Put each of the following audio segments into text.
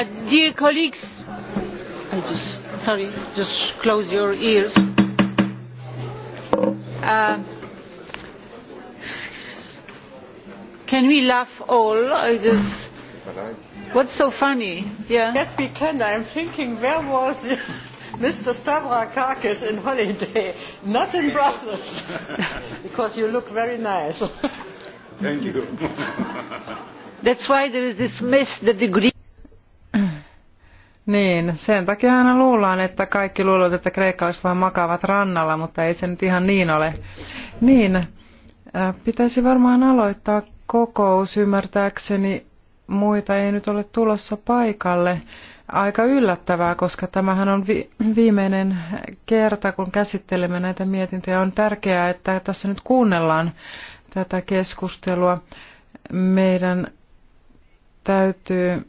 Uh, dear colleagues I just, sorry just close your ears uh, can we laugh all I just what's so funny yeah yes we can I'm thinking where was Mr. Stavrakakis in holiday not in Brussels because you look very nice thank you that's why there is this mess that the Greek niin, sen takia aina luullaan, että kaikki luulevat, että kreikkalaiset vain makaavat rannalla, mutta ei se nyt ihan niin ole. Niin, äh, pitäisi varmaan aloittaa kokous ymmärtääkseni. Muita ei nyt ole tulossa paikalle. Aika yllättävää, koska tämähän on vi- viimeinen kerta, kun käsittelemme näitä mietintöjä. On tärkeää, että tässä nyt kuunnellaan tätä keskustelua. Meidän täytyy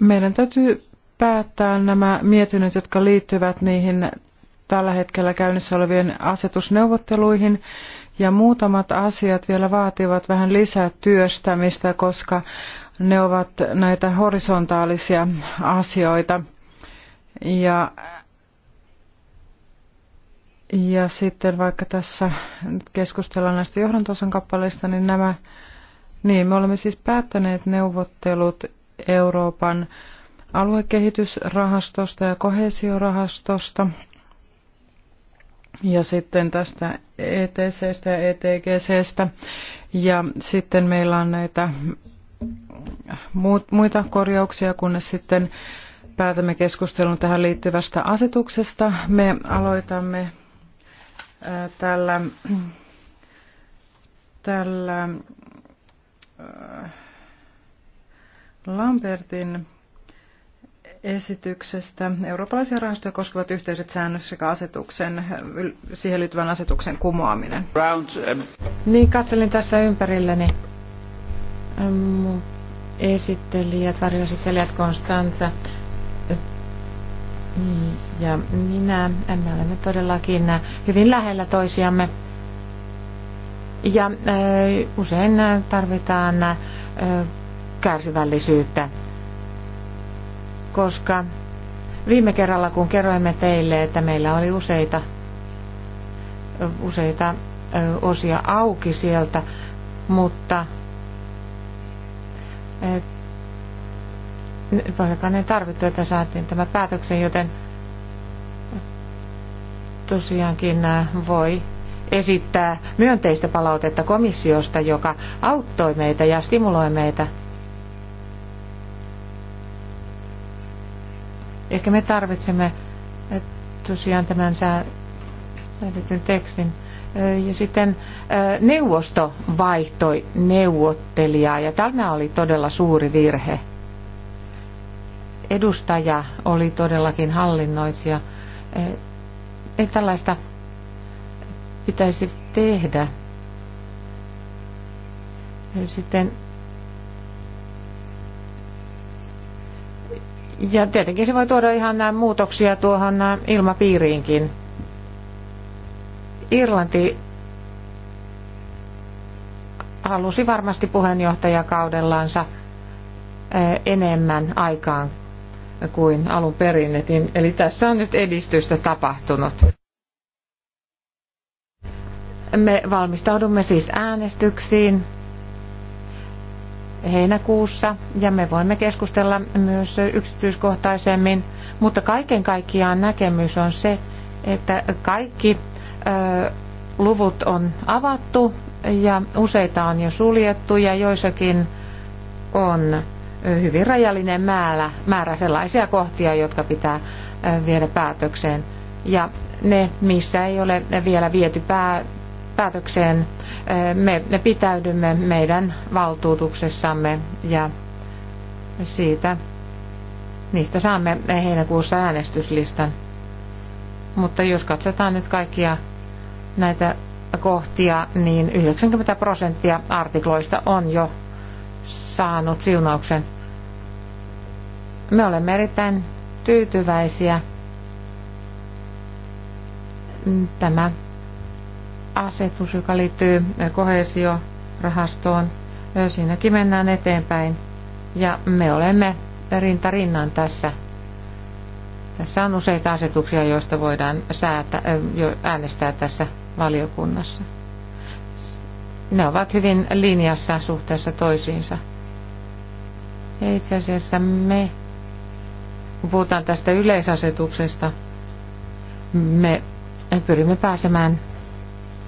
meidän täytyy päättää nämä mietinnöt, jotka liittyvät niihin tällä hetkellä käynnissä olevien asetusneuvotteluihin. Ja muutamat asiat vielä vaativat vähän lisää työstämistä, koska ne ovat näitä horisontaalisia asioita. Ja, ja sitten vaikka tässä keskustellaan näistä johdantosan kappaleista, niin nämä, niin me olemme siis päättäneet neuvottelut Euroopan aluekehitysrahastosta ja kohesiorahastosta. Ja sitten tästä ETCstä ja ETGCstä. Ja sitten meillä on näitä muita korjauksia, kunnes sitten päätämme keskustelun tähän liittyvästä asetuksesta. Me aloitamme tällä, tällä Lambertin esityksestä eurooppalaisia rahastoja koskevat yhteiset säännöt sekä asetuksen, siihen liittyvän asetuksen kumoaminen. Round, um... Niin, katselin tässä ympärilleni. Um, ähm, esittelijät, varjoesittelijät Konstanza äh, ja minä, me olemme todellakin hyvin lähellä toisiamme. Ja äh, usein tarvitaan äh, kärsivällisyyttä, koska viime kerralla kun kerroimme teille, että meillä oli useita, useita osia auki sieltä, mutta vaikka ne tarvittu, että saatiin tämä päätöksen, joten tosiaankin voi esittää myönteistä palautetta komissiosta, joka auttoi meitä ja stimuloi meitä ehkä me tarvitsemme eh, tosiaan tämän säädetyn tekstin. Eh, ja sitten eh, neuvosto vaihtoi neuvottelijaa ja tämä oli todella suuri virhe. Edustaja oli todellakin hallinnoitsija. Ei tällaista pitäisi tehdä. Sitten Ja tietenkin se voi tuoda ihan nämä muutoksia tuohon äh, ilmapiiriinkin. Irlanti halusi varmasti puheenjohtajakaudellaansa äh, enemmän aikaan kuin alun perin. Eli tässä on nyt edistystä tapahtunut. Me valmistaudumme siis äänestyksiin heinäkuussa ja me voimme keskustella myös yksityiskohtaisemmin, mutta kaiken kaikkiaan näkemys on se, että kaikki luvut on avattu ja useita on jo suljettu ja joissakin on hyvin rajallinen määrä, määrä sellaisia kohtia, jotka pitää viedä päätökseen. Ja ne, missä ei ole vielä viety pää, päätökseen. Me pitäydymme meidän valtuutuksessamme ja siitä, niistä saamme heinäkuussa äänestyslistan. Mutta jos katsotaan nyt kaikkia näitä kohtia, niin 90 prosenttia artikloista on jo saanut siunauksen. Me olemme erittäin tyytyväisiä. Tämä asetus, joka liittyy kohesiorahastoon. Siinäkin mennään eteenpäin ja me olemme rinta rinnan tässä. Tässä on useita asetuksia, joista voidaan säätä, äänestää tässä valiokunnassa. Ne ovat hyvin linjassa suhteessa toisiinsa. Ja itse asiassa me, kun puhutaan tästä yleisasetuksesta, me pyrimme pääsemään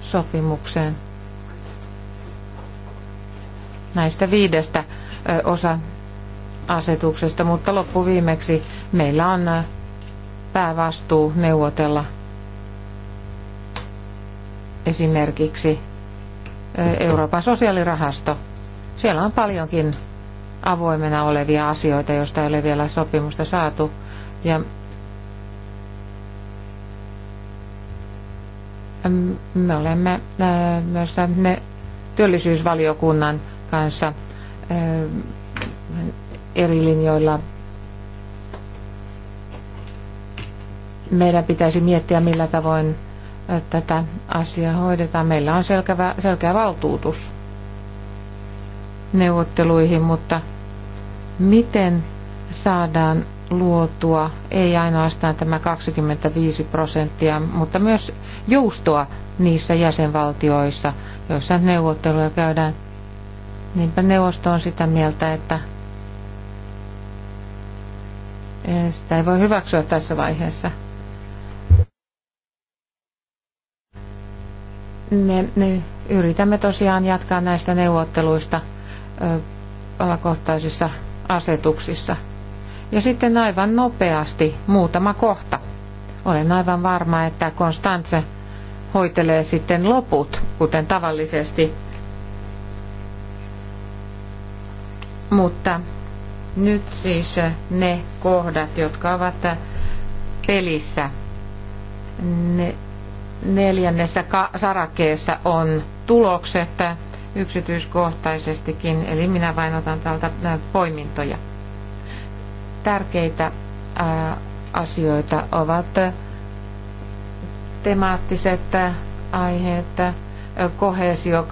sopimukseen. Näistä viidestä osa asetuksesta, mutta loppuviimeksi meillä on päävastuu neuvotella esimerkiksi Euroopan sosiaalirahasto. Siellä on paljonkin avoimena olevia asioita, joista ei ole vielä sopimusta saatu. Ja me olemme myös me työllisyysvaliokunnan kanssa eri linjoilla. Meidän pitäisi miettiä, millä tavoin tätä asiaa hoidetaan. Meillä on selkeä, selkeä valtuutus neuvotteluihin, mutta miten saadaan luotua, ei ainoastaan tämä 25 prosenttia, mutta myös joustoa niissä jäsenvaltioissa, joissa neuvotteluja käydään. Niinpä neuvosto on sitä mieltä, että sitä ei voi hyväksyä tässä vaiheessa. Me, me yritämme tosiaan jatkaa näistä neuvotteluista alakohtaisissa asetuksissa. Ja sitten aivan nopeasti muutama kohta. Olen aivan varma, että Konstantse hoitelee sitten loput, kuten tavallisesti. Mutta nyt siis ne kohdat, jotka ovat pelissä. Ne, neljännessä sarakkeessa on tulokset yksityiskohtaisestikin, eli minä vain otan täältä poimintoja tärkeitä asioita ovat temaattiset aiheet. Kohesio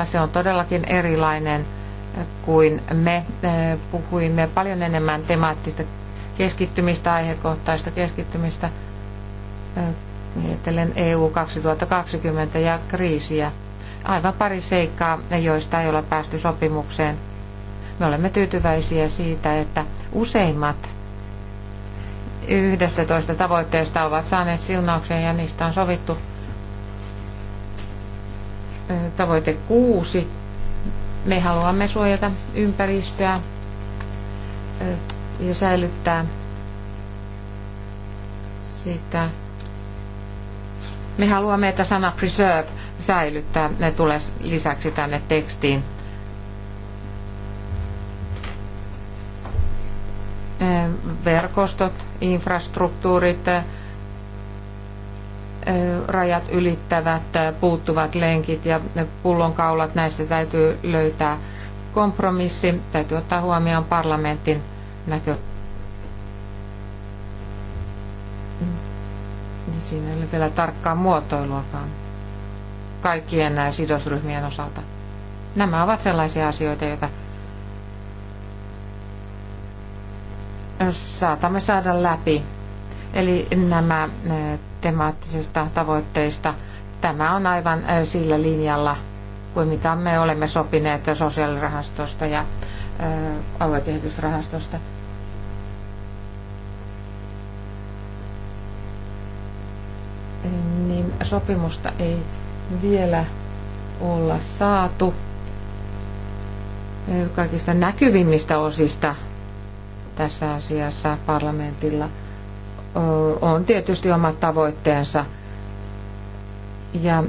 2.0, se on todellakin erilainen kuin me puhuimme paljon enemmän temaattista keskittymistä, aihekohtaista keskittymistä, mietelen EU 2020 ja kriisiä. Aivan pari seikkaa, joista ei ole päästy sopimukseen. Me olemme tyytyväisiä siitä, että Useimmat 11 tavoitteesta ovat saaneet siunauksen ja niistä on sovittu tavoite 6. Me haluamme suojata ympäristöä ja säilyttää sitä. Me haluamme, että sana preserve säilyttää, ne tulee lisäksi tänne tekstiin. verkostot, infrastruktuurit, rajat ylittävät puuttuvat lenkit ja pullonkaulat, näistä täytyy löytää kompromissi. Täytyy ottaa huomioon parlamentin näkö. Siinä ei ole vielä tarkkaa muotoiluakaan kaikkien sidosryhmien osalta. Nämä ovat sellaisia asioita, joita saatamme saada läpi. Eli nämä eh, temaattisista tavoitteista, tämä on aivan eh, sillä linjalla kuin mitä me olemme sopineet sosiaalirahastosta ja eh, aluekehitysrahastosta. Niin sopimusta ei vielä olla saatu kaikista näkyvimmistä osista tässä asiassa parlamentilla on tietysti omat tavoitteensa. Ja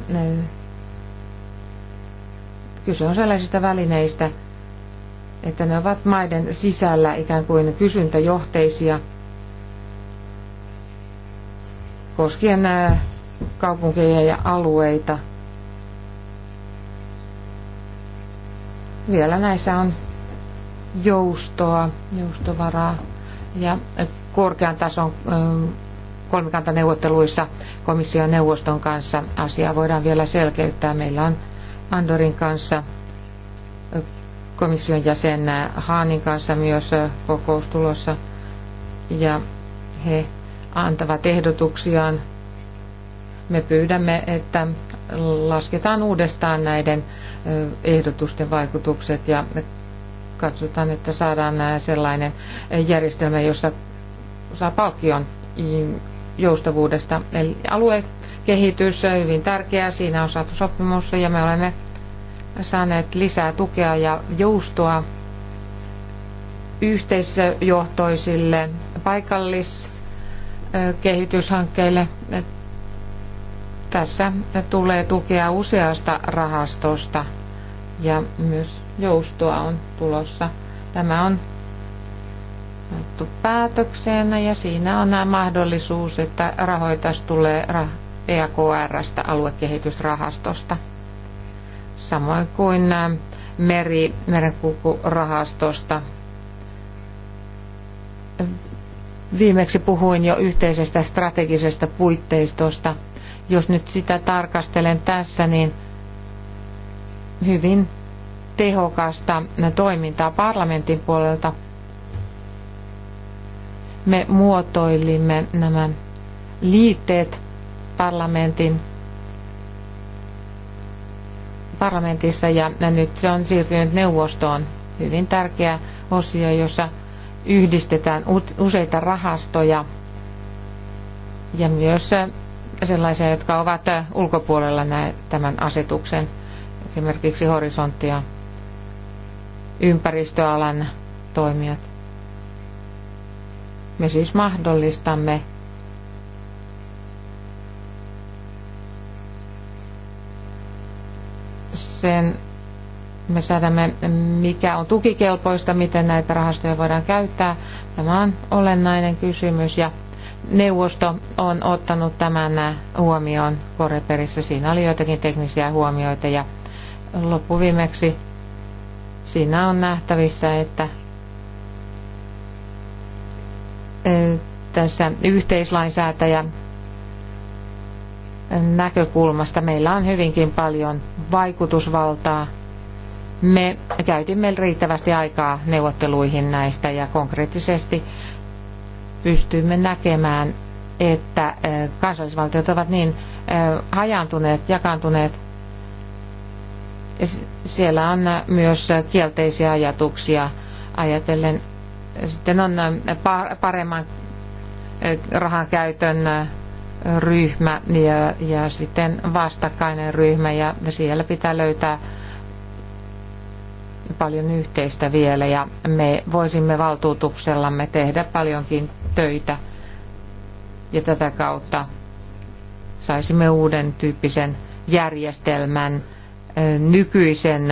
kyse on sellaisista välineistä, että ne ovat maiden sisällä ikään kuin kysyntäjohteisia koskien kaupunkeja ja alueita. Vielä näissä on joustoa, joustovaraa ja korkean tason kolmikantaneuvotteluissa komission neuvoston kanssa asiaa voidaan vielä selkeyttää. Meillä on Andorin kanssa komission jäsen Haanin kanssa myös kokous tulossa ja he antavat ehdotuksiaan. Me pyydämme, että lasketaan uudestaan näiden ehdotusten vaikutukset ja katsotaan, että saadaan äh, sellainen äh, järjestelmä, jossa saa palkion mm, joustavuudesta. Eli aluekehitys on äh, hyvin tärkeää, siinä on saatu sopimus ja me olemme saaneet lisää tukea ja joustoa yhteisjohtoisille paikalliskehityshankkeille. Tässä tulee tukea useasta rahastosta ja myös joustoa on tulossa. Tämä on otettu päätökseen ja siinä on nämä mahdollisuus, että rahoitus tulee EAKRstä, aluekehitysrahastosta, samoin kuin ähm, meri, merenkulkurahastosta. Viimeksi puhuin jo yhteisestä strategisesta puitteistosta. Jos nyt sitä tarkastelen tässä, niin – hyvin tehokasta toimintaa parlamentin puolelta. Me muotoilimme nämä liitteet parlamentin parlamentissa ja nyt se on siirtynyt neuvostoon. Hyvin tärkeä osio, jossa yhdistetään useita rahastoja ja myös sellaisia, jotka ovat ulkopuolella tämän asetuksen esimerkiksi horisonttia, ympäristöalan toimijat. Me siis mahdollistamme sen, me säädämme, mikä on tukikelpoista, miten näitä rahastoja voidaan käyttää. Tämä on olennainen kysymys ja neuvosto on ottanut tämän huomioon Koreperissä. Siinä oli joitakin teknisiä huomioita ja loppuviimeksi siinä on nähtävissä, että e, tässä yhteislainsäätäjä näkökulmasta meillä on hyvinkin paljon vaikutusvaltaa. Me käytimme riittävästi aikaa neuvotteluihin näistä ja konkreettisesti pystymme näkemään, että e, kansallisvaltiot ovat niin e, hajantuneet, jakaantuneet, siellä on myös kielteisiä ajatuksia ajatellen. Sitten on äh, paremman äh, rahan käytön äh, ryhmä ja, ja sitten vastakkainen ryhmä ja siellä pitää löytää paljon yhteistä vielä ja me voisimme valtuutuksellamme tehdä paljonkin töitä ja tätä kautta saisimme uuden tyyppisen järjestelmän nykyisen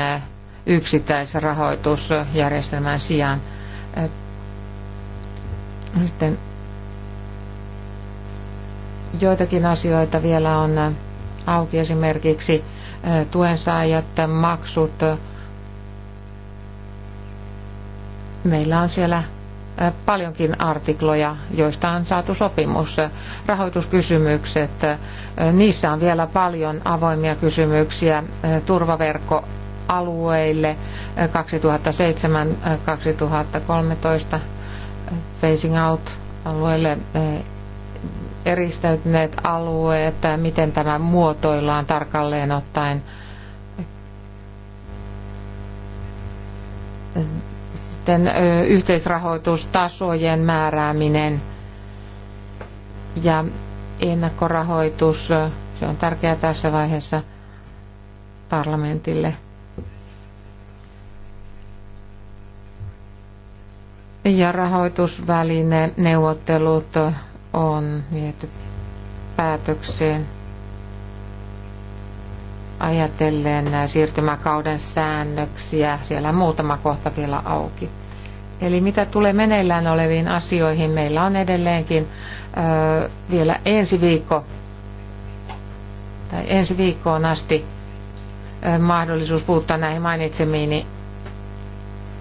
yksittäisrahoitusjärjestelmän sijaan. Sitten joitakin asioita vielä on auki, esimerkiksi tuensaajat, maksut. Meillä on siellä paljonkin artikloja, joista on saatu sopimus. Rahoituskysymykset, niissä on vielä paljon avoimia kysymyksiä turvaverkko alueille 2007-2013 phasing out alueille eristäytyneet alueet, miten tämä muotoillaan tarkalleen ottaen sitten yhteisrahoitustasojen määrääminen ja ennakkorahoitus, se on tärkeää tässä vaiheessa parlamentille. Ja rahoitusväline neuvottelut on viety päätökseen ajatellen siirtymäkauden säännöksiä, siellä on muutama kohta vielä auki. Eli mitä tulee meneillään oleviin asioihin, meillä on edelleenkin ö, vielä ensi viikko tai ensi viikkoon asti ö, mahdollisuus puuttua näihin mainitsemiini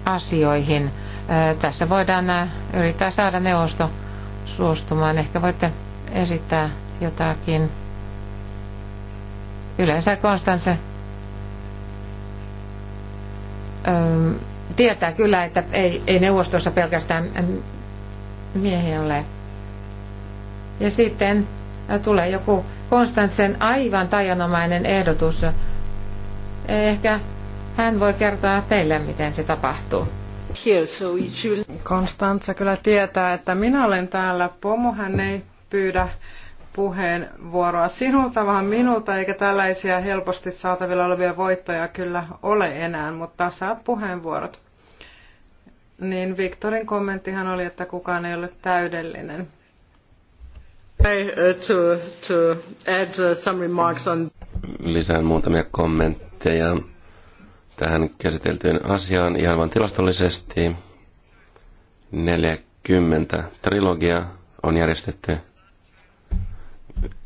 asioihin. Ö, tässä voidaan ö, yrittää saada neuvosto suostumaan. Ehkä voitte esittää jotakin Yleensä Konstanse ö, tietää kyllä, että ei, ei neuvostossa pelkästään miehiä ole. Ja sitten äh, tulee joku Konstantsen aivan tajanomainen ehdotus. Ehkä hän voi kertoa teille, miten se tapahtuu. Konstantsa kyllä tietää, että minä olen täällä. Pomo hän ei pyydä puheenvuoroa sinulta, vaan minulta, eikä tällaisia helposti saatavilla olevia voittoja kyllä ole enää, mutta saat puheenvuorot. Niin Viktorin kommenttihan oli, että kukaan ei ole täydellinen. Uh, to, to add uh, some remarks on... Lisään muutamia kommentteja tähän käsiteltyyn asiaan ihan vain tilastollisesti. 40 trilogia on järjestetty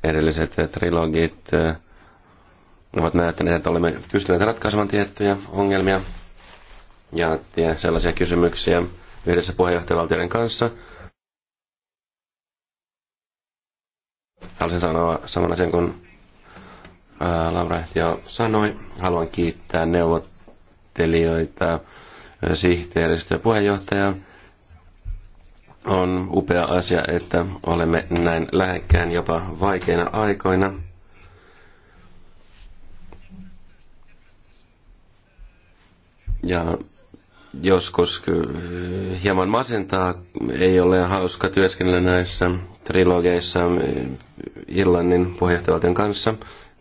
edelliset eh, trilogit eh, ovat näyttäneet, että olemme pystyneet ratkaisemaan tiettyjä ongelmia ja sellaisia kysymyksiä yhdessä puheenjohtajavaltioiden kanssa. Haluaisin sanoa saman asian kuin eh, Laura jo sanoi. Haluan kiittää neuvottelijoita, sihteeristöä, ja puheenjohtajaa on upea asia, että olemme näin lähekkään jopa vaikeina aikoina. Ja joskus hieman masentaa, ei ole hauska työskennellä näissä trilogeissa eh, Irlannin puheenjohtajavaltion kanssa,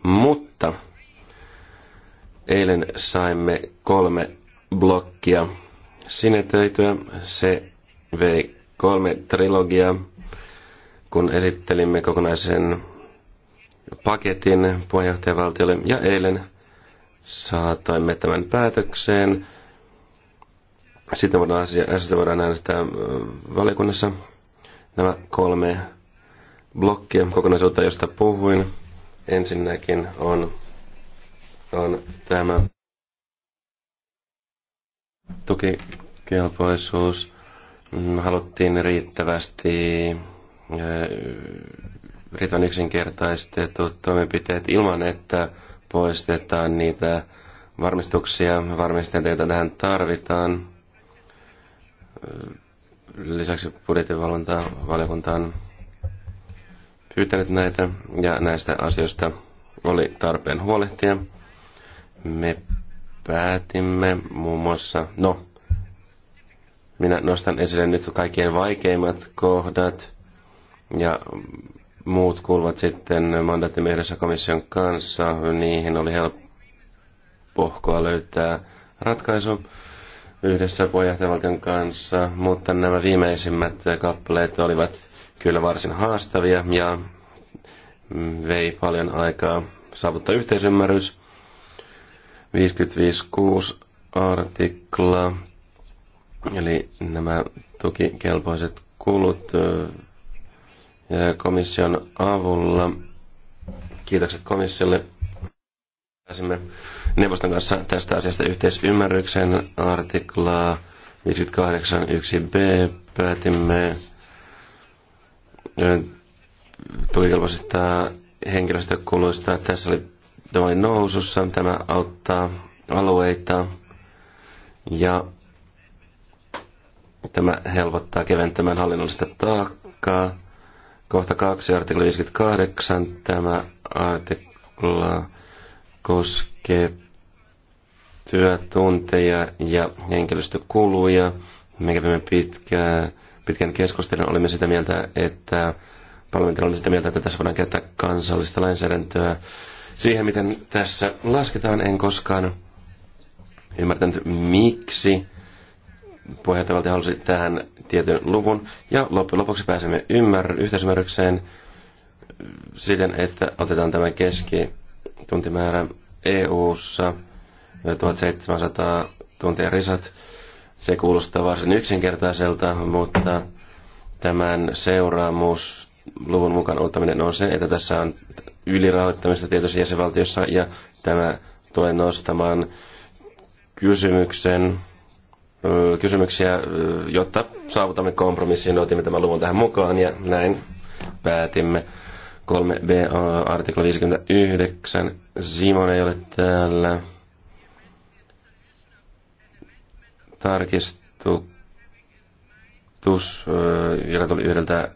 mutta eilen saimme kolme blokkia sinetöityä. Se vei kolme trilogiaa, kun esittelimme kokonaisen paketin puheenjohtajavaltiolle ja eilen saatoimme tämän päätökseen. Sitten voidaan, asia, sitten voidaan äänestää valiokunnassa nämä kolme blokkia kokonaisuutta, josta puhuin. Ensinnäkin on, on tämä tukikelpoisuus haluttiin riittävästi riittävän yksinkertaistetut toimenpiteet ilman, että poistetaan niitä varmistuksia, varmistajia, joita tähän tarvitaan. Lisäksi valiokunta on pyytänyt näitä ja näistä asioista oli tarpeen huolehtia. Me päätimme muun muassa, no minä nostan esille nyt kaikkien vaikeimmat kohdat ja muut kuuluvat sitten mandaattimme komission kanssa. Niihin oli helppohkoa löytää ratkaisu yhdessä puheenjohtajavaltion kanssa, mutta nämä viimeisimmät kappaleet olivat kyllä varsin haastavia ja vei paljon aikaa saavuttaa yhteisymmärrys. 55.6 artikla Eli nämä tukikelpoiset kulut komission avulla. Kiitokset komissiolle. Pääsimme neuvoston kanssa tästä asiasta yhteisymmärryksen artiklaa 58.1b. Päätimme tukikelpoisista henkilöstökuluista. Tässä oli, tämä oli nousussa. Tämä auttaa alueita ja Tämä helpottaa keventämään hallinnollista taakkaa. Kohta 2, artikla 58. Tämä artikla koskee työtunteja ja henkilöstökuluja. Me kävimme pitkä pitkän keskustelun. Olimme sitä mieltä, että parlamentti oli sitä mieltä, että tässä voidaan käyttää kansallista lainsäädäntöä. Siihen, miten tässä lasketaan, en koskaan ymmärtänyt, miksi puheenjohtajavaltio halusi tähän tietyn luvun, ja loppujen lopuksi pääsemme ymmär- yhteisymmärrykseen siten, että otetaan tämä tuntimäärä EU-ssa 1700 tuntia risat. Se kuulostaa varsin yksinkertaiselta, mutta tämän seuraamus luvun mukaan ottaminen on se, että tässä on ylirahoittamista tietyissä jäsenvaltiossa ja tämä tulee nostamaan kysymyksen kysymyksiä, jotta saavutamme kompromissiin, otimme tämän luvun tähän mukaan ja näin päätimme. 3b artikla 59. Simon ei ole täällä. Tarkistus, joka tuli yhdeltä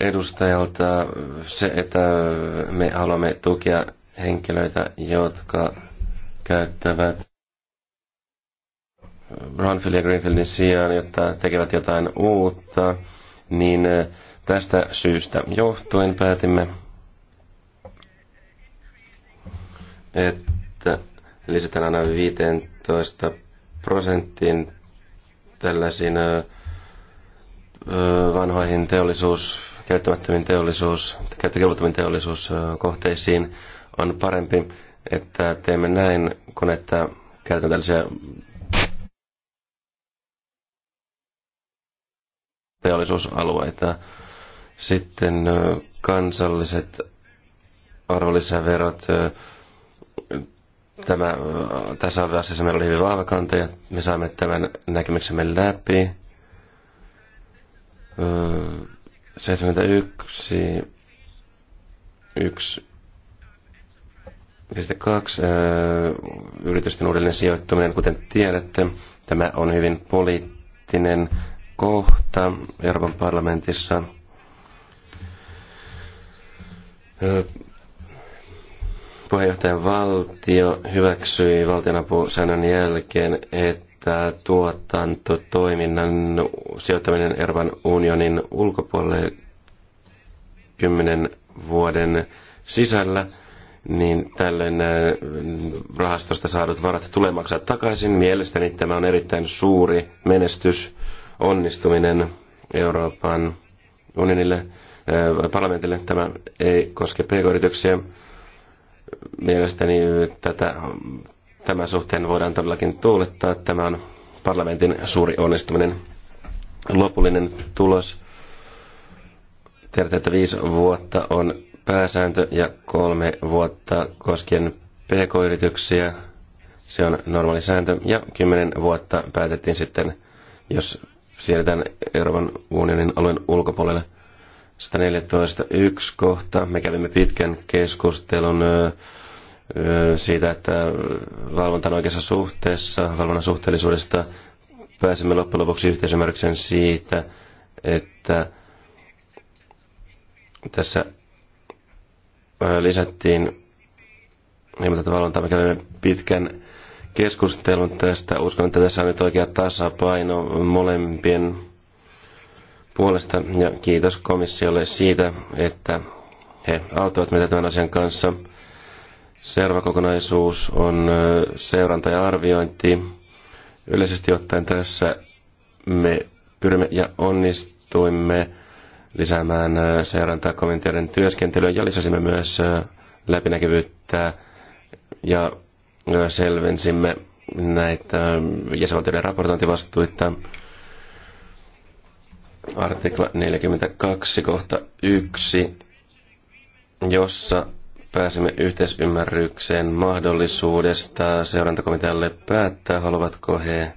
edustajalta se, että me haluamme tukea henkilöitä, jotka käyttävät Brownfield ja Greenfieldin sijaan, jotta tekevät jotain uutta, niin eh, tästä syystä johtuen päätimme, että lisätään aina 15 prosenttiin tällaisiin eh, eh, vanhoihin teollisuus, käyttämättömiin teollisuus, käyttökelvottomiin teollisuuskohteisiin on parempi, että teemme näin, kun että käytetään tällaisia teollisuusalueita. Sitten kansalliset arvonlisäverot. Tämä, tässä asiassa meillä oli hyvin vahva kanta ja me saimme tämän näkemyksemme läpi. 71, 1, 2, yritysten uudelleen sijoittuminen, kuten tiedätte. Tämä on hyvin poliittinen kohta Euroopan parlamentissa puheenjohtajan valtio hyväksyi valtionapusäännön jälkeen, että tuotantotoiminnan sijoittaminen Euroopan unionin ulkopuolelle kymmenen vuoden sisällä, niin tällöin rahastosta saadut varat tulee maksaa takaisin. Mielestäni tämä on erittäin suuri menestys onnistuminen Euroopan unionille, äh, parlamentille. Tämä ei koske pk-yrityksiä. Mielestäni tätä, tämän suhteen voidaan todellakin tuulettaa. Tämä on parlamentin suuri onnistuminen. Lopullinen tulos. Tiedätte, että viisi vuotta on pääsääntö ja kolme vuotta koskien pk-yrityksiä. Se on normaali sääntö. Ja kymmenen vuotta päätettiin sitten, jos siirretään Euroopan unionin alueen ulkopuolelle. 114.1 kohta. Me kävimme pitkän keskustelun siitä, että valvonta oikeassa suhteessa, valvonnan suhteellisuudesta. Pääsimme loppujen lopuksi yhteisymmärrykseen siitä, että tässä lisättiin ilmoitettu valvontaa. Me kävimme pitkän keskustelun tästä. Uskon, että tässä on nyt oikea tasapaino molempien puolesta ja kiitos komissiolle siitä, että he auttavat meitä tämän asian kanssa. Seuraava kokonaisuus on seuranta ja arviointi. Yleisesti ottaen tässä me pyrimme ja onnistuimme lisäämään seurantaa kommenttien työskentelyä ja lisäsimme myös läpinäkyvyyttä ja selvensimme näitä jäsenvaltioiden raportointivastuita. Artikla 42 kohta 1, jossa pääsemme yhteisymmärrykseen mahdollisuudesta seurantakomitealle päättää, haluavatko he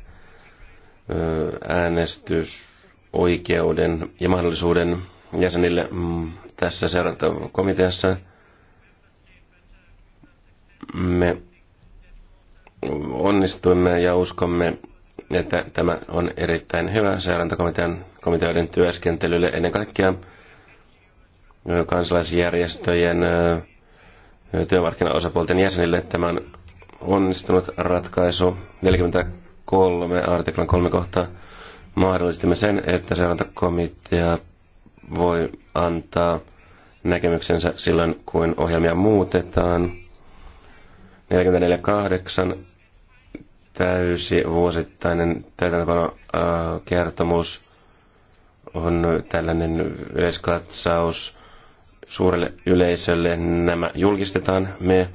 äänestysoikeuden ja mahdollisuuden jäsenille mm, tässä seurantakomiteassa. Me onnistuimme ja uskomme, että tämä on erittäin hyvä seurantakomitean komiteoiden työskentelylle ennen kaikkea kansalaisjärjestöjen työmarkkinaosapuolten jäsenille. Tämä on onnistunut ratkaisu 43 artiklan 3 kohtaa mahdollistimme sen, että seurantakomitea voi antaa näkemyksensä silloin, kun ohjelmia muutetaan. 44.8 täysi vuosittainen täytäntöpano kertomus on tällainen yleiskatsaus suurelle yleisölle. Nämä julkistetaan. Me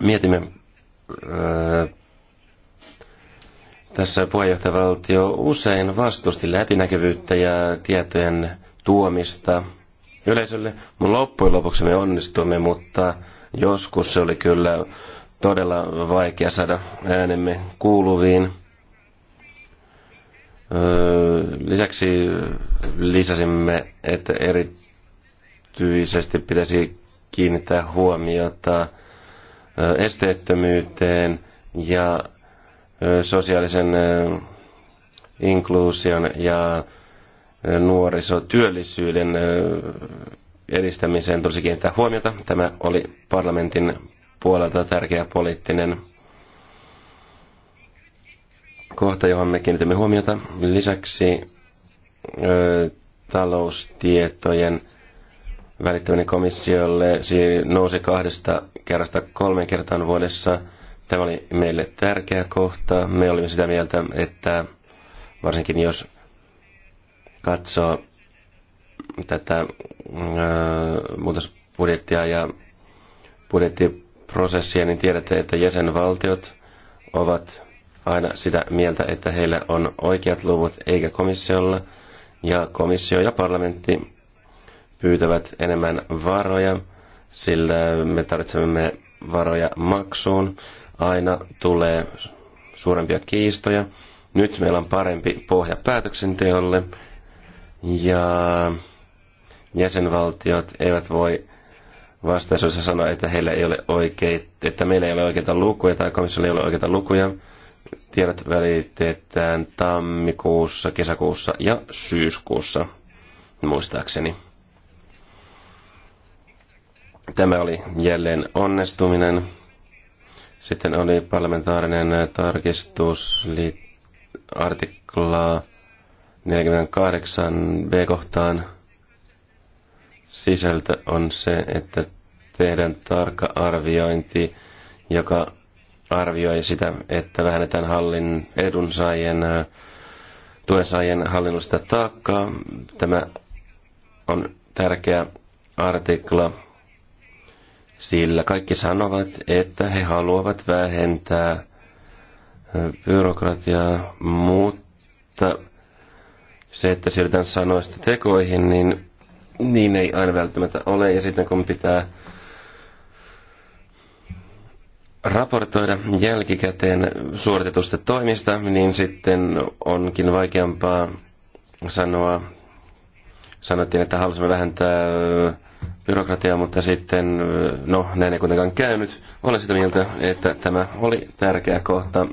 mietimme äh, tässä puheenjohtajavaltio usein vastusti läpinäkyvyyttä ja tietojen tuomista yleisölle. Loppujen lopuksi me onnistumme, mutta joskus se oli kyllä todella vaikea saada äänemme kuuluviin. Öö, lisäksi lisäsimme, että erityisesti pitäisi kiinnittää huomiota öö, esteettömyyteen ja öö, sosiaalisen inkluusion ja nuorisotyöllisyyden edistämiseen tulisi kiinnittää huomiota. Tämä oli parlamentin puolelta tärkeä poliittinen kohta, johon me kiinnitämme huomiota. Lisäksi ö, taloustietojen välittäminen komissiolle nousi kahdesta kerrasta kolmen kertaan vuodessa. Tämä oli meille tärkeä kohta. Me olimme sitä mieltä, että varsinkin jos katsoo tätä ö, muutosbudjettia ja budjetti prosessia, niin tiedätte, että jäsenvaltiot ovat aina sitä mieltä, että heillä on oikeat luvut eikä komissiolla. Ja komissio ja parlamentti pyytävät enemmän varoja, sillä me tarvitsemme varoja maksuun. Aina tulee suurempia kiistoja. Nyt meillä on parempi pohja päätöksenteolle ja jäsenvaltiot eivät voi vastaisuudessa sanoi, että, heillä ei ole oikeit, että meillä ei ole oikeita lukuja tai komissiolla ei ole oikeita lukuja. Tiedot välitetään tammikuussa, kesäkuussa ja syyskuussa, muistaakseni. Tämä oli jälleen onnistuminen. Sitten oli parlamentaarinen tarkistus artiklaa 48 B-kohtaan sisältö on se, että tehdään tarkka arviointi, joka arvioi sitä, että vähennetään hallin edunsaajien, äh, tuensaajien hallinnollista taakkaa. Tämä on tärkeä artikla, sillä kaikki sanovat, että he haluavat vähentää äh, byrokratiaa, mutta se, että siirrytään sanoista tekoihin, niin niin ei aina välttämättä ole. Ja sitten kun pitää raportoida jälkikäteen suoritetusta toimista, niin sitten onkin vaikeampaa sanoa. Sanottiin, että halusimme vähentää äh, byrokratiaa, mutta sitten, äh, no näin ei kuitenkaan käynyt. Olen sitä mieltä, että tämä oli tärkeä kohta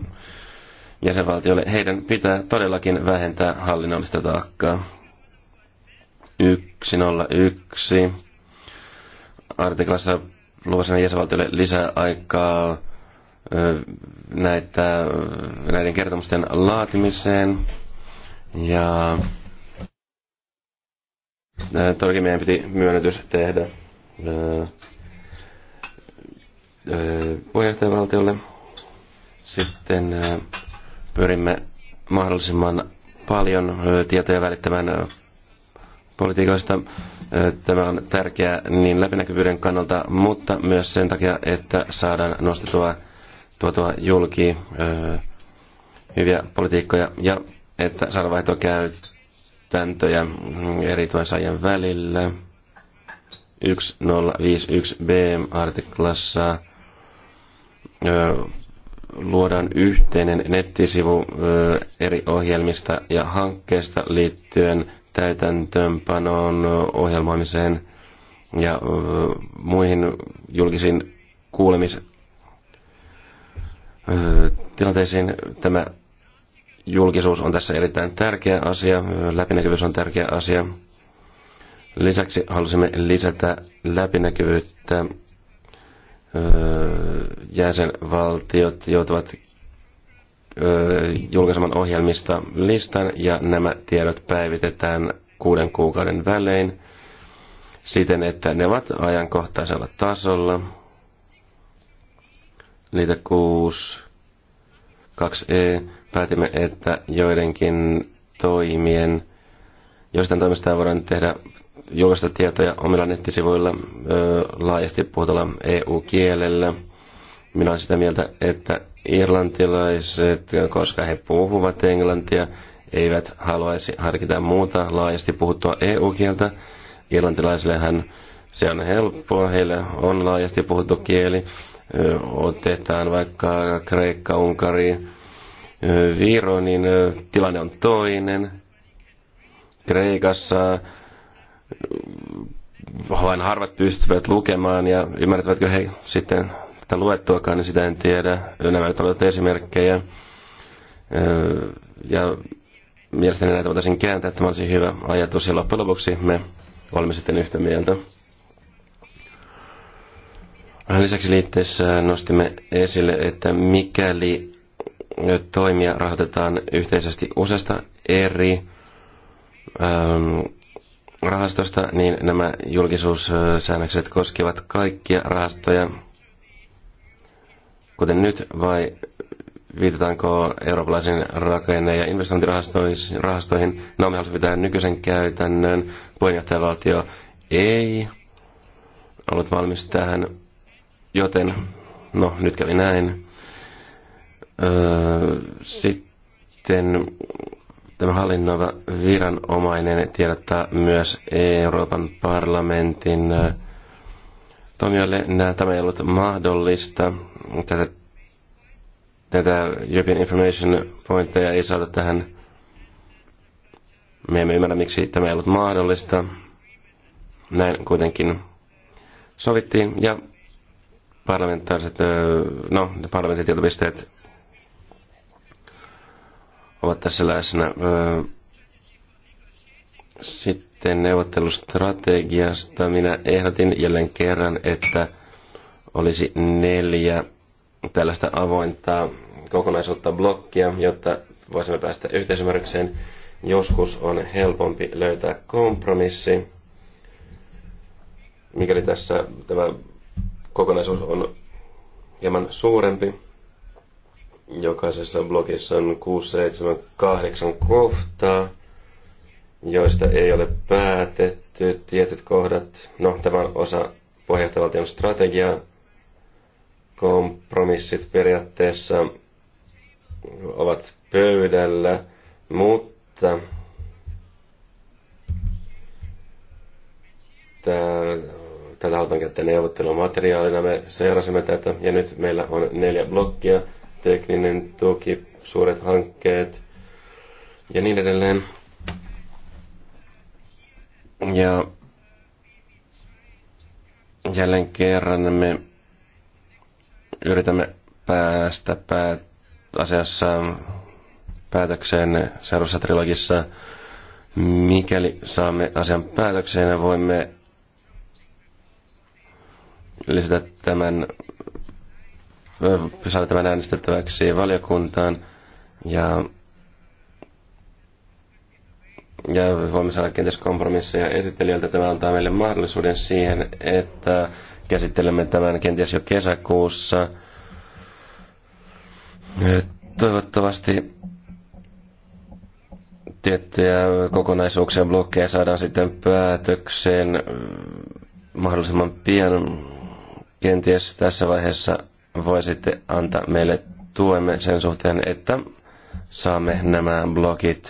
jäsenvaltiolle. Heidän pitää todellakin vähentää hallinnollista taakkaa. 101. Artiklassa luvassa jäsenvaltiolle lisää aikaa näitä, näiden kertomusten laatimiseen. Ja toki meidän piti myönnytys tehdä puheenjohtajavaltiolle. Sitten pyrimme mahdollisimman paljon tietoja välittämään politiikoista. Tämä on tärkeää niin läpinäkyvyyden kannalta, mutta myös sen takia, että saadaan nostettua tuotua julki hyviä politiikkoja ja että saadaan vaihtoa käytäntöjä mm, eri tuensaajien välillä. 1051b artiklassa luodaan yhteinen nettisivu eri ohjelmista ja hankkeista liittyen täytäntöönpanoon, ohjelmoimiseen ja muihin julkisiin kuulemistilanteisiin. tämä julkisuus on tässä erittäin tärkeä asia, läpinäkyvyys on tärkeä asia. Lisäksi halusimme lisätä läpinäkyvyyttä. Jäsenvaltiot joutuvat julkaiseman ohjelmista listan ja nämä tiedot päivitetään kuuden kuukauden välein siten, että ne ovat ajankohtaisella tasolla. Liite 6, 2e, päätimme, että joidenkin toimien, joistain toimista voidaan tehdä julkaista tietoja omilla nettisivuilla ö, laajasti puhutella EU-kielellä. Minä olen sitä mieltä, että irlantilaiset, koska he puhuvat englantia, eivät haluaisi harkita muuta laajasti puhuttua EU-kieltä. Irlantilaisillehan se on helppoa, heillä on laajasti puhuttu kieli. Otetaan vaikka Kreikka, Unkari, Viro, niin tilanne on toinen. Kreikassa vain harvat pystyvät lukemaan ja ymmärtävätkö he sitten tarkka luettuakaan, niin sitä en tiedä. Nämä nyt olivat esimerkkejä. Ja mielestäni näitä voitaisiin kääntää, että tämä olisi hyvä ajatus. Ja loppujen lopuksi me olemme sitten yhtä mieltä. Lisäksi liitteessä nostimme esille, että mikäli toimia rahoitetaan yhteisesti useasta eri ähm, rahastosta, niin nämä julkisuussäännökset koskevat kaikkia rahastoja, kuten nyt, vai viitataanko eurooppalaisiin rakenne- ja investointirahastoihin? No, me halusimme tähän nykyisen käytännön. Puheenjohtajavaltio ei ollut valmis tähän, joten no, nyt kävi näin. Öö, sitten tämä hallinnoiva viranomainen tiedottaa myös Euroopan parlamentin toimijoille. Nämä, tämä ei ollut mahdollista tätä, tätä European Information Pointteja ei saada tähän. Me emme ymmärrä, miksi tämä ei ollut mahdollista. Näin kuitenkin sovittiin ja parlamentaariset, no, parlamenttitietopisteet ovat tässä läsnä. Sitten neuvottelustrategiasta minä ehdotin jälleen kerran, että olisi neljä tällaista avointa kokonaisuutta blokkia, jotta voisimme päästä yhteisymmärrykseen. Joskus on helpompi löytää kompromissi, mikäli tässä tämä kokonaisuus on hieman suurempi. Jokaisessa blogissa on 6, 7, 8 kohtaa, joista ei ole päätetty tietyt kohdat. No, tämä on osa puheenjohtajavaltion strategiaa, kompromissit periaatteessa ovat pöydällä, mutta tätä halutaan käyttää neuvottelumateriaalina. Me seurasimme tätä ja nyt meillä on neljä blokkia, tekninen tuki, suuret hankkeet ja niin edelleen. Ja jälleen kerran me yritämme päästä pää- asiassa päätökseen seuraavassa trilogissa. Mikäli saamme asian päätökseen, voimme lisätä tämän, saada tämän äänestettäväksi valiokuntaan ja, ja voimme saada kenties kompromisseja esittelijöiltä. Tämä antaa meille mahdollisuuden siihen, että käsittelemme tämän kenties jo kesäkuussa. Toivottavasti tiettyjä kokonaisuuksia blokkeja saadaan sitten päätökseen mahdollisimman pian. Kenties tässä vaiheessa voisitte antaa meille tuemme sen suhteen, että saamme nämä blogit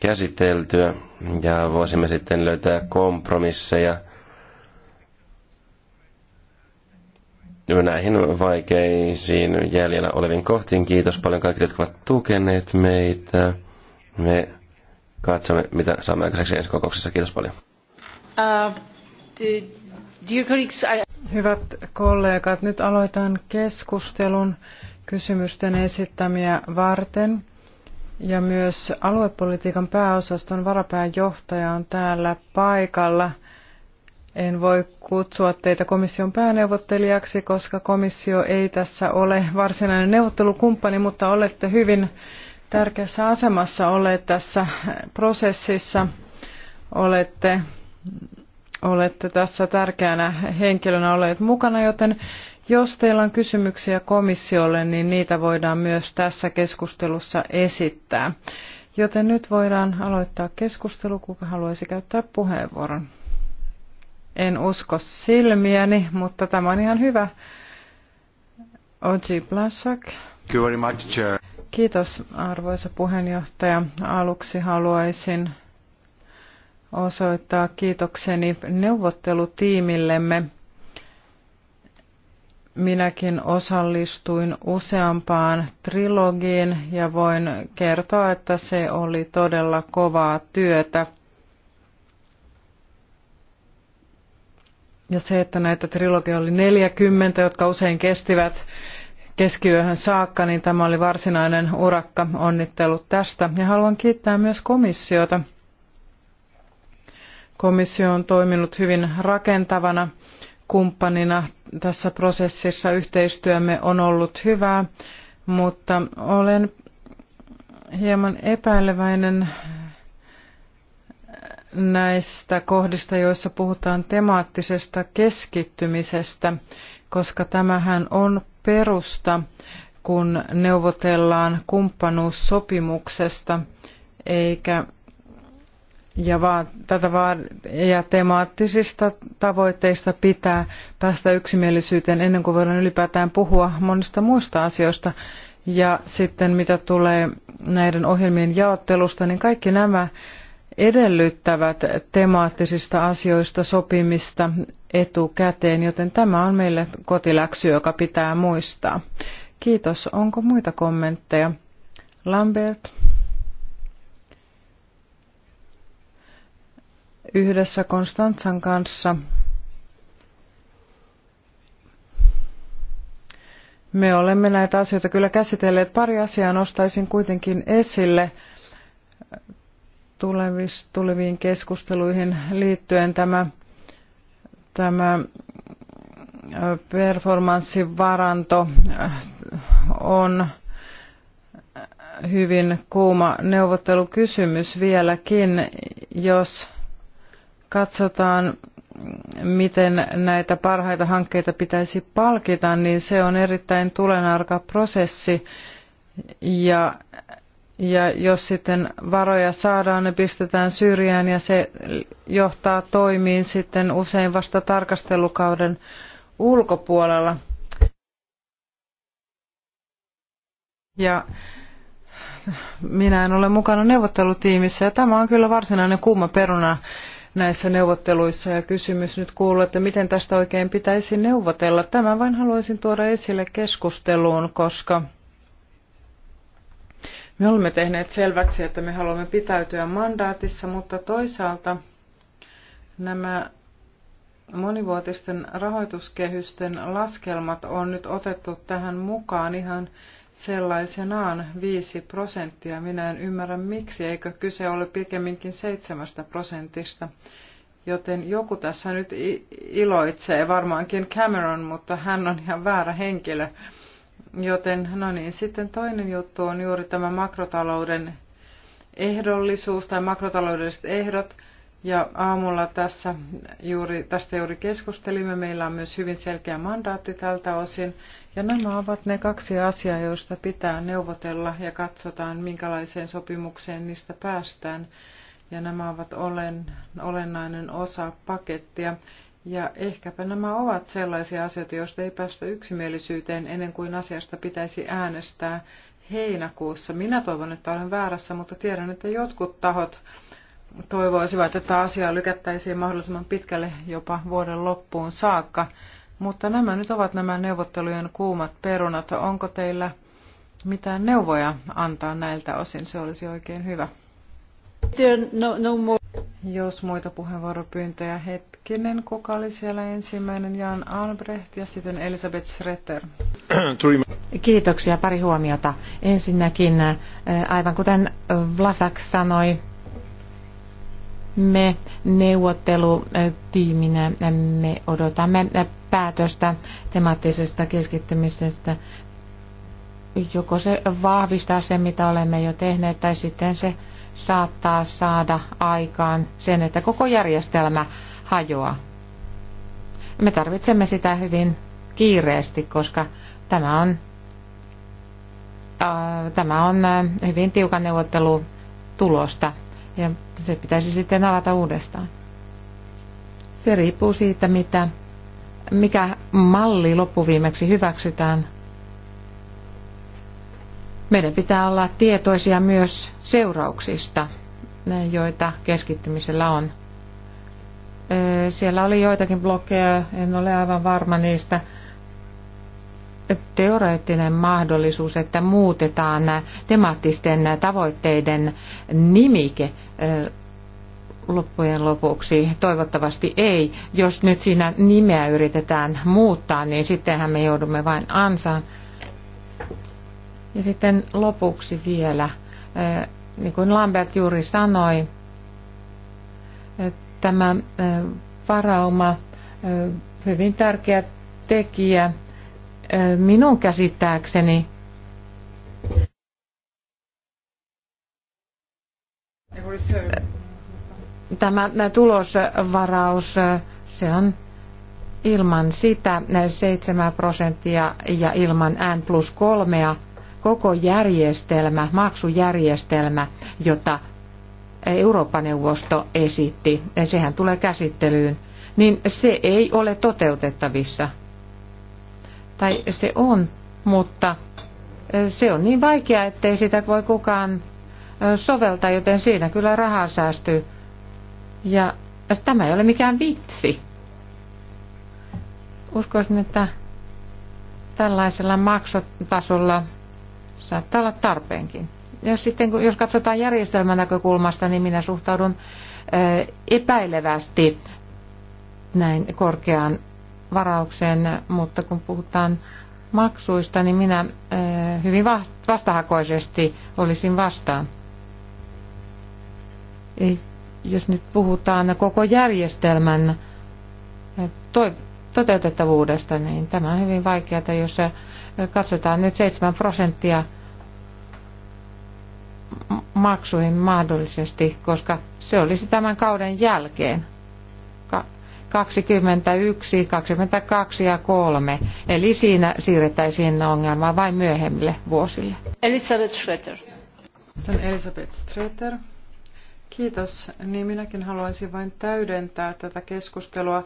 käsiteltyä ja voisimme sitten löytää kompromisseja näihin vaikeisiin jäljellä oleviin kohtiin. Kiitos paljon kaikille, jotka ovat tukeneet meitä. Me katsomme, mitä saamme aikaiseksi ensi kokouksessa. Kiitos paljon. Uh, dear colleagues, I... Hyvät kollegat, nyt aloitan keskustelun kysymysten esittämiä varten. Ja myös aluepolitiikan pääosaston varapääjohtaja on täällä paikalla. En voi kutsua teitä komission pääneuvottelijaksi, koska komissio ei tässä ole varsinainen neuvottelukumppani, mutta olette hyvin tärkeässä asemassa olleet tässä prosessissa. Olette, olette tässä tärkeänä henkilönä olleet mukana, joten jos teillä on kysymyksiä komissiolle, niin niitä voidaan myös tässä keskustelussa esittää. Joten nyt voidaan aloittaa keskustelu, kuka haluaisi käyttää puheenvuoron. En usko silmiäni, mutta tämä on ihan hyvä. Oji Blasak. Kiitos arvoisa puheenjohtaja. Aluksi haluaisin osoittaa kiitokseni neuvottelutiimillemme. Minäkin osallistuin useampaan trilogiin ja voin kertoa, että se oli todella kovaa työtä. Ja se, että näitä trilogia oli 40, jotka usein kestivät keskiyöhön saakka, niin tämä oli varsinainen urakka. Onnittelut tästä. Ja haluan kiittää myös komissiota. Komissio on toiminut hyvin rakentavana kumppanina tässä prosessissa. Yhteistyömme on ollut hyvää, mutta olen hieman epäileväinen näistä kohdista, joissa puhutaan temaattisesta keskittymisestä, koska tämähän on perusta, kun neuvotellaan kumppanuussopimuksesta, eikä ja, vaan, tätä vaan, ja temaattisista tavoitteista pitää päästä yksimielisyyteen ennen kuin voidaan ylipäätään puhua monista muista asioista. Ja sitten mitä tulee näiden ohjelmien jaottelusta, niin kaikki nämä edellyttävät temaattisista asioista sopimista etukäteen, joten tämä on meille kotiläksy, joka pitää muistaa. Kiitos. Onko muita kommentteja? Lambert? Yhdessä Konstantsan kanssa me olemme näitä asioita kyllä käsitelleet. Pari asiaa nostaisin kuitenkin esille tulevis, tuleviin keskusteluihin liittyen tämä, tämä performanssivaranto on hyvin kuuma neuvottelukysymys vieläkin, jos katsotaan miten näitä parhaita hankkeita pitäisi palkita, niin se on erittäin tulenarka prosessi ja ja jos sitten varoja saadaan, ne pistetään syrjään ja se johtaa toimiin sitten usein vasta tarkastelukauden ulkopuolella. Ja minä en ole mukana neuvottelutiimissä ja tämä on kyllä varsinainen kuuma peruna näissä neuvotteluissa ja kysymys nyt kuuluu, että miten tästä oikein pitäisi neuvotella. Tämä vain haluaisin tuoda esille keskusteluun, koska me olemme tehneet selväksi, että me haluamme pitäytyä mandaatissa, mutta toisaalta nämä monivuotisten rahoituskehysten laskelmat on nyt otettu tähän mukaan ihan sellaisenaan 5 prosenttia. Minä en ymmärrä miksi, eikö kyse ole pikemminkin 7 prosentista. Joten joku tässä nyt iloitsee, varmaankin Cameron, mutta hän on ihan väärä henkilö Joten no niin, sitten toinen juttu on juuri tämä makrotalouden ehdollisuus tai makrotaloudelliset ehdot. Ja aamulla tässä juuri, tästä juuri keskustelimme. Meillä on myös hyvin selkeä mandaatti tältä osin. Ja nämä ovat ne kaksi asiaa, joista pitää neuvotella ja katsotaan, minkälaiseen sopimukseen niistä päästään. Ja nämä ovat olen, olennainen osa pakettia. Ja ehkäpä nämä ovat sellaisia asioita, joista ei päästä yksimielisyyteen ennen kuin asiasta pitäisi äänestää heinäkuussa. Minä toivon, että olen väärässä, mutta tiedän, että jotkut tahot toivoisivat, että asiaa lykättäisiin mahdollisimman pitkälle jopa vuoden loppuun saakka. Mutta nämä nyt ovat nämä neuvottelujen kuumat perunat. Onko teillä mitään neuvoja antaa näiltä osin? Se olisi oikein hyvä. No, no more. Jos muita puheenvuoropyyntöjä hetkinen, kuka oli siellä ensimmäinen? Jan Albrecht ja sitten Elisabeth Schretter. Kiitoksia, pari huomiota. Ensinnäkin, aivan kuten Vlasak sanoi, me neuvottelutiiminä me odotamme päätöstä temaattisesta keskittymisestä. Joko se vahvistaa se mitä olemme jo tehneet, tai sitten se saattaa saada aikaan sen, että koko järjestelmä hajoaa. Me tarvitsemme sitä hyvin kiireesti, koska tämä on, ää, äh, tämä on äh, hyvin tiukan neuvottelutulosta ja se pitäisi sitten avata uudestaan. Se riippuu siitä, mitä, mikä malli loppuviimeksi hyväksytään meidän pitää olla tietoisia myös seurauksista, joita keskittymisellä on. Siellä oli joitakin blokkeja, en ole aivan varma niistä. Teoreettinen mahdollisuus, että muutetaan temaattisten tavoitteiden nimike loppujen lopuksi. Toivottavasti ei. Jos nyt siinä nimeä yritetään muuttaa, niin sittenhän me joudumme vain ansaan ja sitten lopuksi vielä, eh, niin kuin Lambert juuri sanoi, eh, tämä eh, varauma hyvin tärkeä tekijä minun käsittääkseni. Tämä tulosvaraus, se on ilman sitä 7 prosenttia ja ilman N plus kolmea koko järjestelmä, maksujärjestelmä, jota Eurooppa-neuvosto esitti, sehän tulee käsittelyyn, niin se ei ole toteutettavissa. Tai se on, mutta e, se on niin vaikea, ettei sitä voi kukaan e, soveltaa, joten siinä kyllä rahaa säästyy. Ja tämä ei ole mikään vitsi. Uskoisin, että tällaisella maksutasolla saattaa olla tarpeenkin. Ja sitten kun, jos katsotaan järjestelmän näkökulmasta, niin minä suhtaudun eh, epäilevästi näin korkeaan varaukseen, mutta kun puhutaan maksuista, niin minä eh, hyvin vastahakoisesti olisin vastaan. Jos nyt puhutaan koko järjestelmän eh, toteutettavuudesta, niin tämä on hyvin vaikeaa, jos katsotaan nyt 7 prosenttia maksuihin mahdollisesti, koska se olisi tämän kauden jälkeen. 21, 22 ja 3. Eli siinä siirrettäisiin ongelmaa vain myöhemmille vuosille. Elisabeth Schroeder. Elisabeth Schröter. Kiitos. Niin minäkin haluaisin vain täydentää tätä keskustelua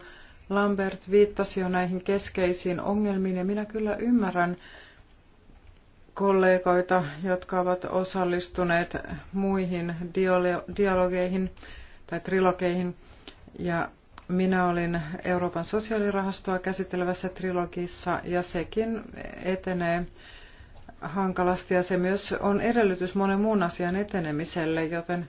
Lambert viittasi jo näihin keskeisiin ongelmiin ja minä kyllä ymmärrän kollegoita, jotka ovat osallistuneet muihin dialogeihin tai trilogeihin. Ja minä olin Euroopan sosiaalirahastoa käsittelevässä trilogissa ja sekin etenee hankalasti ja se myös on edellytys monen muun asian etenemiselle, joten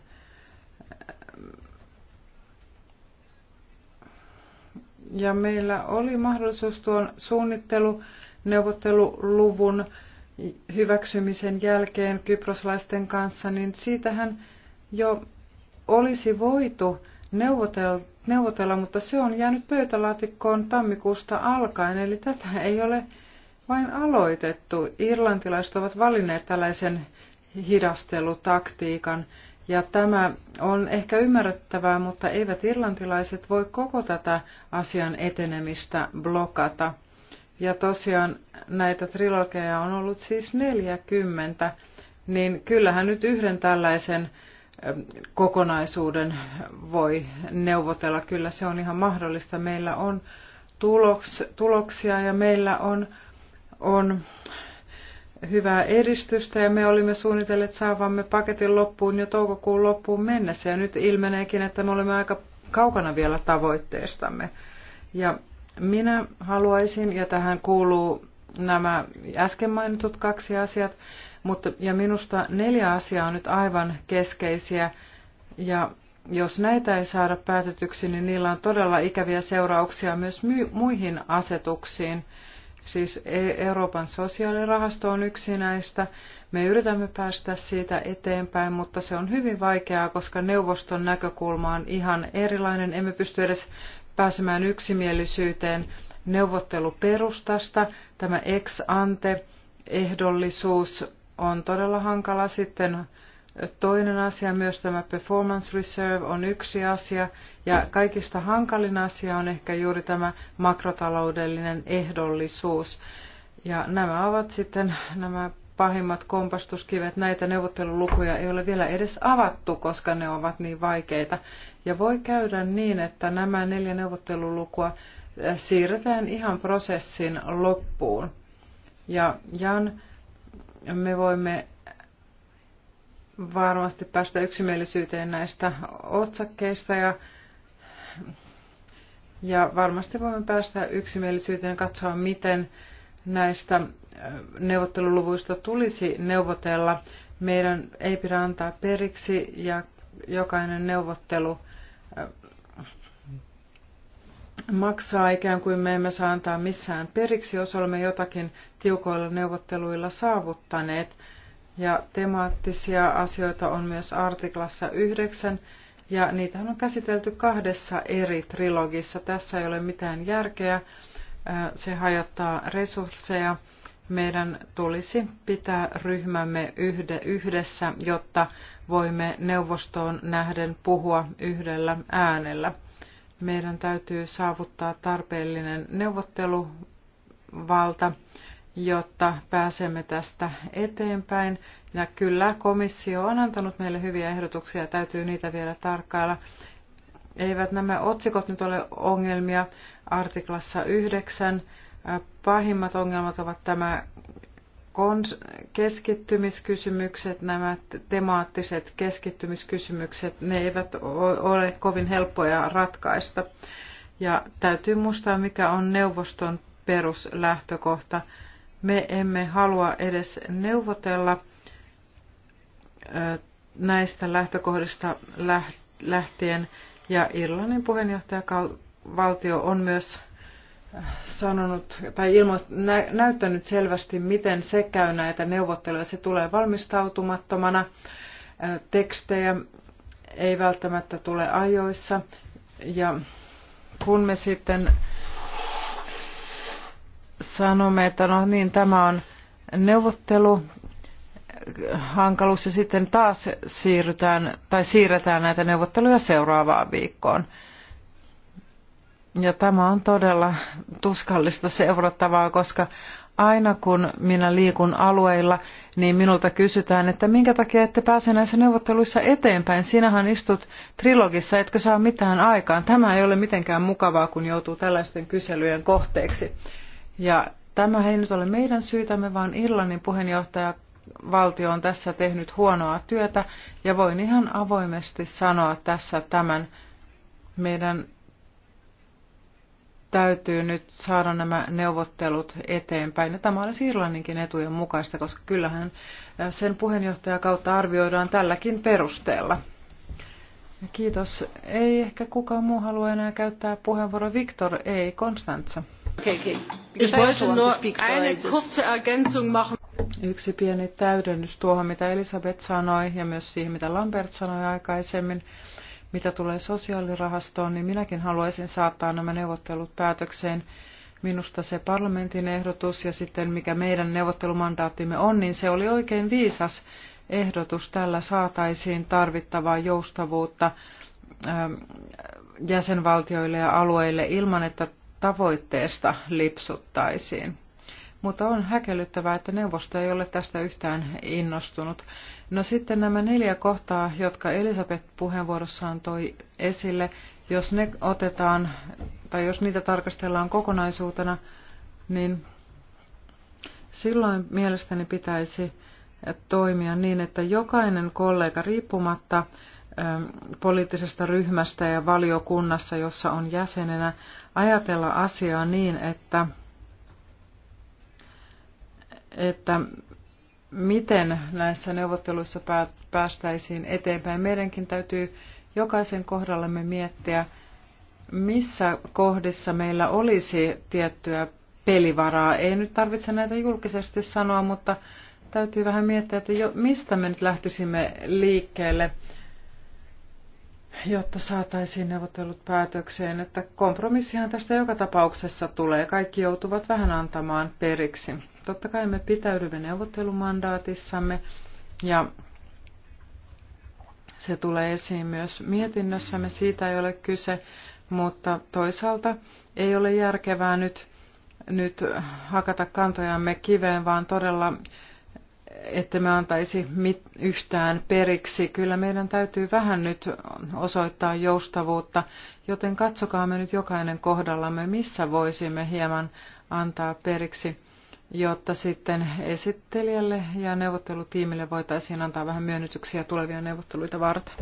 Ja meillä oli mahdollisuus tuon suunnitteluneuvotteluluvun hyväksymisen jälkeen kyproslaisten kanssa, niin siitähän jo olisi voitu neuvotella, mutta se on jäänyt pöytälaatikkoon tammikuusta alkaen, eli tätä ei ole vain aloitettu. Irlantilaiset ovat valinneet tällaisen hidastelutaktiikan ja tämä on ehkä ymmärrettävää, mutta eivät irlantilaiset voi koko tätä asian etenemistä blokata. Ja tosiaan näitä trilogeja on ollut siis 40, niin kyllähän nyt yhden tällaisen ähm, kokonaisuuden voi neuvotella. Kyllä se on ihan mahdollista. Meillä on tuloks, tuloksia ja meillä on, on hyvää edistystä ja me olimme suunnitelleet saavamme paketin loppuun jo toukokuun loppuun mennessä ja nyt ilmeneekin, että me olemme aika kaukana vielä tavoitteestamme. Ja minä haluaisin, ja tähän kuuluu nämä äsken mainitut kaksi asiat, mutta, ja minusta neljä asiaa on nyt aivan keskeisiä, ja jos näitä ei saada päätetyksi, niin niillä on todella ikäviä seurauksia myös muihin asetuksiin. Siis e- Euroopan sosiaalirahasto on yksi näistä. Me yritämme päästä siitä eteenpäin, mutta se on hyvin vaikeaa, koska neuvoston näkökulma on ihan erilainen. Emme pysty edes pääsemään yksimielisyyteen neuvotteluperustasta. Tämä ex ante ehdollisuus on todella hankala sitten Toinen asia, myös tämä performance reserve on yksi asia, ja kaikista hankalin asia on ehkä juuri tämä makrotaloudellinen ehdollisuus. Ja nämä ovat sitten nämä pahimmat kompastuskivet. Näitä neuvottelulukuja ei ole vielä edes avattu, koska ne ovat niin vaikeita. Ja voi käydä niin, että nämä neljä neuvottelulukua eh, siirretään ihan prosessin loppuun. Ja Jan, me voimme varmasti päästä yksimielisyyteen näistä otsakkeista ja, ja varmasti voimme päästä yksimielisyyteen katsoa, miten näistä neuvotteluluvuista tulisi neuvotella. Meidän ei pidä antaa periksi ja jokainen neuvottelu maksaa ikään kuin me emme saa antaa missään periksi, jos olemme jotakin tiukoilla neuvotteluilla saavuttaneet. Ja temaattisia asioita on myös artiklassa 9, ja niitä on käsitelty kahdessa eri trilogissa. Tässä ei ole mitään järkeä, se hajottaa resursseja. Meidän tulisi pitää ryhmämme yhdessä, jotta voimme neuvostoon nähden puhua yhdellä äänellä. Meidän täytyy saavuttaa tarpeellinen neuvotteluvalta jotta pääsemme tästä eteenpäin. Ja kyllä, komissio on antanut meille hyviä ehdotuksia, täytyy niitä vielä tarkkailla. Eivät nämä otsikot nyt ole ongelmia. Artiklassa 9 pahimmat ongelmat ovat tämä keskittymiskysymykset, nämä temaattiset keskittymiskysymykset, ne eivät ole kovin helppoja ratkaista. Ja täytyy muistaa, mikä on neuvoston peruslähtökohta. Me emme halua edes neuvotella näistä lähtökohdista lähtien. Ja Irlannin puheenjohtaja valtio on myös sanonut tai ilmo, nä, näyttänyt selvästi, miten se käy näitä neuvotteluja. Se tulee valmistautumattomana. Tekstejä ei välttämättä tule ajoissa. Ja kun me sitten sanomme, että no niin, tämä on neuvottelu hankaluus ja sitten taas siirrytään tai siirretään näitä neuvotteluja seuraavaan viikkoon. Ja tämä on todella tuskallista seurattavaa, koska aina kun minä liikun alueilla, niin minulta kysytään, että minkä takia ette pääse näissä neuvotteluissa eteenpäin. Sinähän istut trilogissa, etkö saa mitään aikaan. Tämä ei ole mitenkään mukavaa, kun joutuu tällaisten kyselyjen kohteeksi. Ja tämä ei nyt ole meidän syytämme, vaan Irlannin puheenjohtaja valtio on tässä tehnyt huonoa työtä ja voin ihan avoimesti sanoa tässä tämän. Meidän täytyy nyt saada nämä neuvottelut eteenpäin. Ja tämä olisi Irlanninkin etujen mukaista, koska kyllähän sen kautta arvioidaan tälläkin perusteella. Kiitos. Ei ehkä kukaan muu halua enää käyttää puheenvuoro. Viktor, ei. Konstantsa. Okay, okay. Ich Yksi pieni täydennys tuohon, mitä Elisabeth sanoi ja myös siihen, mitä Lambert sanoi aikaisemmin. Mitä tulee sosiaalirahastoon, niin minäkin haluaisin saattaa nämä neuvottelut päätökseen. Minusta se parlamentin ehdotus ja sitten mikä meidän neuvottelumandaattimme on, niin se oli oikein viisas ehdotus. Tällä saataisiin tarvittavaa joustavuutta jäsenvaltioille ja alueille ilman, että tavoitteesta lipsuttaisiin. Mutta on häkellyttävää, että neuvosto ei ole tästä yhtään innostunut. No sitten nämä neljä kohtaa, jotka Elisabeth puheenvuorossaan toi esille, jos ne otetaan tai jos niitä tarkastellaan kokonaisuutena, niin silloin mielestäni pitäisi toimia niin, että jokainen kollega riippumatta Ähm, poliittisesta ryhmästä ja valiokunnassa, jossa on jäsenenä, ajatella asiaa niin, että, että miten näissä neuvotteluissa päästäisiin eteenpäin. Meidänkin täytyy jokaisen kohdallamme miettiä, missä kohdissa meillä olisi tiettyä pelivaraa. Ei nyt tarvitse näitä julkisesti sanoa, mutta täytyy vähän miettiä, että jo, mistä me nyt lähtisimme liikkeelle – jotta saataisiin neuvottelut päätökseen, että kompromissihan tästä joka tapauksessa tulee. Kaikki joutuvat vähän antamaan periksi. Totta kai me pitäydymme neuvottelumandaatissamme ja se tulee esiin myös mietinnössämme, siitä ei ole kyse, mutta toisaalta ei ole järkevää nyt, nyt hakata kantojamme kiveen, vaan todella että me antaisi mit, yhtään periksi. Kyllä meidän täytyy vähän nyt osoittaa joustavuutta, joten katsokaa me nyt jokainen kohdallamme, missä voisimme hieman antaa periksi, jotta sitten esittelijälle ja neuvottelutiimille voitaisiin antaa vähän myönnytyksiä tulevia neuvotteluita varten.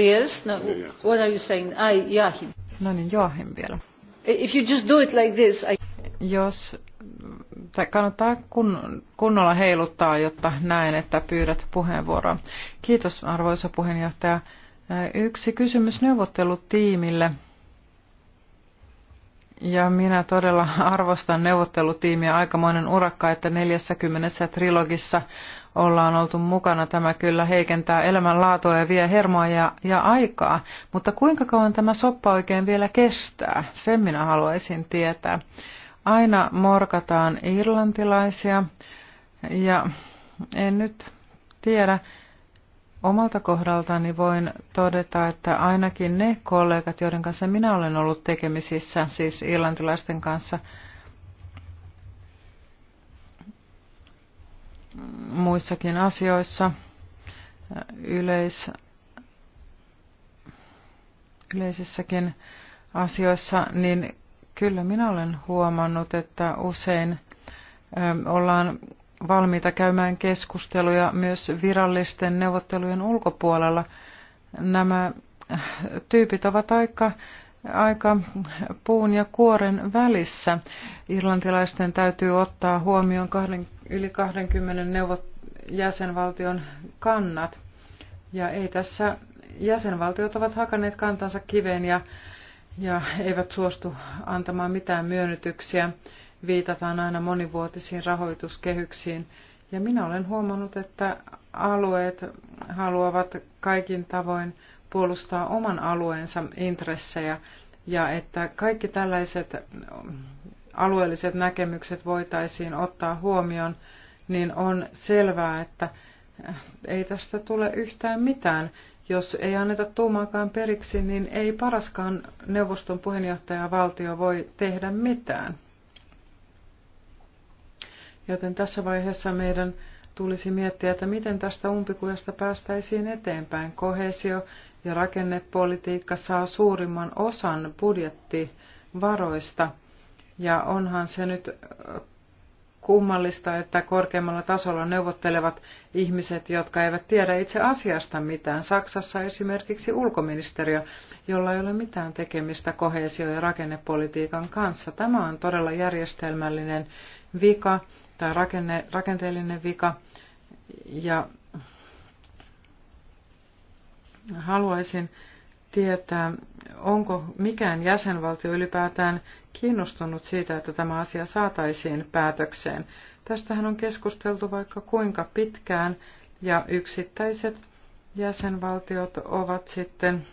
Yes, no, what are you saying? I, Joachim. No niin, Joachim vielä. If you just do it like this, I... Jos kannattaa kun, kunnolla heiluttaa, jotta näen, että pyydät puheenvuoroa. Kiitos arvoisa puheenjohtaja. Yksi kysymys neuvottelutiimille. Ja minä todella arvostan neuvottelutiimiä aikamoinen urakka, että 40 trilogissa ollaan oltu mukana. Tämä kyllä heikentää elämänlaatua ja vie hermoa ja, ja aikaa. Mutta kuinka kauan tämä soppa oikein vielä kestää? Sen minä haluaisin tietää. Aina morkataan irlantilaisia ja en nyt tiedä, Omalta kohdaltani voin todeta, että ainakin ne kollegat, joiden kanssa minä olen ollut tekemisissä, siis irlantilaisten kanssa, muissakin asioissa, yleis, yleisissäkin asioissa, niin kyllä minä olen huomannut, että usein ollaan valmiita käymään keskusteluja myös virallisten neuvottelujen ulkopuolella. Nämä tyypit ovat aika aika puun ja kuoren välissä. Irlantilaisten täytyy ottaa huomioon kahden, yli 20 neuvot, jäsenvaltion kannat. Ja ei tässä jäsenvaltiot ovat hakaneet kantansa kiveen ja, ja eivät suostu antamaan mitään myönnytyksiä viitataan aina monivuotisiin rahoituskehyksiin. Ja minä olen huomannut, että alueet haluavat kaikin tavoin puolustaa oman alueensa intressejä ja että kaikki tällaiset mm, alueelliset näkemykset voitaisiin ottaa huomioon, niin on selvää, että eh, ei tästä tule yhtään mitään. Jos ei anneta tuumaakaan periksi, niin ei paraskaan neuvoston puheenjohtajavaltio voi tehdä mitään. Joten tässä vaiheessa meidän tulisi miettiä, että miten tästä umpikujasta päästäisiin eteenpäin. Kohesio ja rakennepolitiikka saa suurimman osan budjettivaroista. Ja onhan se nyt kummallista, että korkeammalla tasolla neuvottelevat ihmiset, jotka eivät tiedä itse asiasta mitään. Saksassa esimerkiksi ulkoministeriö, jolla ei ole mitään tekemistä kohesio- ja rakennepolitiikan kanssa. Tämä on todella järjestelmällinen vika tämä rakenne, rakenteellinen vika. Ja haluaisin tietää, onko mikään jäsenvaltio ylipäätään kiinnostunut siitä, että tämä asia saataisiin päätökseen. Tästähän on keskusteltu vaikka kuinka pitkään, ja yksittäiset jäsenvaltiot ovat sitten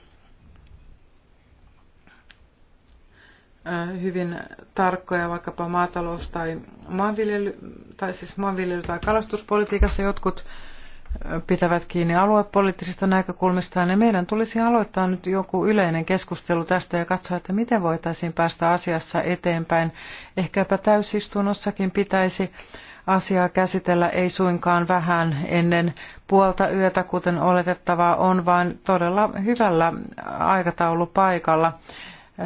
hyvin tarkkoja vaikkapa maatalous- tai, maanviljely, tai, siis maanviljely- tai kalastuspolitiikassa. Jotkut pitävät kiinni aluepoliittisista näkökulmista, niin meidän tulisi aloittaa nyt joku yleinen keskustelu tästä ja katsoa, että miten voitaisiin päästä asiassa eteenpäin. Ehkäpä täysistunnossakin pitäisi asiaa käsitellä ei suinkaan vähän ennen puolta yötä, kuten oletettavaa on, vaan todella hyvällä aikataulupaikalla. paikalla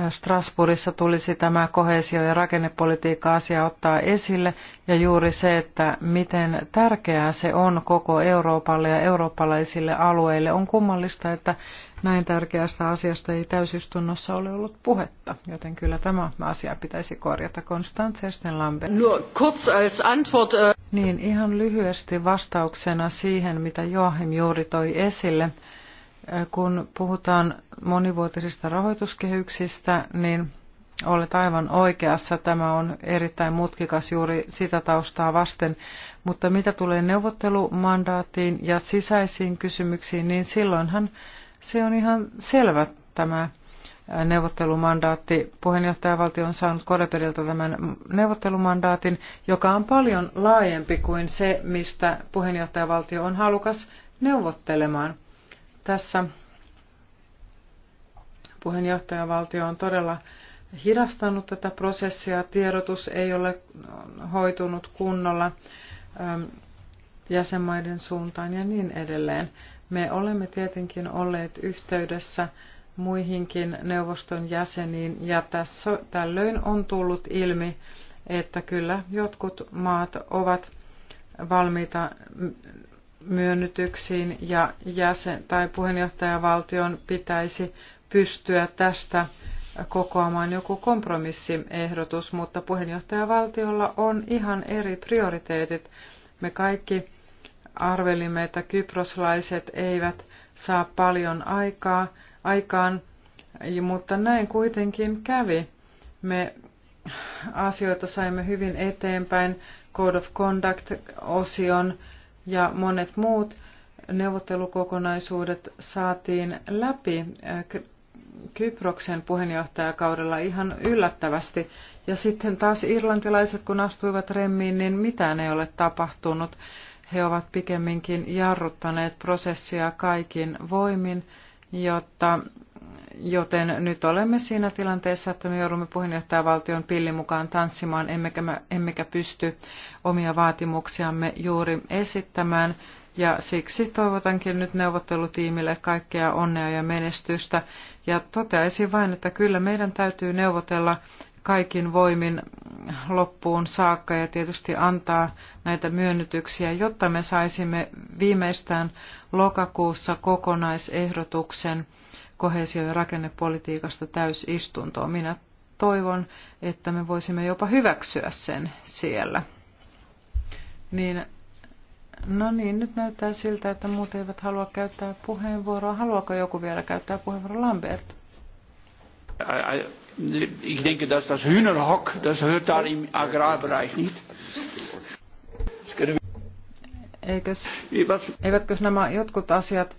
Strasbourgissa tulisi tämä kohesio- ja rakennepolitiikka-asia ottaa esille ja juuri se, että miten tärkeää se on koko Euroopalle ja eurooppalaisille alueille. On kummallista, että näin tärkeästä asiasta ei täysistunnossa ole ollut puhetta, joten kyllä tämä asia pitäisi korjata. Konstanz Estenlampe. No, kurz als Antwort, äh, Niin, ihan lyhyesti vastauksena siihen, mitä Joachim juuri toi esille. Kun puhutaan monivuotisista rahoituskehyksistä, niin olet aivan oikeassa. Tämä on erittäin mutkikas juuri sitä taustaa vasten. Mutta mitä tulee neuvottelumandaattiin ja sisäisiin kysymyksiin, niin silloinhan se on ihan selvä tämä neuvottelumandaatti. Puheenjohtajavaltio on saanut Koreperilta tämän neuvottelumandaatin, joka on paljon laajempi kuin se, mistä puheenjohtajavaltio on halukas neuvottelemaan – tässä puheenjohtajavaltio on todella hidastanut tätä prosessia, tiedotus ei ole hoitunut kunnolla ähm, jäsenmaiden suuntaan ja niin edelleen. Me olemme tietenkin olleet yhteydessä muihinkin neuvoston jäseniin ja tässä, tällöin on tullut ilmi, että kyllä jotkut maat ovat valmiita myönnytyksiin ja jäsen- tai puheenjohtajavaltion pitäisi pystyä tästä kokoamaan joku kompromissiehdotus, mutta puheenjohtajavaltiolla on ihan eri prioriteetit. Me kaikki arvelimme, että kyproslaiset eivät saa paljon aikaa, aikaan, mutta näin kuitenkin kävi. Me asioita saimme hyvin eteenpäin Code of Conduct-osion ja monet muut neuvottelukokonaisuudet saatiin läpi äh, Kyproksen puheenjohtajakaudella ihan yllättävästi. Ja sitten taas irlantilaiset, kun astuivat remmiin, niin mitään ei ole tapahtunut. He ovat pikemminkin jarruttaneet prosessia kaikin voimin, jotta Joten nyt olemme siinä tilanteessa, että me joudumme puheenjohtajavaltion pillin mukaan tanssimaan, emmekä, me, emmekä pysty omia vaatimuksiamme juuri esittämään. Ja siksi toivotankin nyt neuvottelutiimille kaikkea onnea ja menestystä. Ja toteaisin vain, että kyllä meidän täytyy neuvotella kaikin voimin loppuun saakka ja tietysti antaa näitä myönnytyksiä, jotta me saisimme viimeistään lokakuussa kokonaisehdotuksen kohesio- ja rakennepolitiikasta täysistuntoon. Minä toivon, että me voisimme jopa hyväksyä sen siellä. Niin, no niin, nyt näyttää siltä, että muut eivät halua käyttää puheenvuoroa. Haluaako joku vielä käyttää puheenvuoron? Lambert. I, I, ich denke, dass das Hühnerhock, das hört da im Agrarbereich nicht. Eikös, eivätkö nämä jotkut asiat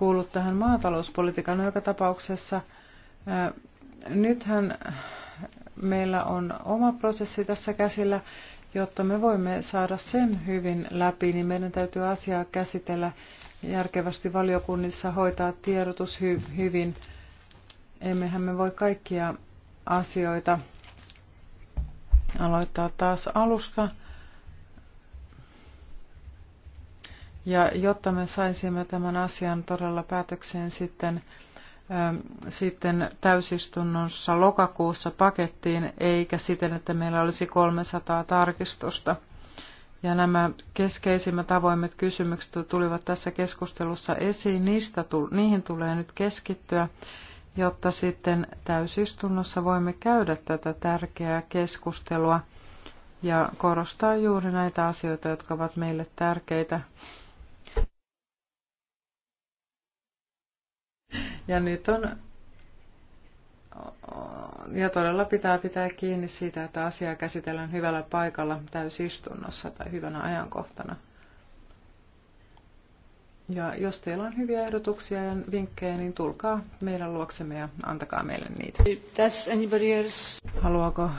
kuulu tähän maatalouspolitiikan joka tapauksessa. Nythän meillä on oma prosessi tässä käsillä, jotta me voimme saada sen hyvin läpi, niin meidän täytyy asiaa käsitellä järkevästi valiokunnissa, hoitaa tiedotus hy- hyvin. Emmehän me voi kaikkia asioita aloittaa taas alusta. Ja jotta me saisimme tämän asian todella päätökseen sitten, ähm, sitten täysistunnossa lokakuussa pakettiin, eikä siten, että meillä olisi 300 tarkistusta. Ja nämä keskeisimmät avoimet kysymykset tulivat tässä keskustelussa esiin. Niistä, niihin tulee nyt keskittyä, jotta sitten täysistunnossa voimme käydä tätä tärkeää keskustelua ja korostaa juuri näitä asioita, jotka ovat meille tärkeitä Ja nyt on ja todella pitää pitää kiinni siitä, että asiaa käsitellään hyvällä paikalla täysistunnossa tai hyvänä ajankohtana. Ja jos teillä on hyviä ehdotuksia ja vinkkejä, niin tulkaa meidän luoksemme ja antakaa meille niitä. Haluaako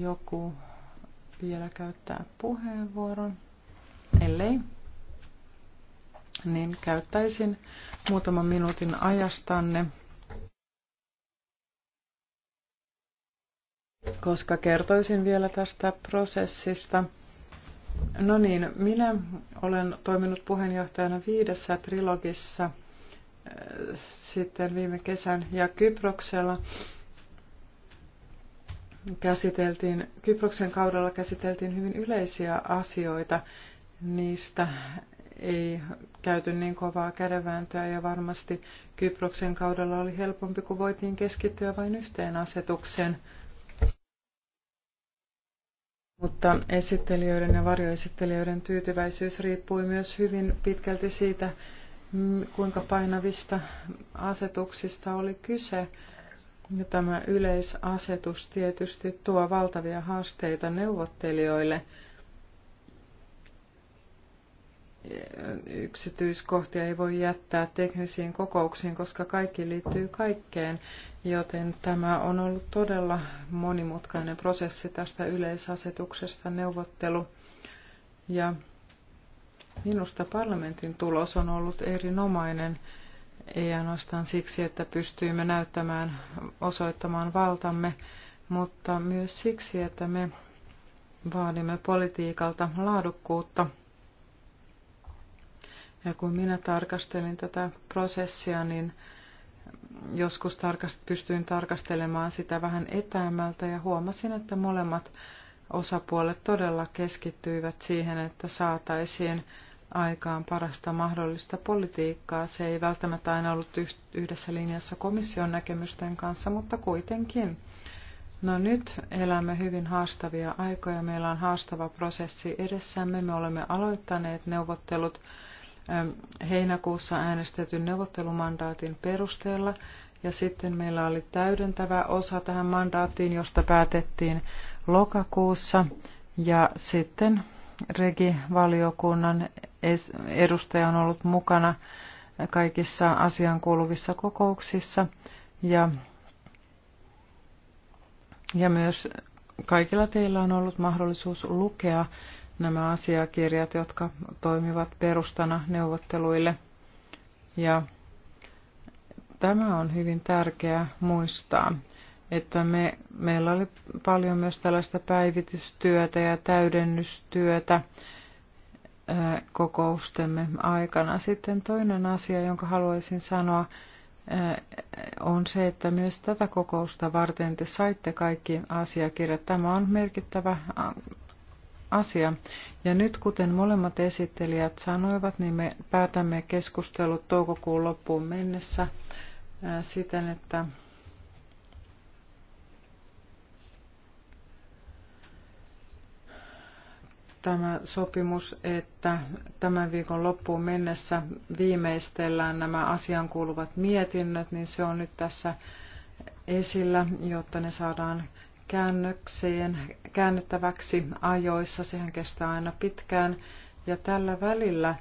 joku vielä käyttää puheenvuoron? Ellei, niin käyttäisin muutaman minuutin ajastanne, koska kertoisin vielä tästä prosessista. No niin, minä olen toiminut puheenjohtajana viidessä trilogissa eh, sitten viime kesän ja Kyproksella käsiteltiin, Kyproksen kaudella käsiteltiin hyvin yleisiä asioita. Niistä ei käyty niin kovaa kädenvääntöä ja varmasti Kyproksen kaudella oli helpompi, kun voitiin keskittyä vain yhteen asetukseen. Mutta esittelijöiden ja varjoesittelijöiden tyytyväisyys riippui myös hyvin pitkälti siitä, kuinka painavista asetuksista oli kyse. Ja tämä yleisasetus tietysti tuo valtavia haasteita neuvottelijoille – yksityiskohtia ei voi jättää teknisiin kokouksiin, koska kaikki liittyy kaikkeen, joten tämä on ollut todella monimutkainen prosessi tästä yleisasetuksesta neuvottelu. Ja minusta parlamentin tulos on ollut erinomainen, ei ainoastaan siksi, että pystyimme näyttämään, osoittamaan valtamme, mutta myös siksi, että me vaadimme politiikalta laadukkuutta – ja kun minä tarkastelin tätä prosessia, niin joskus tarkast, pystyin tarkastelemaan sitä vähän etäämältä ja huomasin, että molemmat osapuolet todella keskittyivät siihen, että saataisiin aikaan parasta mahdollista politiikkaa. Se ei välttämättä aina ollut yhdessä linjassa komission näkemysten kanssa, mutta kuitenkin. No nyt elämme hyvin haastavia aikoja. Meillä on haastava prosessi edessämme. Me olemme aloittaneet neuvottelut heinäkuussa äänestetyn neuvottelumandaatin perusteella. Ja sitten meillä oli täydentävä osa tähän mandaattiin, josta päätettiin lokakuussa. Ja sitten Regi-valiokunnan edustaja on ollut mukana kaikissa asian kuuluvissa kokouksissa ja, ja myös kaikilla teillä on ollut mahdollisuus lukea nämä asiakirjat, jotka toimivat perustana neuvotteluille. Ja tämä on hyvin tärkeää muistaa, että me, meillä oli paljon myös tällaista päivitystyötä ja täydennystyötä kokoustemme aikana. Sitten toinen asia, jonka haluaisin sanoa, on se, että myös tätä kokousta varten te saitte kaikki asiakirjat. Tämä on merkittävä asia. Ja nyt, kuten molemmat esittelijät sanoivat, niin me päätämme keskustelut toukokuun loppuun mennessä siten, että tämä sopimus, että tämän viikon loppuun mennessä viimeistellään nämä asian kuuluvat mietinnöt, niin se on nyt tässä esillä, jotta ne saadaan käännökseen, käännettäväksi ajoissa. Sehän kestää aina pitkään. Ja tällä välillä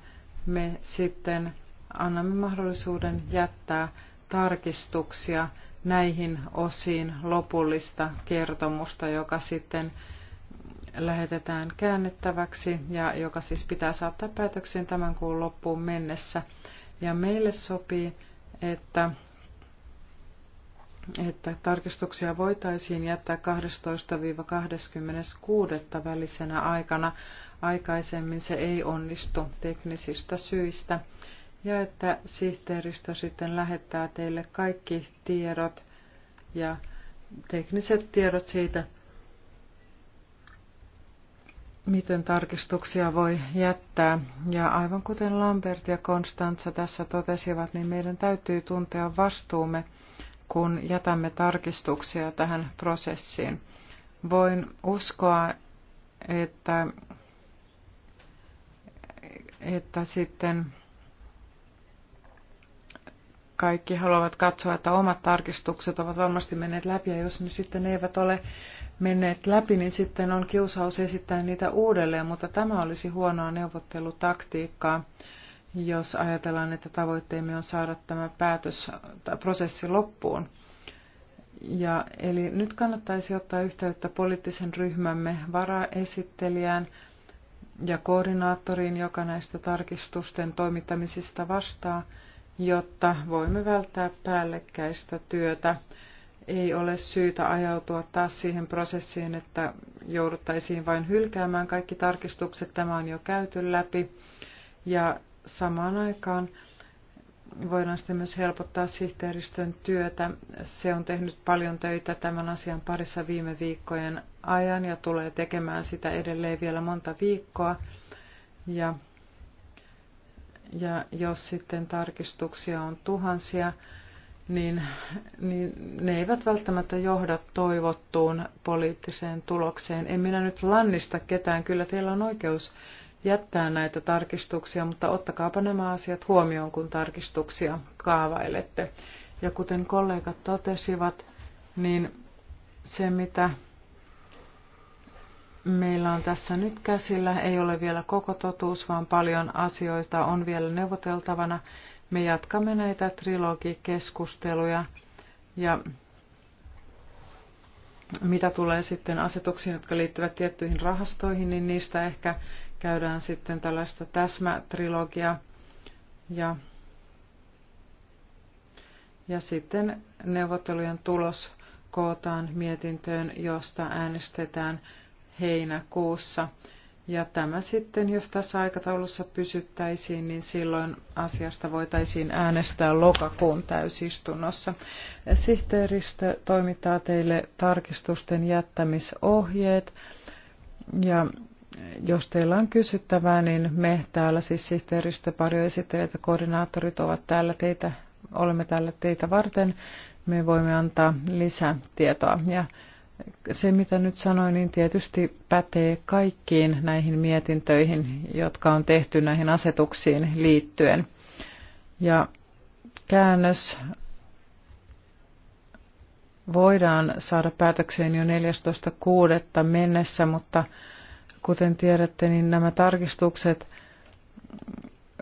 me sitten annamme mahdollisuuden jättää tarkistuksia näihin osiin lopullista kertomusta, joka sitten lähetetään käännettäväksi ja joka siis pitää saattaa päätökseen tämän kuun loppuun mennessä. Ja meille sopii, että että tarkistuksia voitaisiin jättää 12-26. välisenä aikana. Aikaisemmin se ei onnistu teknisistä syistä. Ja että sihteeristö sitten lähettää teille kaikki tiedot ja tekniset tiedot siitä, miten tarkistuksia voi jättää. Ja aivan kuten Lambert ja Konstantsa tässä totesivat, niin meidän täytyy tuntea vastuumme – kun jätämme tarkistuksia tähän prosessiin. Voin uskoa, että, että sitten kaikki haluavat katsoa, että omat tarkistukset ovat varmasti menneet läpi, ja jos ne sitten eivät ole menneet läpi, niin sitten on kiusaus esittää niitä uudelleen, mutta tämä olisi huonoa neuvottelutaktiikkaa jos ajatellaan, että tavoitteemme on saada tämä päätös tai prosessi loppuun. Ja, eli nyt kannattaisi ottaa yhteyttä poliittisen ryhmämme varaesittelijään ja koordinaattoriin, joka näistä tarkistusten toimittamisista vastaa, jotta voimme välttää päällekkäistä työtä. Ei ole syytä ajautua taas siihen prosessiin, että jouduttaisiin vain hylkäämään kaikki tarkistukset. Tämä on jo käyty läpi. Ja samaan aikaan voidaan sitten myös helpottaa sihteeristön työtä. Se on tehnyt paljon töitä tämän asian parissa viime viikkojen ajan ja tulee tekemään sitä edelleen vielä monta viikkoa. Ja, ja jos sitten tarkistuksia on tuhansia, niin, niin ne eivät välttämättä johda toivottuun poliittiseen tulokseen. En minä nyt lannista ketään, kyllä teillä on oikeus jättää näitä tarkistuksia, mutta ottakaapa nämä asiat huomioon, kun tarkistuksia kaavailette. Ja kuten kollegat totesivat, niin se mitä meillä on tässä nyt käsillä ei ole vielä koko totuus, vaan paljon asioita on vielä neuvoteltavana. Me jatkamme näitä trilogikeskusteluja ja mitä tulee sitten asetuksiin, jotka liittyvät tiettyihin rahastoihin, niin niistä ehkä käydään sitten tällaista täsmätrilogia ja, ja sitten neuvottelujen tulos kootaan mietintöön, josta äänestetään heinäkuussa. Ja tämä sitten, jos tässä aikataulussa pysyttäisiin, niin silloin asiasta voitaisiin äänestää lokakuun täysistunnossa. Sihteeristö toimittaa teille tarkistusten jättämisohjeet ja jos teillä on kysyttävää, niin me täällä siis sihteeristö, paljon esittelijät ja koordinaattorit ovat täällä teitä, olemme täällä teitä varten. Me voimme antaa lisätietoa. Ja se, mitä nyt sanoin, niin tietysti pätee kaikkiin näihin mietintöihin, jotka on tehty näihin asetuksiin liittyen. Ja käännös voidaan saada päätökseen jo 14.6. mennessä, mutta Kuten tiedätte, niin nämä tarkistukset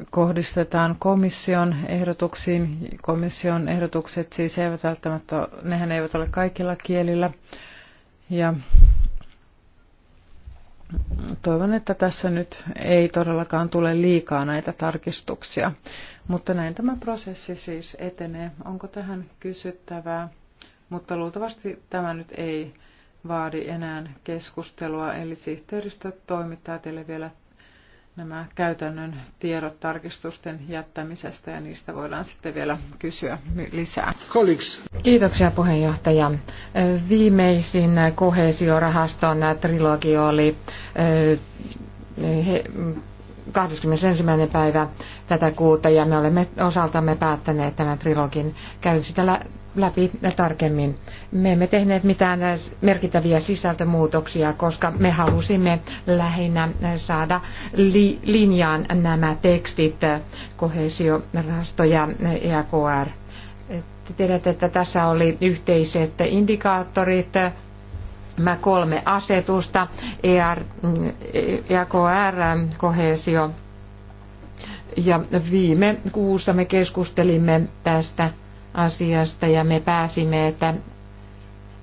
kohdistetaan komission ehdotuksiin. Komission ehdotukset siis eivät välttämättä, nehän eivät ole kaikilla kielillä. Ja toivon, että tässä nyt ei todellakaan tule liikaa näitä tarkistuksia. Mutta näin tämä prosessi siis etenee. Onko tähän kysyttävää? Mutta luultavasti tämä nyt ei vaadi enää keskustelua, eli sihteeristö toimittaa teille vielä nämä käytännön tiedot tarkistusten jättämisestä ja niistä voidaan sitten vielä kysyä lisää. Koliks. Kiitoksia puheenjohtaja. Viimeisin kohesiorahaston trilogi oli 21. päivä tätä kuuta ja me olemme osaltamme päättäneet tämän trilogin. Käyn sitä läpi tarkemmin. Me emme tehneet mitään merkittäviä sisältömuutoksia, koska me halusimme lähinnä saada li- linjaan nämä tekstit, kohesiorahasto ja EKR. Te tiedätte, että tässä oli yhteiset indikaattorit, nämä kolme asetusta, ER, EAKR, kohesio, ja viime kuussa me keskustelimme tästä asiasta ja me pääsimme, että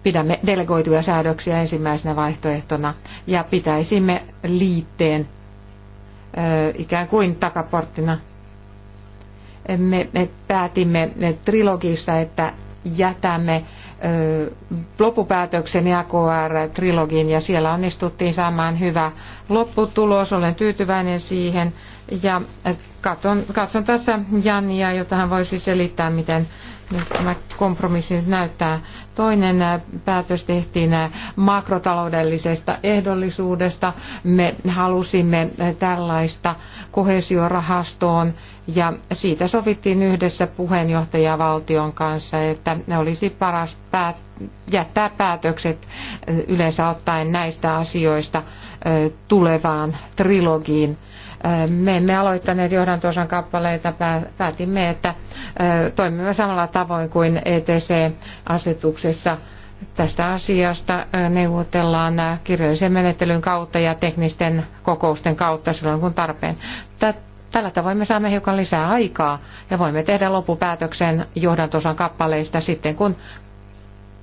pidämme delegoituja säädöksiä ensimmäisenä vaihtoehtona ja pitäisimme liitteen ikään kuin takaporttina. Me, me päätimme trilogissa, että jätämme loppupäätöksen AKR-trilogin ja siellä onnistuttiin saamaan hyvä lopputulos. Olen tyytyväinen siihen ja katson, katson tässä Jannia, jota hän voisi selittää, miten tämä kompromissi nyt näyttää. Toinen äh, päätös tehtiin äh, makrotaloudellisesta ehdollisuudesta. Me halusimme äh, tällaista kohesiorahastoon ja siitä sovittiin yhdessä puheenjohtajavaltion kanssa, että ne olisi paras päät- jättää päätökset yleensä ottaen näistä asioista tulevaan trilogiin me emme aloittaneet johdantosan kappaleita, päätimme, että toimimme samalla tavoin kuin ETC-asetuksessa. Tästä asiasta neuvotellaan kirjallisen menettelyn kautta ja teknisten kokousten kautta silloin kun tarpeen. Tällä tavoin me saamme hiukan lisää aikaa ja voimme tehdä loppupäätöksen johdantosan kappaleista sitten, kun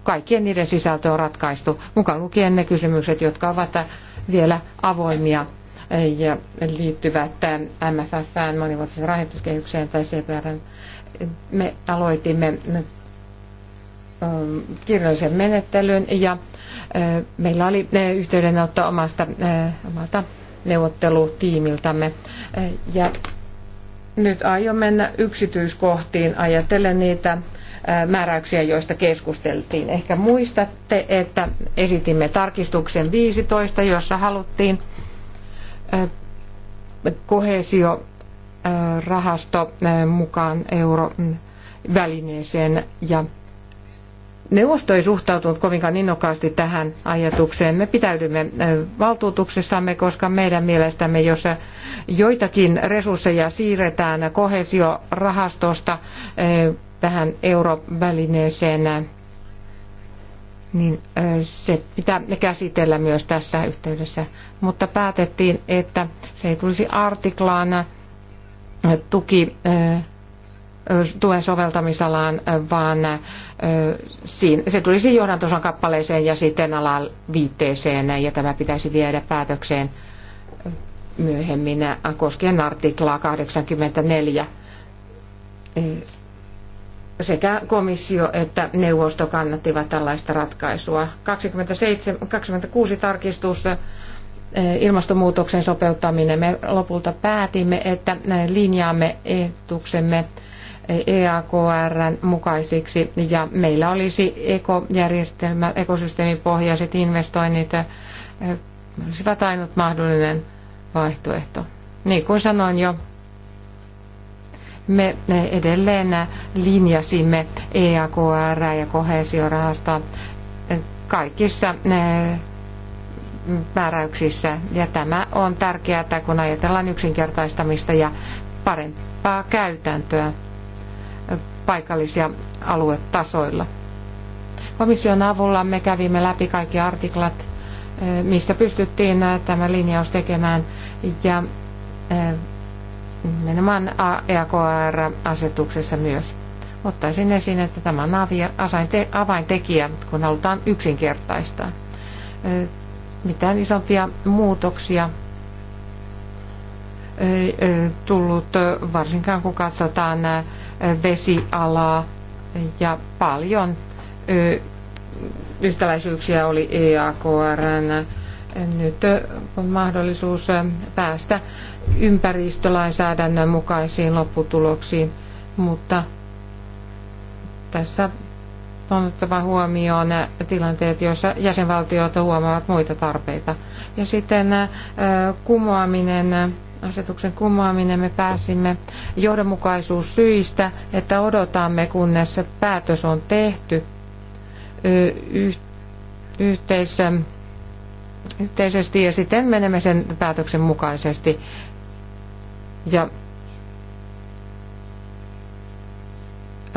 kaikkien niiden sisältö on ratkaistu, mukaan lukien ne kysymykset, jotka ovat vielä avoimia ja liittyvät MFFään, monivuotisen rahoituskehykseen tai CPRn. Me aloitimme kirjallisen menettelyn ja meillä oli yhteydenotto omasta, omalta neuvottelutiimiltämme. Ja nyt aion mennä yksityiskohtiin ajatellen niitä määräyksiä, joista keskusteltiin. Ehkä muistatte, että esitimme tarkistuksen 15, jossa haluttiin Koheesiorahasto äh, mukaan eurovälineeseen ja Neuvosto ei suhtautunut kovinkaan innokkaasti tähän ajatukseen. Me pitäydymme äh, valtuutuksessamme, koska meidän mielestämme, jos äh, joitakin resursseja siirretään kohesiorahastosta tähän eurovälineeseen, niin se pitää käsitellä myös tässä yhteydessä. Mutta päätettiin, että se ei tulisi artiklaana tuki tuen soveltamisalaan, vaan se tulisi johdantosan kappaleeseen ja sitten alan viitteeseen, ja tämä pitäisi viedä päätökseen myöhemmin koskien artiklaa 84 sekä komissio että neuvosto kannattivat tällaista ratkaisua. 27, 26 tarkistus eh, ilmastonmuutoksen sopeuttaminen. Me lopulta päätimme, että linjaamme ehdotuksemme EAKRn eh, e mukaisiksi ja meillä olisi ekojärjestelmä, ekosysteemipohjaiset investoinnit eh, olisivat ainut mahdollinen vaihtoehto. Niin kuin sanoin jo, me edelleen linjasimme EAKR ja kohesiorahasta kaikissa eh, määräyksissä. Ja tämä on tärkeää, kun ajatellaan yksinkertaistamista ja parempaa käytäntöä paikallisia aluetasoilla. Komission avulla me kävimme läpi kaikki artiklat, eh, missä pystyttiin eh, tämä linjaus tekemään ja nimenomaan EAKR-asetuksessa myös. Ottaisin esiin, että tämä on avaintekijä, kun halutaan yksinkertaistaa. Mitään isompia muutoksia ei tullut, varsinkaan kun katsotaan vesialaa ja paljon yhtäläisyyksiä oli EAKRn nyt on mahdollisuus päästä ympäristölainsäädännön mukaisiin lopputuloksiin, mutta tässä on otettava huomioon tilanteet, joissa jäsenvaltiot huomaavat muita tarpeita. Ja sitten kumoaminen, asetuksen kumoaminen me pääsimme johdonmukaisuussyistä, että odotamme kunnes päätös on tehty yhteisen yhteisesti ja sitten menemme sen päätöksen mukaisesti. Ja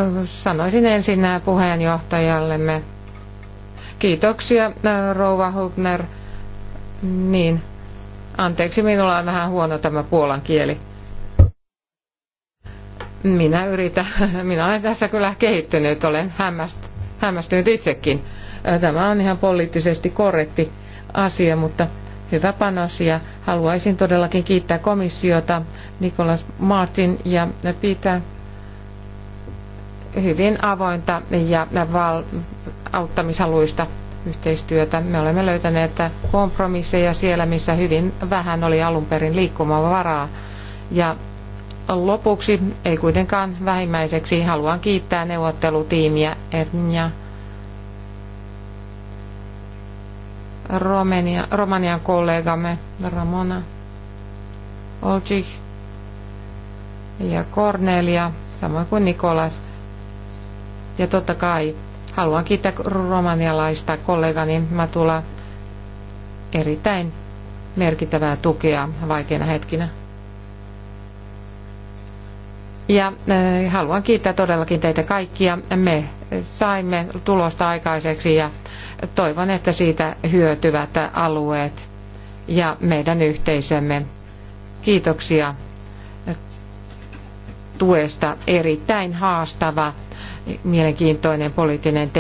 äh, sanoisin ensin puheenjohtajallemme kiitoksia äh, Rouva Hubner. Niin, anteeksi, minulla on vähän huono tämä puolan kieli. Minä yritän, minä olen tässä kyllä kehittynyt, olen hämmästynyt itsekin. Äh, tämä on ihan poliittisesti korrekti asia, mutta hyvä panos ja haluaisin todellakin kiittää komissiota, Nikolas Martin ja Peter hyvin avointa ja val- auttamishaluista yhteistyötä. Me olemme löytäneet kompromisseja siellä, missä hyvin vähän oli alun perin liikkumavaraa. Ja lopuksi, ei kuitenkaan vähimmäiseksi, haluan kiittää neuvottelutiimiä Ernia Romania, Romanian kollegamme Ramona Olcic ja Cornelia, samoin kuin Nikolas. Ja totta kai haluan kiittää romanialaista kollegani Matula erittäin merkittävää tukea vaikeina hetkinä. Ja äh, haluan kiittää todellakin teitä kaikkia. Me saimme tulosta aikaiseksi ja Toivon, että siitä hyötyvät alueet ja meidän yhteisömme. Kiitoksia tuesta. Erittäin haastava, mielenkiintoinen poliittinen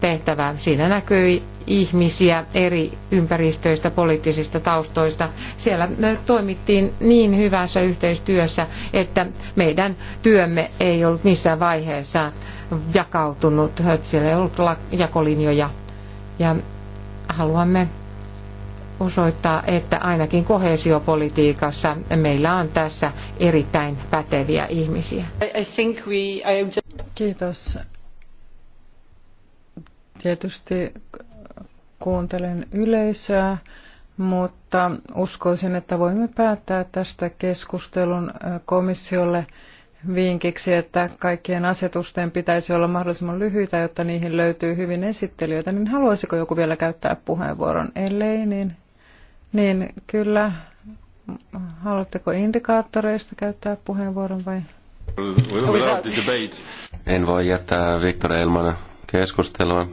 tehtävä. Siinä näkyy ihmisiä eri ympäristöistä, poliittisista taustoista. Siellä toimittiin niin hyvässä yhteistyössä, että meidän työmme ei ollut missään vaiheessa jakautunut. Siellä ei ollut jakolinjoja ja haluamme osoittaa, että ainakin koheesiopolitiikassa meillä on tässä erittäin päteviä ihmisiä. Kiitos. Tietysti kuuntelen yleisöä, mutta uskoisin, että voimme päättää tästä keskustelun komissiolle vinkiksi, että kaikkien asetusten pitäisi olla mahdollisimman lyhyitä, jotta niihin löytyy hyvin esittelijöitä, niin haluaisiko joku vielä käyttää puheenvuoron? Ellei, niin, niin kyllä. Haluatteko indikaattoreista käyttää puheenvuoron vai? En voi jättää Viktor Elman keskustelua.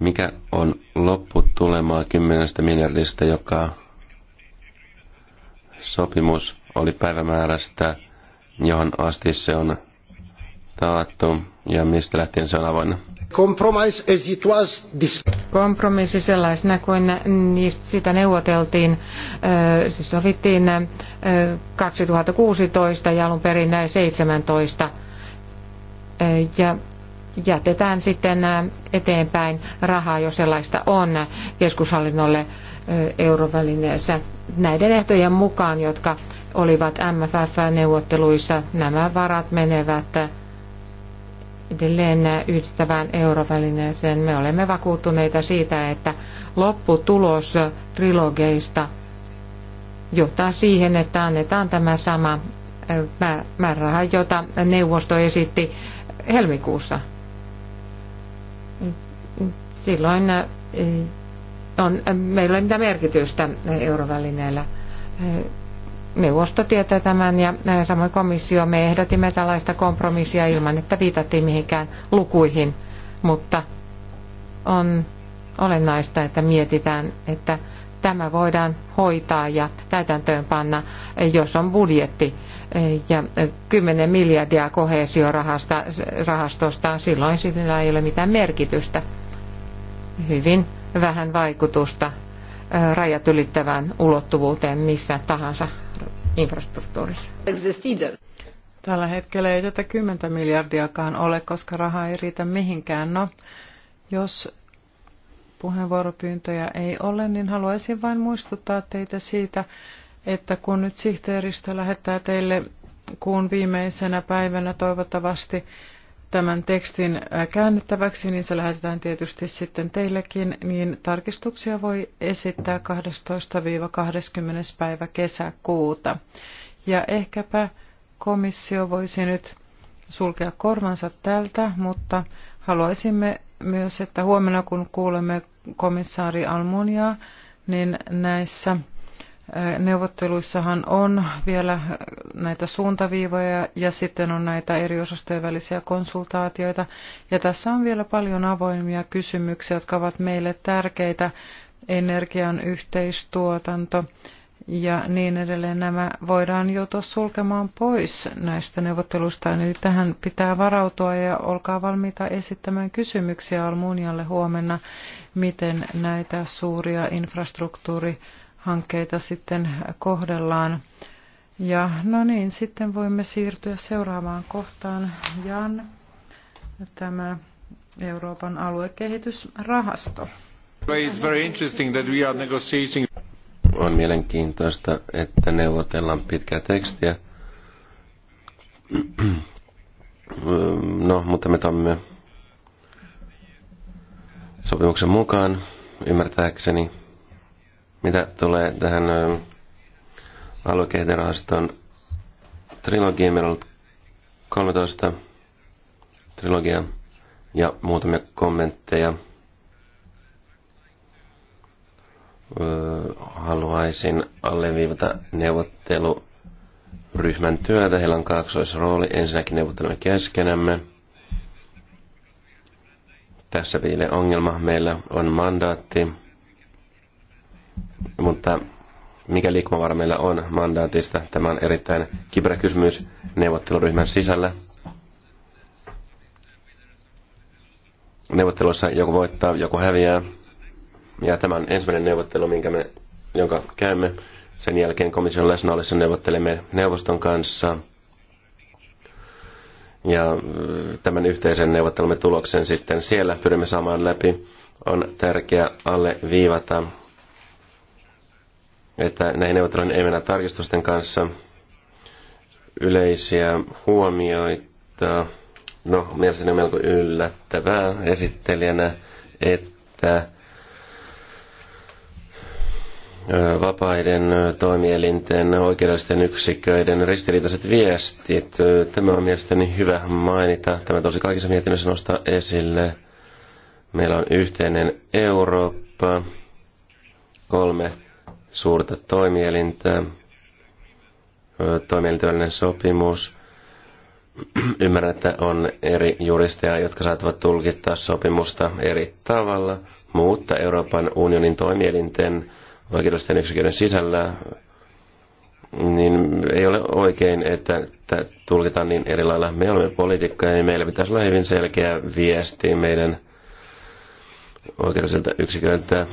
Mikä on lopputulemaa kymmenestä miljardista, joka sopimus oli päivämäärästä, johon asti se on taattu ja mistä lähtien se on avoinna. Kompromissi sellaisena kuin niistä sitä neuvoteltiin, siis sovittiin 2016 ja alun perin 2017 ja jätetään sitten eteenpäin rahaa, jos sellaista on keskushallinnolle eurovälineessä näiden ehtojen mukaan, jotka olivat MFF-neuvotteluissa. Nämä varat menevät edelleen yhdistävään eurovälineeseen. Me olemme vakuuttuneita siitä, että lopputulos trilogeista johtaa siihen, että annetaan tämä sama määräraha, jota neuvosto esitti helmikuussa. Silloin on, meillä ei mitään merkitystä eurovälineellä neuvosto tietää tämän ja samoin komissio. Me ehdotimme tällaista kompromissia ilman, että viitattiin mihinkään lukuihin, mutta on olennaista, että mietitään, että tämä voidaan hoitaa ja täytäntöönpanna, jos on budjetti ja 10 miljardia kohesiorahastosta, silloin sillä ei ole mitään merkitystä. Hyvin vähän vaikutusta rajat ylittävään ulottuvuuteen missä tahansa infrastruktuurissa? Tällä hetkellä ei tätä 10 miljardiakaan ole, koska raha ei riitä mihinkään. No, jos puheenvuoropyyntöjä ei ole, niin haluaisin vain muistuttaa teitä siitä, että kun nyt sihteeristö lähettää teille kuun viimeisenä päivänä toivottavasti tämän tekstin äh, käännettäväksi, niin se lähetetään tietysti sitten teillekin, niin tarkistuksia voi esittää 12-20. päivä kesäkuuta. Ja ehkäpä komissio voisi nyt sulkea korvansa tältä, mutta haluaisimme myös, että huomenna kun kuulemme komissaari Almuniaa, niin näissä Neuvotteluissahan on vielä näitä suuntaviivoja ja sitten on näitä eri osastojen välisiä konsultaatioita. Ja tässä on vielä paljon avoimia kysymyksiä, jotka ovat meille tärkeitä. Energian yhteistuotanto ja niin edelleen. Nämä voidaan joutua sulkemaan pois näistä neuvotteluista. Eli tähän pitää varautua ja olkaa valmiita esittämään kysymyksiä Almunialle huomenna, miten näitä suuria infrastruktuuri- hankkeita sitten kohdellaan. Ja no niin, sitten voimme siirtyä seuraavaan kohtaan. Jan, tämä Euroopan aluekehitysrahasto. It's very interesting that we are negotiating. On mielenkiintoista, että neuvotellaan pitkää tekstiä. No, mutta me toimme sopimuksen mukaan, ymmärtääkseni mitä tulee tähän aluekehitysrahaston trilogiaan, meillä on ollut 13 trilogia ja muutamia kommentteja. Haluaisin alleviivata neuvotteluryhmän työtä. Heillä on kaksoisrooli. Ensinnäkin neuvottelemme keskenämme. Tässä piilee ongelma. Meillä on mandaatti mutta mikä liikkumavara meillä on mandaatista? Tämä on erittäin kiperä kysymys neuvotteluryhmän sisällä. Neuvotteluissa joku voittaa, joku häviää. Ja tämä on ensimmäinen neuvottelu, minkä me, jonka käymme. Sen jälkeen komission läsnä ollessa neuvottelemme neuvoston kanssa. Ja äh, tämän yhteisen neuvottelumme tuloksen sitten siellä pyrimme saamaan läpi. On tärkeää alle viivata että näihin neuvotteluihin ei mennä tarkistusten kanssa. Yleisiä huomioita. No, mielestäni on melko yllättävää esittelijänä, että vapaiden toimielinten oikeudellisten yksiköiden ristiriitaiset viestit. Tämä on mielestäni hyvä mainita. Tämä tosi kaikissa mietinnöissä nostaa esille. Meillä on yhteinen Eurooppa, kolme suurta toimielintä, toimielintöinen sopimus. Ymmärrän, että on eri juristeja, jotka saattavat tulkittaa sopimusta eri tavalla, mutta Euroopan unionin toimielinten oikeudellisten yksiköiden sisällä niin ei ole oikein, että tulkitaan niin eri lailla. Me olemme poliitikkoja ja meillä pitäisi olla hyvin selkeä viesti meidän oikeudelliselta yksiköiltä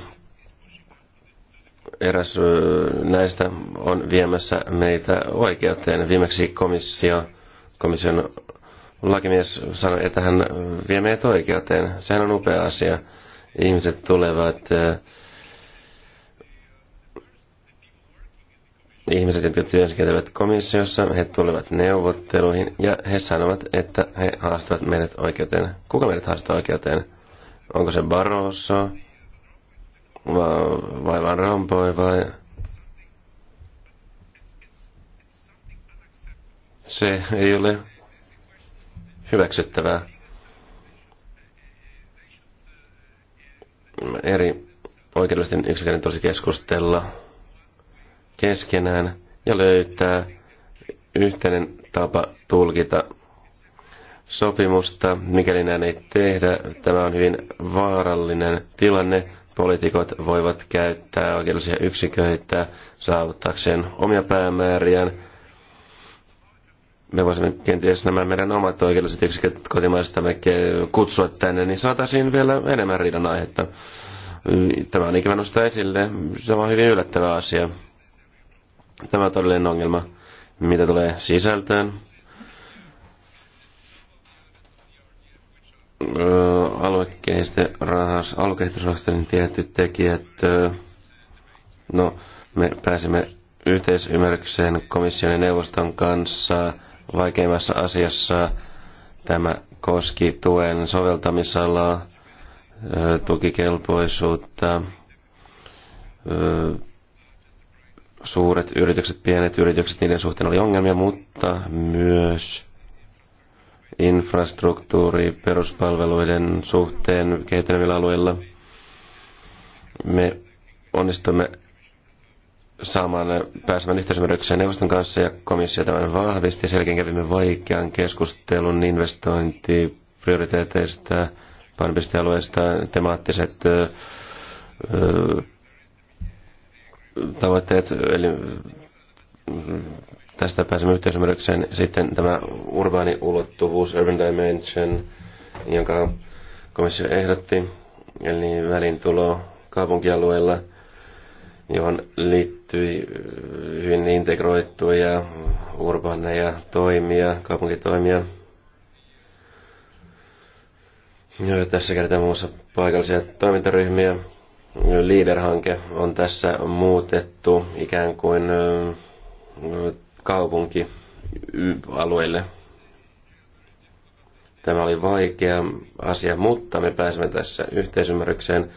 eräs näistä on viemässä meitä oikeuteen. Viimeksi komissio, komission lakimies sanoi, että hän vie meitä oikeuteen. Sehän on upea asia. Ihmiset tulevat, ihmiset, jotka työskentelevät komissiossa, he tulevat neuvotteluihin ja he sanovat, että he haastavat meidät oikeuteen. Kuka meidät haastaa oikeuteen? Onko se Barroso? vai Van rampoi vai... Se ei ole hyväksyttävää. Eri oikeudellisten yksiköiden tulisi keskustella keskenään ja löytää yhteinen tapa tulkita sopimusta. Mikäli näin ei tehdä, tämä on hyvin vaarallinen tilanne Poliitikot voivat käyttää oikeudellisia yksiköitä saavuttaakseen omia päämääriään. Me voisimme kenties nämä meidän omat oikeudelliset yksiköt kotimaista kutsua tänne, niin saataisiin vielä enemmän riidan aihetta. Tämä on ikävä nostaa esille. Se on hyvin yllättävä asia. Tämä on todellinen ongelma, mitä tulee sisältöön aluekehitysrahaston tietyt tekijät, no me pääsimme yhteisymmärrykseen komission ja neuvoston kanssa vaikeimmassa asiassa. Tämä koski tuen soveltamisalaa, tukikelpoisuutta, suuret yritykset, pienet yritykset, niiden suhteen oli ongelmia, mutta myös infrastruktuuri peruspalveluiden suhteen kehittyvillä alueilla. Me onnistumme saamaan pääsemään yhteisymmärrykseen neuvoston kanssa ja komissio tämän vahvisti. Sen kävimme vaikean keskustelun investointiprioriteeteista, painopistealueista, temaattiset ö, tavoitteet, eli mm, Tästä pääsemme yhteisymmärrykseen. Sitten tämä urbaani ulottuvuus, urban dimension, jonka komissio ehdotti, eli välintulo kaupunkialueella, johon liittyi hyvin integroittuja urbaaneja toimia, kaupunkitoimia. Ja tässä kertaa muun muassa paikallisia toimintaryhmiä. Leader-hanke on tässä muutettu ikään kuin kaupunkialueille. Tämä oli vaikea asia, mutta me pääsemme tässä yhteisymmärrykseen.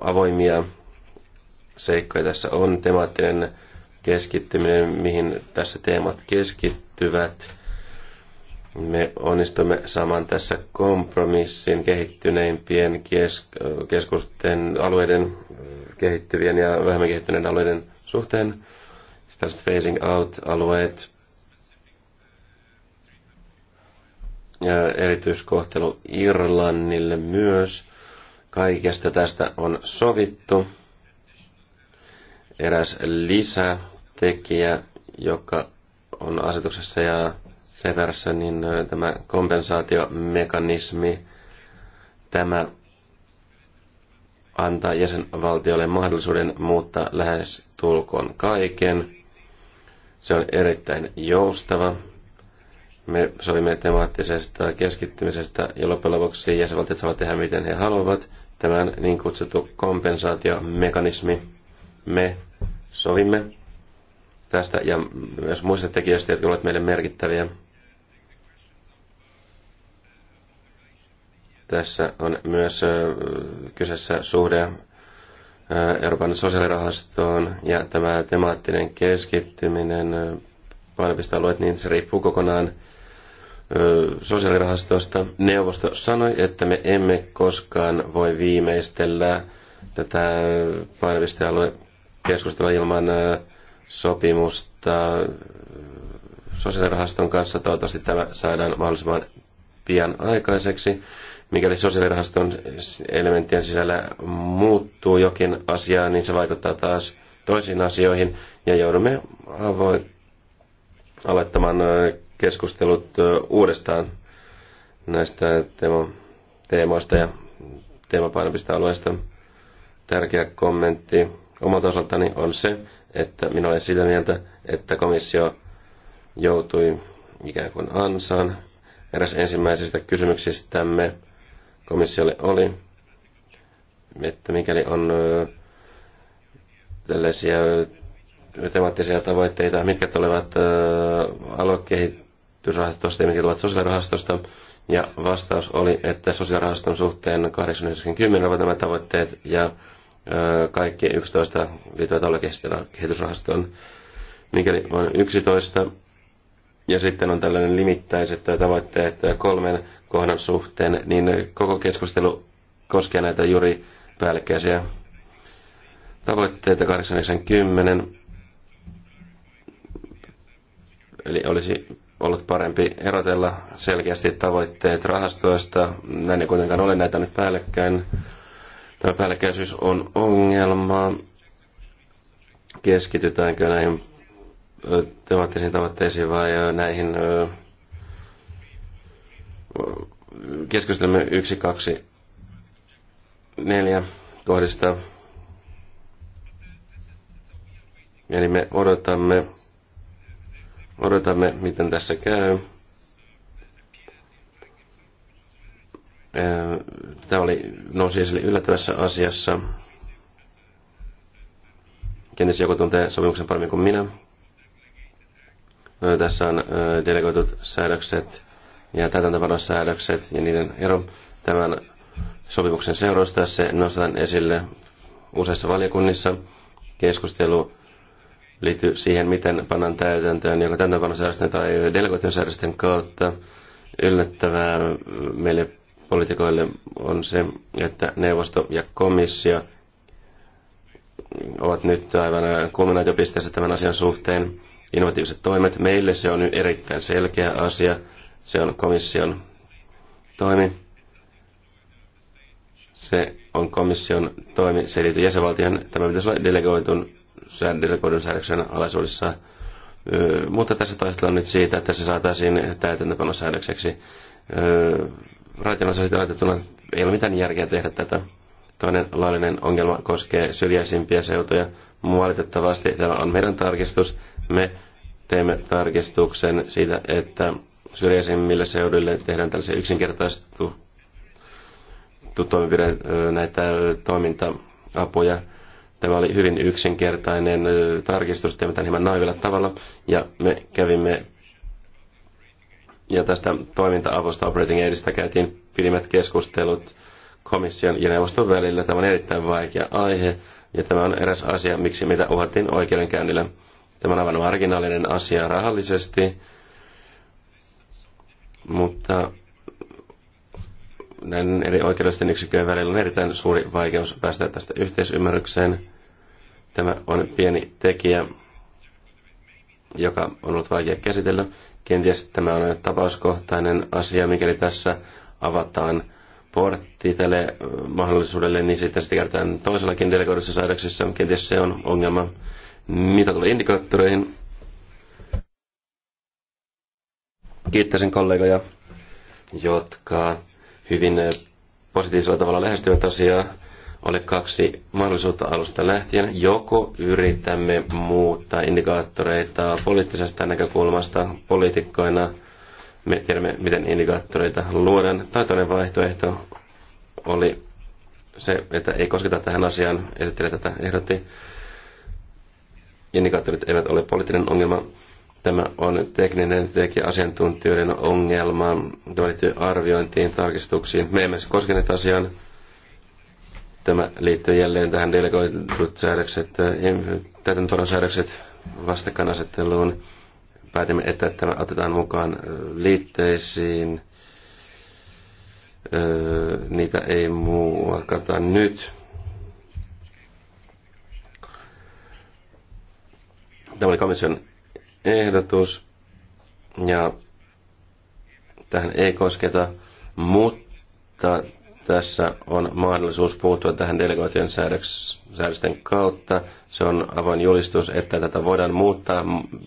Avoimia seikkoja tässä on. Temaattinen keskittyminen, mihin tässä teemat keskittyvät. Me onnistumme saman tässä kompromissin kehittyneimpien keskusten alueiden kehittyvien ja vähemmän kehittyneiden alueiden suhteen. Starts phasing out-alueet, ja erityiskohtelu Irlannille myös. Kaikesta tästä on sovittu. Eräs lisätekijä, joka on asetuksessa ja CVRssä, niin tämä kompensaatiomekanismi, tämä antaa jäsenvaltiolle mahdollisuuden muuttaa lähes tulkoon kaiken – se on erittäin joustava. Me sovimme temaattisesta keskittymisestä ja loppujen lopuksi jäsenvaltiot saavat tehdä miten he haluavat. Tämän niin kutsuttu kompensaatiomekanismi me sovimme tästä ja myös muista tekijöistä, jotka ovat meille merkittäviä. Tässä on myös kyseessä suhde Euroopan sosiaalirahastoon ja tämä temaattinen keskittyminen, painopistealueet, niin se riippuu kokonaan sosiaalirahastosta. Neuvosto sanoi, että me emme koskaan voi viimeistellä tätä painopistealue keskustelua ilman sopimusta sosiaalirahaston kanssa. Toivottavasti tämä saadaan mahdollisimman pian aikaiseksi. Mikäli sosiaalirahaston elementtien sisällä muuttuu jokin asia, niin se vaikuttaa taas toisiin asioihin ja joudumme avoin aloittamaan keskustelut uudestaan näistä teemo- teemoista ja alueista. Tärkeä kommentti omalta osaltani on se, että minä olen sitä mieltä, että komissio joutui ikään kuin ansaan eräs ensimmäisistä kysymyksistämme komissiolle oli, että mikäli on tällaisia temaattisia tavoitteita, mitkä tulevat aluekehitysrahastosta ja mitkä tulevat sosiaalirahastosta, ja vastaus oli, että sosiaalirahaston suhteen 80 ovat nämä tavoitteet ja kaikki 11 liittyvät aluekehitysrahastoon. Mikäli on 11 ja sitten on tällainen limittäiset tavoitteet kolmen kohdan suhteen, niin koko keskustelu koskee näitä juuri päällekkäisiä tavoitteita 80. Eli olisi ollut parempi erotella selkeästi tavoitteet rahastoista. Näin ei kuitenkaan ole näitä nyt päällekkäin. Tämä päällekkäisyys on ongelma. Keskitytäänkö näihin temaattisiin tavoitteisiin vai näihin keskustelemme yksi, kaksi, neljä kohdista. Eli me odotamme, odotamme miten tässä käy. Äh, tämä oli, nousi esille yllättävässä asiassa. Kenties joku tuntee sopimuksen paremmin kuin minä. Äh, tässä on äh, delegoitut säädökset ja säädökset ja niiden ero tämän sopimuksen seurausta. Se nostetaan esille useissa valiokunnissa. Keskustelu liittyy siihen, miten pannaan täytäntöön joko säädösten tai säädösten kautta. Yllättävää meille poliitikoille on se, että neuvosto ja komissio ovat nyt aivan kulminaatiopisteessä tämän asian suhteen. Innovatiiviset toimet. Meille se on nyt erittäin selkeä asia se on komission toimi. Se on komission toimi. Se liittyy jäsenvaltion. Tämä pitäisi olla delegoitun, delegoidun säädöksen alaisuudessa. Mutta tässä taistellaan nyt siitä, että se saataisiin täytäntöpanosäädökseksi. Raitionossa sitten ajatettuna ei ole mitään järkeä tehdä tätä. Toinen laillinen ongelma koskee syrjäisimpiä seutuja. Valitettavasti tämä on meidän tarkistus. Me teemme tarkistuksen siitä, että syrjäisimmille seuduille tehdään tällaisia yksinkertaistu toimenpide, näitä toiminta-apuja. Tämä oli hyvin yksinkertainen tarkistus, teemme tämän hieman naivilla tavalla, ja me kävimme ja tästä toiminta-avusta Operating Aidista käytiin pidimmät keskustelut komission ja neuvoston välillä. Tämä on erittäin vaikea aihe, ja tämä on eräs asia, miksi mitä uhattiin oikeudenkäynnillä. Tämä on aivan marginaalinen asia rahallisesti, mutta näiden eri oikeudellisten yksikköjen välillä on erittäin suuri vaikeus päästä tästä yhteisymmärrykseen. Tämä on pieni tekijä, joka on ollut vaikea käsitellä. Kenties tämä on tapauskohtainen asia, mikäli tässä avataan portti tälle eh, mahdollisuudelle, niin sitten sitä käytetään toisellakin delegoidussa saadaksissa. Kenties se on ongelma. Mitä tulee indikaattoreihin, kiittäisin kollegoja, jotka hyvin positiivisella tavalla lähestyvät asiaa. Ole kaksi mahdollisuutta alusta lähtien. Joko yritämme muuttaa indikaattoreita poliittisesta näkökulmasta poliitikkoina, me tiedämme, miten indikaattoreita luodaan. Tai toinen vaihtoehto oli se, että ei kosketa tähän asiaan, esittelijä tätä ehdotti indikaattorit eivät ole poliittinen ongelma. Tämä on tekninen tekijä asiantuntijoiden ongelma. Tämä liittyy arviointiin, tarkistuksiin. Me emme siis koskeneet asiaan. Tämä liittyy jälleen tähän delegoidut säädökset, täytäntöön säädökset vastakkainasetteluun. Päätimme, että tämä otetaan mukaan liitteisiin. Öö, niitä ei muokata nyt. Tämä oli komission ehdotus ja tähän ei kosketa, mutta tässä on mahdollisuus puuttua tähän delegoitujen säädösten kautta. Se on avoin julistus, että tätä voidaan muuttaa,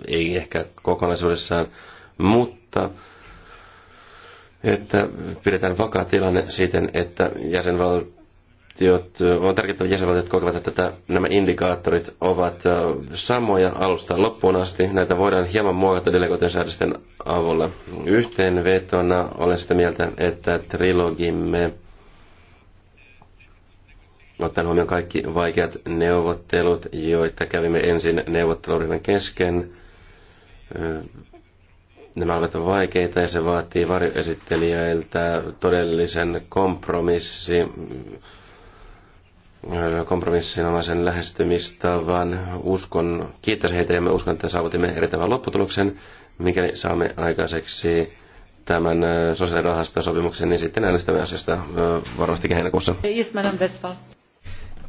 ei ehkä kokonaisuudessaan, mutta että pidetään vakaa tilanne siten, että jäsenvaltio jäsenvaltiot, on tärkeää, että jäsenvaltiot kokevat, että tätä, nämä indikaattorit ovat samoja alusta loppuun asti. Näitä voidaan hieman muokata delegoitujen säädösten avulla. Yhteenvetona olen sitä mieltä, että trilogimme ottaen huomioon kaikki vaikeat neuvottelut, joita kävimme ensin neuvotteluryhmän kesken. Nämä ovat vaikeita ja se vaatii varjoesittelijöiltä todellisen kompromissi kompromissinomaisen lähestymistavan. Uskon, kiitos heitä ja me uskon, että saavutimme erittävän lopputuloksen. Mikäli saamme aikaiseksi tämän sosiaalirahastosopimuksen, niin sitten äänestämme asiasta varmasti heinäkuussa.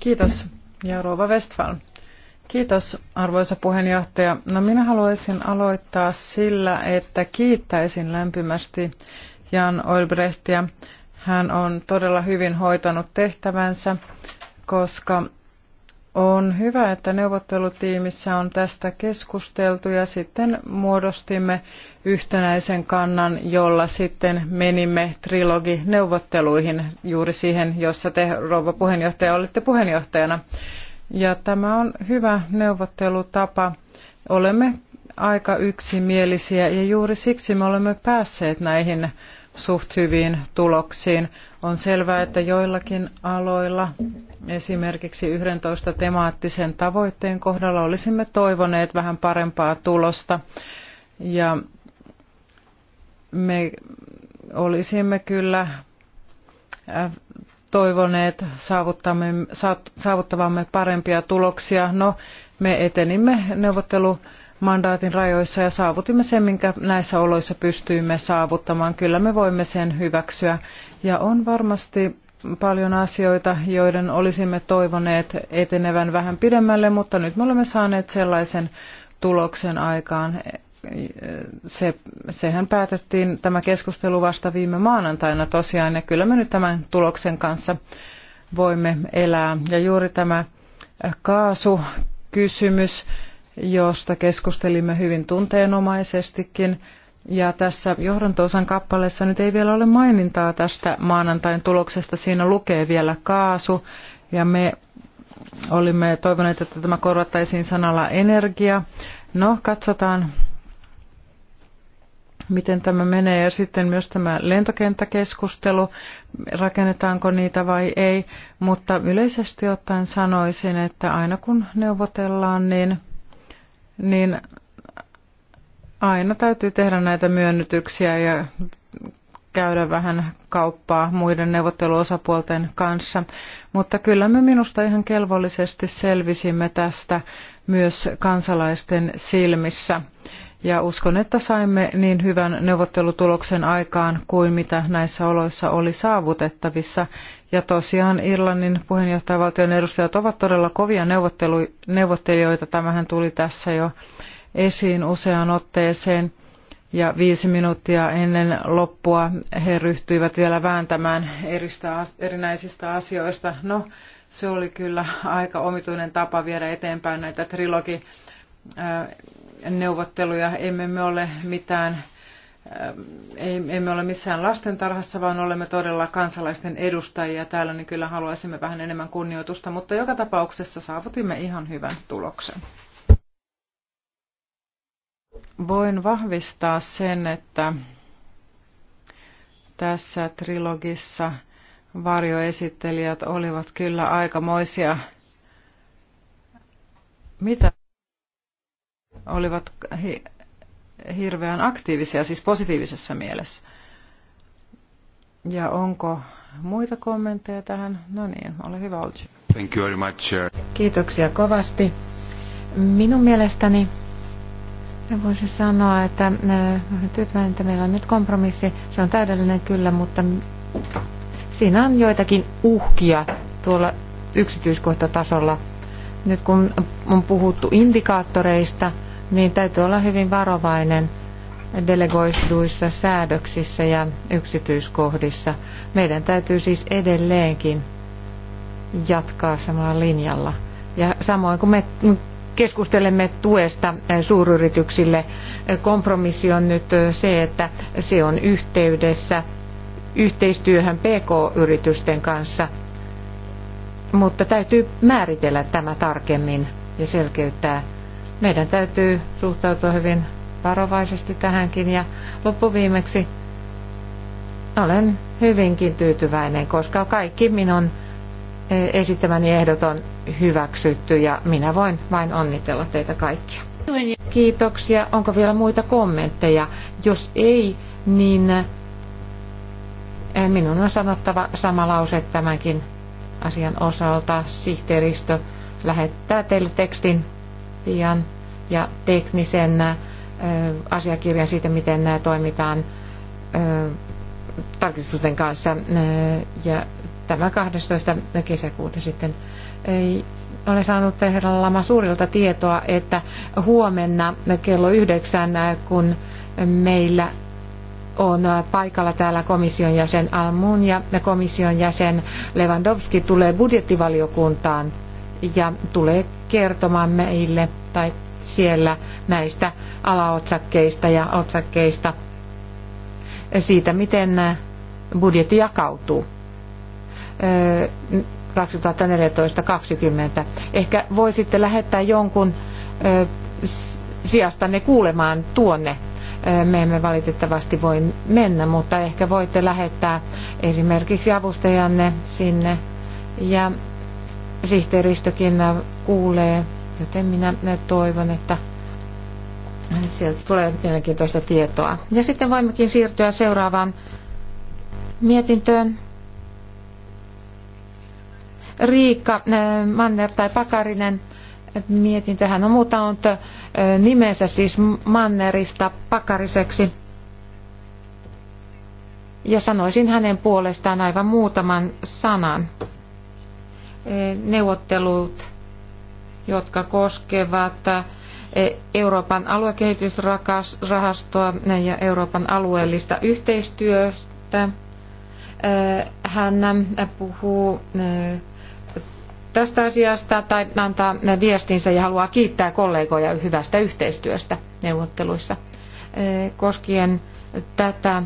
Kiitos. Ja Rova Westfall. Kiitos arvoisa puheenjohtaja. No minä haluaisin aloittaa sillä, että kiittäisin lämpimästi Jan Olbrechtia. Hän on todella hyvin hoitanut tehtävänsä koska on hyvä, että neuvottelutiimissä on tästä keskusteltu ja sitten muodostimme yhtenäisen kannan, jolla sitten menimme trilogineuvotteluihin juuri siihen, jossa te, rouva puheenjohtaja, olette puheenjohtajana. Ja tämä on hyvä neuvottelutapa. Olemme aika yksimielisiä ja juuri siksi me olemme päässeet näihin suht hyviin tuloksiin. On selvää, että joillakin aloilla esimerkiksi 11 temaattisen tavoitteen kohdalla olisimme toivoneet vähän parempaa tulosta. Ja me olisimme kyllä äh, toivoneet saavuttavamme parempia tuloksia. No, me etenimme neuvottelumandaatin rajoissa ja saavutimme sen, minkä näissä oloissa pystyimme saavuttamaan. Kyllä me voimme sen hyväksyä. Ja on varmasti paljon asioita, joiden olisimme toivoneet etenevän vähän pidemmälle, mutta nyt me olemme saaneet sellaisen tuloksen aikaan. Se, sehän päätettiin tämä keskustelu vasta viime maanantaina tosiaan, ja kyllä me nyt tämän tuloksen kanssa voimme elää. Ja juuri tämä kaasukysymys, josta keskustelimme hyvin tunteenomaisestikin, ja tässä johdantoosan kappaleessa nyt ei vielä ole mainintaa tästä maanantain tuloksesta. Siinä lukee vielä kaasu ja me olimme toivoneet, että tämä korvattaisiin sanalla energia. No, katsotaan, miten tämä menee. Ja sitten myös tämä lentokenttäkeskustelu, rakennetaanko niitä vai ei. Mutta yleisesti ottaen sanoisin, että aina kun neuvotellaan, niin, niin aina täytyy tehdä näitä myönnytyksiä ja käydä vähän kauppaa muiden neuvotteluosapuolten kanssa, mutta kyllä me minusta ihan kelvollisesti selvisimme tästä myös kansalaisten silmissä. Ja uskon, että saimme niin hyvän neuvottelutuloksen aikaan kuin mitä näissä oloissa oli saavutettavissa. Ja tosiaan Irlannin puheenjohtajavaltion edustajat ovat todella kovia neuvottelijoita. Tämähän tuli tässä jo esiin useaan otteeseen ja viisi minuuttia ennen loppua he ryhtyivät vielä vääntämään eristä, erinäisistä asioista. No, se oli kyllä aika omituinen tapa viedä eteenpäin näitä trilogi äh, neuvotteluja. Emme me ole mitään äh, emme ole missään lastentarhassa, vaan olemme todella kansalaisten edustajia täällä, niin kyllä haluaisimme vähän enemmän kunnioitusta, mutta joka tapauksessa saavutimme ihan hyvän tuloksen. Voin vahvistaa sen, että tässä trilogissa varjoesittelijät olivat kyllä aikamoisia. Mitä? Olivat hi- hirveän aktiivisia, siis positiivisessa mielessä. Ja onko muita kommentteja tähän? No niin, ole hyvä, Olji. Thank you very much, Kiitoksia kovasti. Minun mielestäni Voisin sanoa, että äh, olen tyytyväinen, että meillä on nyt kompromissi. Se on täydellinen kyllä, mutta siinä on joitakin uhkia tuolla yksityiskohtatasolla. Nyt kun on puhuttu indikaattoreista, niin täytyy olla hyvin varovainen delegoiduissa säädöksissä ja yksityiskohdissa. Meidän täytyy siis edelleenkin jatkaa samalla linjalla. Ja samoin kuin me keskustelemme tuesta eh, suuryrityksille. Eh, kompromissi on nyt eh, se, että se on yhteydessä yhteistyöhön PK-yritysten kanssa, mutta täytyy määritellä tämä tarkemmin ja selkeyttää. Meidän täytyy suhtautua hyvin varovaisesti tähänkin ja loppuviimeksi olen hyvinkin tyytyväinen, koska kaikki minun esittämäni ehdoton hyväksytty ja minä voin vain onnitella teitä kaikkia. Kiitoksia. Onko vielä muita kommentteja? Jos ei, niin eh, minun on sanottava sama lause tämänkin asian osalta. Sihteeristö lähettää teille tekstin pian ja teknisen eh, asiakirjan siitä, miten eh, toimitaan tarkistusten kanssa. Ja tämä 12. kesäkuuta sitten olen saanut herra Lama suurilta tietoa, että huomenna kello yhdeksän, kun meillä on paikalla täällä komission jäsen Almun ja komission jäsen Lewandowski tulee budjettivaliokuntaan ja tulee kertomaan meille tai siellä näistä alaotsakkeista ja otsakkeista siitä, miten budjetti jakautuu 2014 kaksikymmentä Ehkä voisitte lähettää jonkun sijastanne kuulemaan tuonne. Me emme valitettavasti voi mennä, mutta ehkä voitte lähettää esimerkiksi avustajanne sinne. Ja sihteeristökin kuulee, joten minä toivon, että sieltä tulee mielenkiintoista tietoa. Ja sitten voimmekin siirtyä seuraavaan mietintöön. Riikka eh, Manner tai Pakarinen mietintö. on muuttanut eh, nimensä siis Mannerista Pakariseksi. Ja sanoisin hänen puolestaan aivan muutaman sanan. Eh, neuvottelut, jotka koskevat Euroopan aluekehitysrahastoa ja Euroopan alueellista yhteistyöstä. Hän puhuu tästä asiasta tai antaa viestinsä ja haluaa kiittää kollegoja hyvästä yhteistyöstä neuvotteluissa. Koskien tätä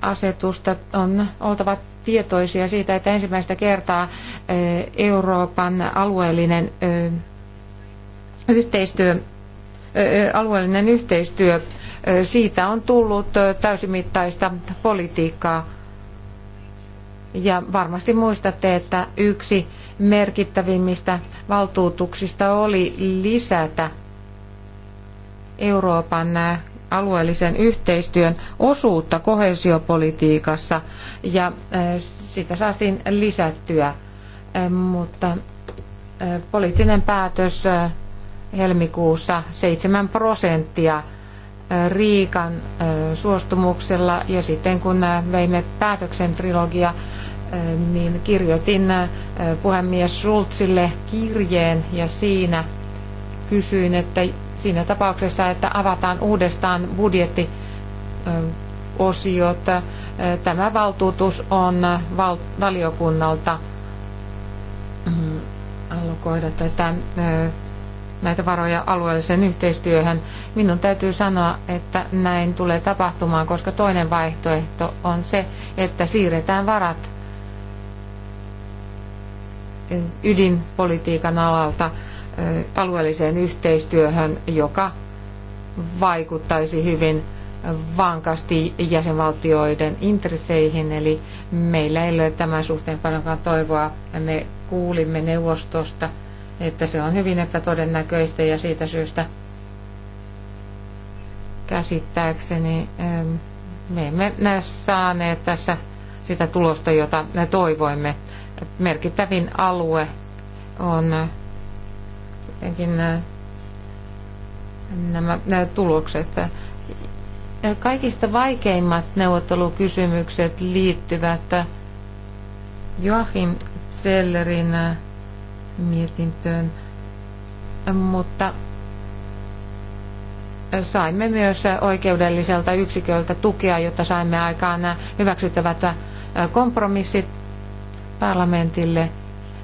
asetusta on oltava tietoisia siitä, että ensimmäistä kertaa Euroopan alueellinen yhteistyö, alueellinen yhteistyö siitä on tullut täysimittaista politiikkaa. Ja varmasti muistatte, että yksi merkittävimmistä valtuutuksista oli lisätä Euroopan alueellisen yhteistyön osuutta koheesiopolitiikassa ja sitä saatiin lisättyä, mutta poliittinen päätös helmikuussa 7 prosenttia Riikan suostumuksella ja sitten kun veimme päätöksen trilogia niin kirjoitin puhemies Schulzille kirjeen ja siinä kysyin, että siinä tapauksessa, että avataan uudestaan budjettiosiot, tämä valtuutus on val- valiokunnalta mm, allokoida näitä varoja alueelliseen yhteistyöhön. Minun täytyy sanoa, että näin tulee tapahtumaan, koska toinen vaihtoehto on se, että siirretään varat ydinpolitiikan alalta alueelliseen yhteistyöhön, joka vaikuttaisi hyvin vankasti jäsenvaltioiden intresseihin, eli meillä ei ole tämän suhteen paljonkaan toivoa. Me kuulimme neuvostosta, että se on hyvin epätodennäköistä ja siitä syystä käsittääkseni me emme näe saaneet tässä sitä tulosta, jota toivoimme merkittävin alue on jotenkin nämä, nämä tulokset. Kaikista vaikeimmat neuvottelukysymykset liittyvät Joachim Zellerin mietintöön, mutta saimme myös oikeudelliselta yksiköltä tukea, jotta saimme aikaan hyväksyttävät kompromissit parlamentille.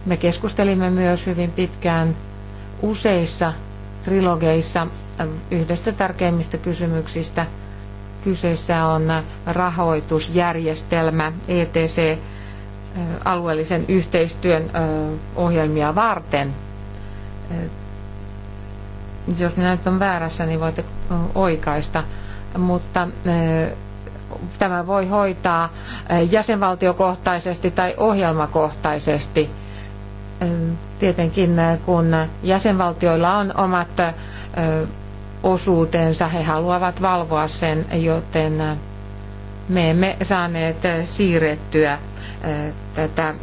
Me keskustelimme myös hyvin pitkään useissa trilogeissa yhdestä tärkeimmistä kysymyksistä. Kyseessä on rahoitusjärjestelmä ETC alueellisen yhteistyön ohjelmia varten. Jos minä nyt on väärässä, niin voitte oikaista. Mutta tämä voi hoitaa eh, jäsenvaltiokohtaisesti tai ohjelmakohtaisesti. Tietenkin eh, kun jäsenvaltioilla on omat eh, osuutensa, he haluavat valvoa sen, joten me emme saaneet siirrettyä tätä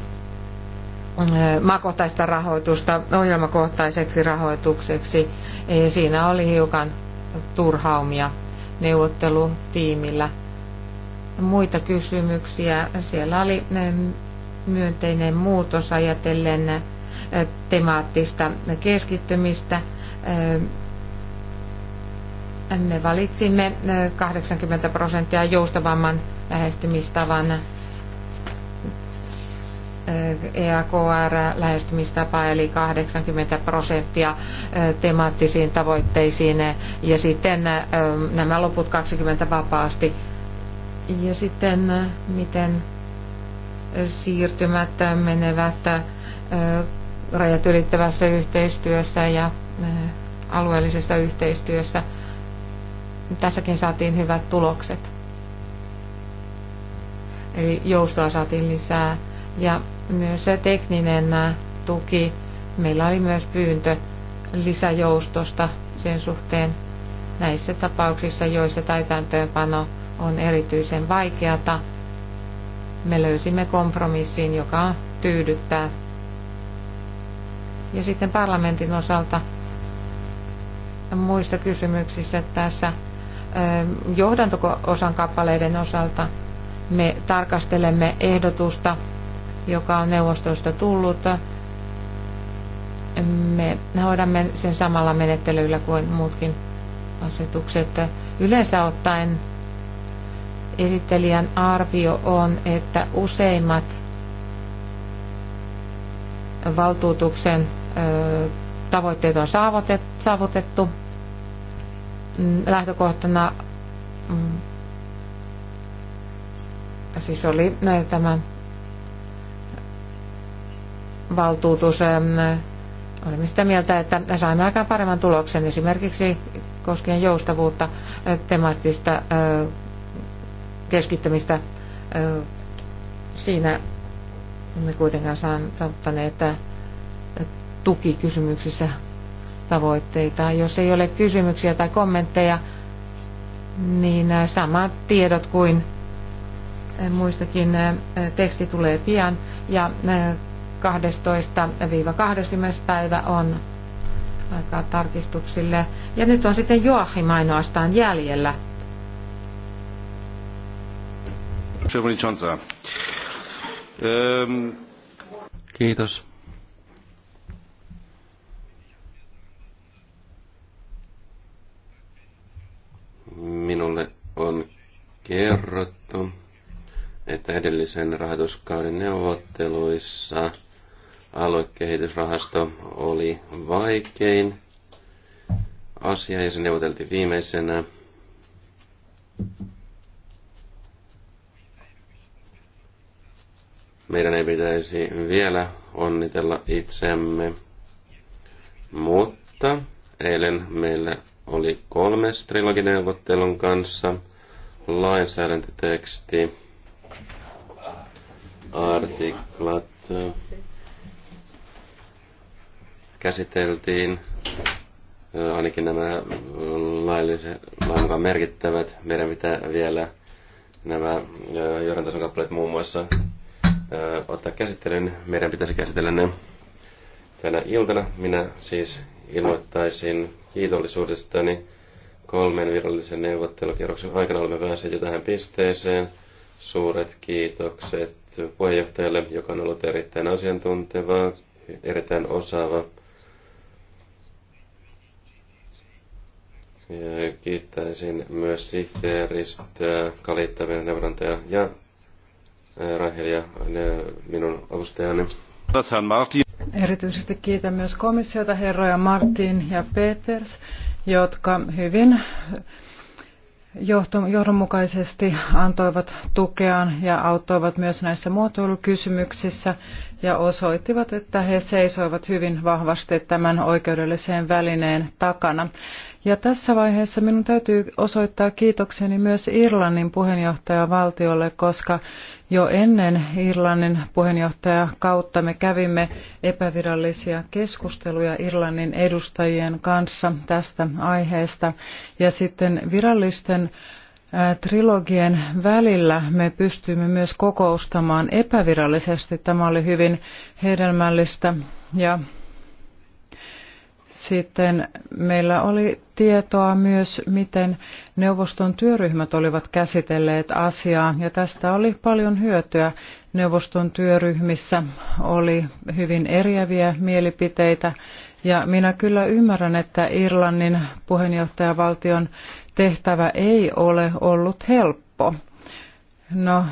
maakohtaista rahoitusta ohjelmakohtaiseksi rahoitukseksi. Siinä oli hiukan turhaumia neuvottelutiimillä muita kysymyksiä. Siellä oli eh, myönteinen muutos ajatellen eh, temaattista keskittymistä. Eh, me valitsimme 80 prosenttia joustavamman lähestymistavan EAKR-lähestymistapa, e eli 80 prosenttia temaattisiin tavoitteisiin ja sitten nämä loput 20 vapaasti ja sitten äh, miten äh, siirtymät äh, menevät rajat ylittävässä yhteistyössä ja alueellisessa yhteistyössä. Tässäkin saatiin hyvät tulokset. Eli joustoa saatiin lisää. Ja myös se tekninen tuki. Meillä oli myös pyyntö lisäjoustosta sen suhteen näissä tapauksissa, joissa täytäntöönpano pano on erityisen vaikeata. Me löysimme kompromissin, joka tyydyttää. Ja sitten parlamentin osalta muissa kysymyksissä tässä ähm, johdantoosan kappaleiden osalta me tarkastelemme ehdotusta, joka on neuvostosta tullut. Me hoidamme sen samalla menettelyllä kuin muutkin asetukset. Yleensä ottaen esittelijän arvio on, että useimmat valtuutuksen tavoitteet on saavutettu. Mm, lähtökohtana mm, siis oli tämä valtuutus. Mm, Olemme sitä mieltä, että saimme aika paremman tuloksen esimerkiksi koskien joustavuutta temaattista keskittämistä. Siinä me kuitenkaan että tukikysymyksissä tavoitteita. Jos ei ole kysymyksiä tai kommentteja, niin samat tiedot kuin muistakin teksti tulee pian. Ja 12-20. päivä on aikaa tarkistuksille. Ja nyt on sitten Joachim ainoastaan jäljellä. Kiitos. Minulle on kerrottu, että edellisen rahoituskauden neuvotteluissa aluekehitysrahasto oli vaikein asia ja se neuvoteltiin viimeisenä. Meidän ei pitäisi vielä onnitella itsemme, mutta eilen meillä oli kolme trilogineuvottelun kanssa lainsäädäntöteksti, artiklat äh, käsiteltiin, äh, ainakin nämä lailliset, lain merkittävät. Meidän pitää vielä nämä äh, johdantason kappaleet muun muassa ottaa käsittelyyn. Meidän pitäisi käsitellä ne tänä iltana. Minä siis ilmoittaisin kiitollisuudestani kolmen virallisen neuvottelukierroksen aikana olemme päässeet jo tähän pisteeseen. Suuret kiitokset puheenjohtajalle, joka on ollut erittäin asiantunteva, erittäin osaava. Ja kiittäisin myös sihteeristöä, kalittavien neuvonantaja ja Rahel ja minun avustajani. Erityisesti kiitän myös komissiota herroja Martin ja Peters, jotka hyvin johdonmukaisesti antoivat tukeaan ja auttoivat myös näissä muotoilukysymyksissä ja osoittivat, että he seisoivat hyvin vahvasti tämän oikeudellisen välineen takana. Ja tässä vaiheessa minun täytyy osoittaa kiitokseni myös Irlannin puheenjohtajavaltiolle, koska jo ennen Irlannin puheenjohtajakautta me kävimme epävirallisia keskusteluja Irlannin edustajien kanssa tästä aiheesta. Ja sitten virallisten trilogien välillä me pystyimme myös kokoustamaan epävirallisesti. Tämä oli hyvin hedelmällistä ja sitten meillä oli tietoa myös, miten neuvoston työryhmät olivat käsitelleet asiaa, ja tästä oli paljon hyötyä. Neuvoston työryhmissä oli hyvin eriäviä mielipiteitä, ja minä kyllä ymmärrän, että Irlannin puheenjohtajavaltion tehtävä ei ole ollut helppo. No,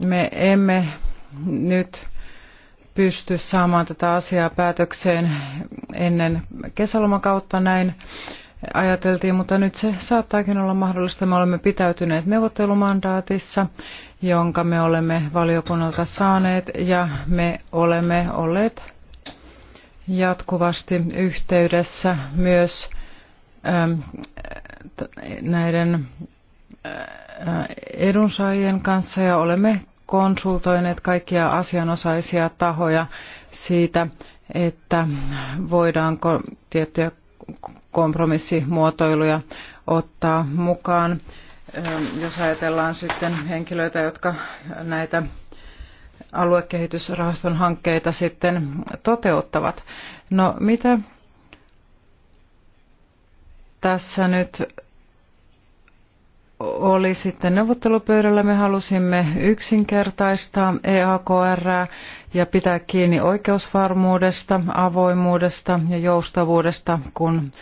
me emme nyt pysty saamaan tätä asiaa päätökseen ennen kesälomakautta näin ajateltiin, mutta nyt se saattaakin olla mahdollista. Me olemme pitäytyneet neuvottelumandaatissa, jonka me olemme valiokunnalta saaneet ja me olemme olleet jatkuvasti yhteydessä myös ähm, näiden äh, äh, edunsaajien kanssa ja olemme konsultoineet kaikkia asianosaisia tahoja siitä, että voidaanko tiettyjä kompromissimuotoiluja ottaa mukaan. Jos ajatellaan sitten henkilöitä, jotka näitä aluekehitysrahaston hankkeita sitten toteuttavat. No mitä tässä nyt oli sitten neuvottelupöydällä. Me halusimme yksinkertaistaa EAKR ja pitää kiinni oikeusvarmuudesta, avoimuudesta ja joustavuudesta, kun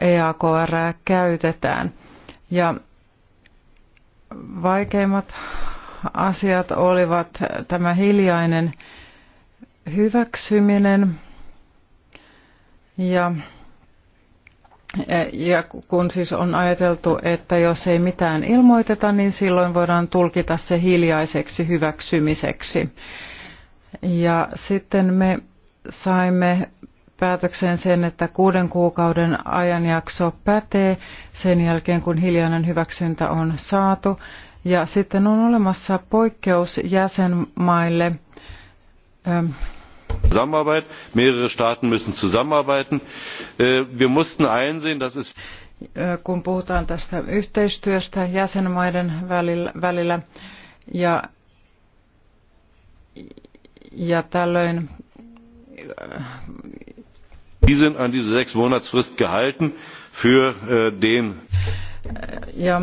EAKR käytetään. Ja vaikeimmat asiat olivat tämä hiljainen hyväksyminen ja ja kun siis on ajateltu, että jos ei mitään ilmoiteta, niin silloin voidaan tulkita se hiljaiseksi hyväksymiseksi. Ja sitten me saimme päätökseen sen, että kuuden kuukauden ajanjakso pätee sen jälkeen, kun hiljainen hyväksyntä on saatu. Ja sitten on olemassa poikkeus jäsenmaille Zusammenarbeit. Mehrere Staaten müssen zusammenarbeiten. Äh, wir mussten einsehen, dass es äh, kun puhutaan tästä yhteistyöstä jäsenmaiden välillä, ja, ja tällöin äh, Die sind an diese sechs Monatsfrist gehalten für den ja,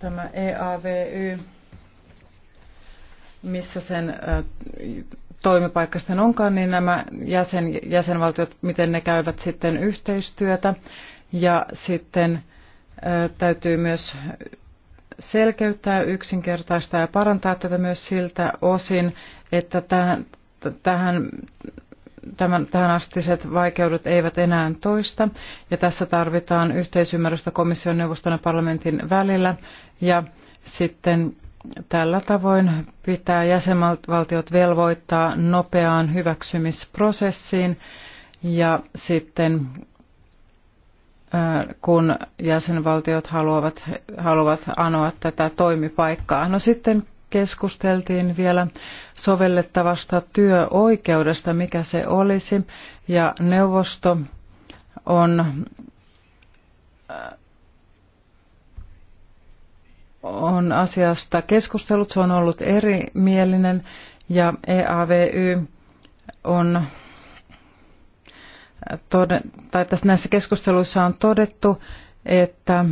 tämä EAVY missä sen toimipaikka sitten onkaan, niin nämä jäsen, jäsenvaltiot, miten ne käyvät sitten yhteistyötä. Ja sitten täytyy myös selkeyttää, yksinkertaistaa ja parantaa tätä myös siltä osin, että tähän, tähän tämän, tähän astiset vaikeudet eivät enää toista. Ja tässä tarvitaan yhteisymmärrystä komission, neuvoston ja parlamentin välillä. Ja sitten Tällä tavoin pitää jäsenvaltiot velvoittaa nopeaan hyväksymisprosessiin ja sitten kun jäsenvaltiot haluavat, haluavat anoa tätä toimipaikkaa. No sitten keskusteltiin vielä sovellettavasta työoikeudesta, mikä se olisi, ja neuvosto on on asiasta keskustellut, se on ollut erimielinen ja EAVY on tai tässä näissä keskusteluissa on todettu, että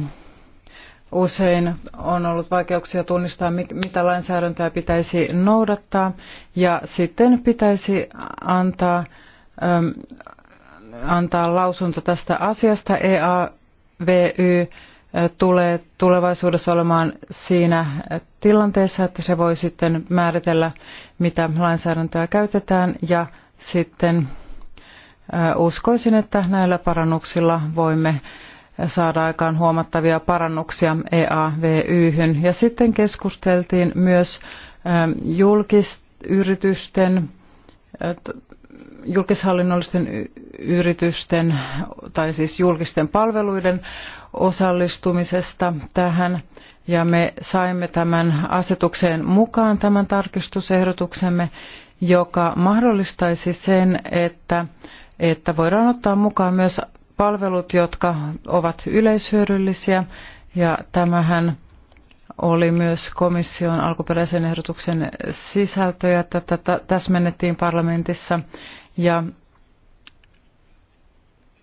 usein on ollut vaikeuksia tunnistaa, mitä lainsäädäntöä pitäisi noudattaa, ja sitten pitäisi antaa, antaa lausunto tästä asiasta. EAVY tulee tulevaisuudessa olemaan siinä tilanteessa, että se voi sitten määritellä, mitä lainsäädäntöä käytetään ja sitten uskoisin, että näillä parannuksilla voimme saada aikaan huomattavia parannuksia EAVYhyn. Ja sitten keskusteltiin myös julkisyritysten julkishallinnollisten yritysten tai siis julkisten palveluiden osallistumisesta tähän ja me saimme tämän asetukseen mukaan tämän tarkistusehdotuksemme, joka mahdollistaisi sen, että, että voidaan ottaa mukaan myös palvelut, jotka ovat yleishyödyllisiä ja tämähän oli myös komission alkuperäisen ehdotuksen sisältö ja tätä täsmennettiin parlamentissa ja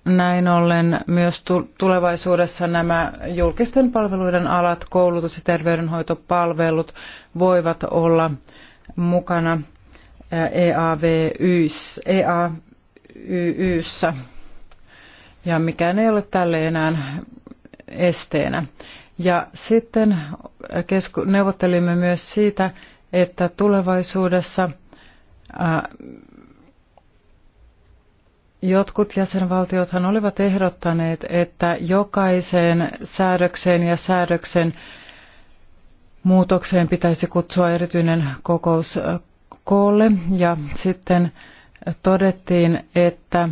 näin ollen myös tulevaisuudessa nämä julkisten palveluiden alat, koulutus- ja terveydenhoitopalvelut voivat olla mukana EAVYssä. E ja mikään ei ole tälle enää esteenä. Ja sitten neuvottelimme myös siitä, että tulevaisuudessa Jotkut jäsenvaltiothan olivat ehdottaneet, että jokaiseen säädökseen ja säädöksen muutokseen pitäisi kutsua erityinen kokous koolle. Ja sitten todettiin, että,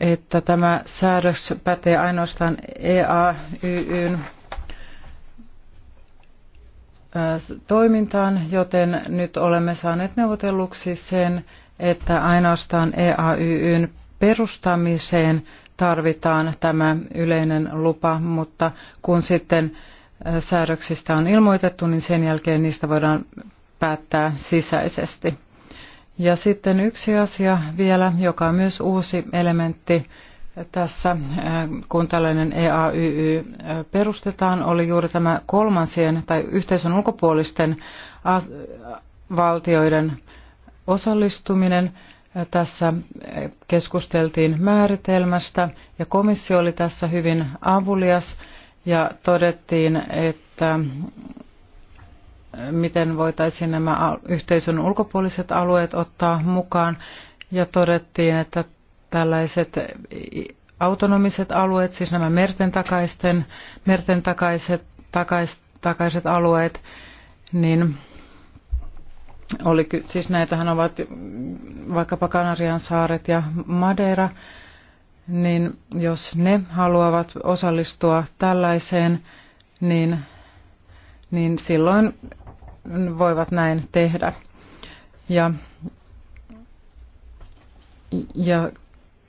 että tämä säädös pätee ainoastaan EAYYn toimintaan, joten nyt olemme saaneet neuvotelluksi sen, että ainoastaan EAYyn perustamiseen tarvitaan tämä yleinen lupa, mutta kun sitten säädöksistä on ilmoitettu, niin sen jälkeen niistä voidaan päättää sisäisesti. Ja sitten yksi asia vielä, joka on myös uusi elementti tässä, kun tällainen EAYY perustetaan, oli juuri tämä kolmansien tai yhteisön ulkopuolisten valtioiden osallistuminen. Tässä keskusteltiin määritelmästä ja komissio oli tässä hyvin avulias ja todettiin, että miten voitaisiin nämä yhteisön ulkopuoliset alueet ottaa mukaan ja todettiin, että tällaiset autonomiset alueet, siis nämä merten, takaisten, merten takaiset, takaiset, takaiset alueet, niin oli, siis näitähän ovat vaikkapa Kanarian saaret ja Madeira, niin jos ne haluavat osallistua tällaiseen, niin, niin silloin voivat näin tehdä. Ja, ja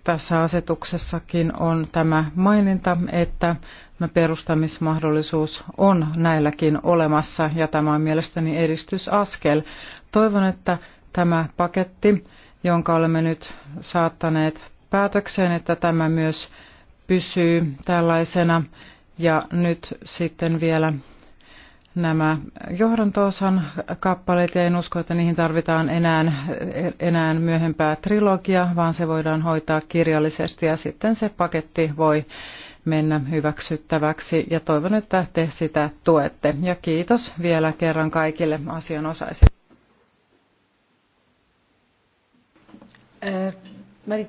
tässä asetuksessakin on tämä maininta, että perustamismahdollisuus on näilläkin olemassa ja tämä on mielestäni edistysaskel, Toivon, että tämä paketti, jonka olemme nyt saattaneet päätökseen, että tämä myös pysyy tällaisena. Ja nyt sitten vielä nämä johdantoosan kappaleet, ja en usko, että niihin tarvitaan enää, enää myöhempää trilogia, vaan se voidaan hoitaa kirjallisesti, ja sitten se paketti voi mennä hyväksyttäväksi, ja toivon, että te sitä tuette. Ja kiitos vielä kerran kaikille asianosaisille. Uh, marie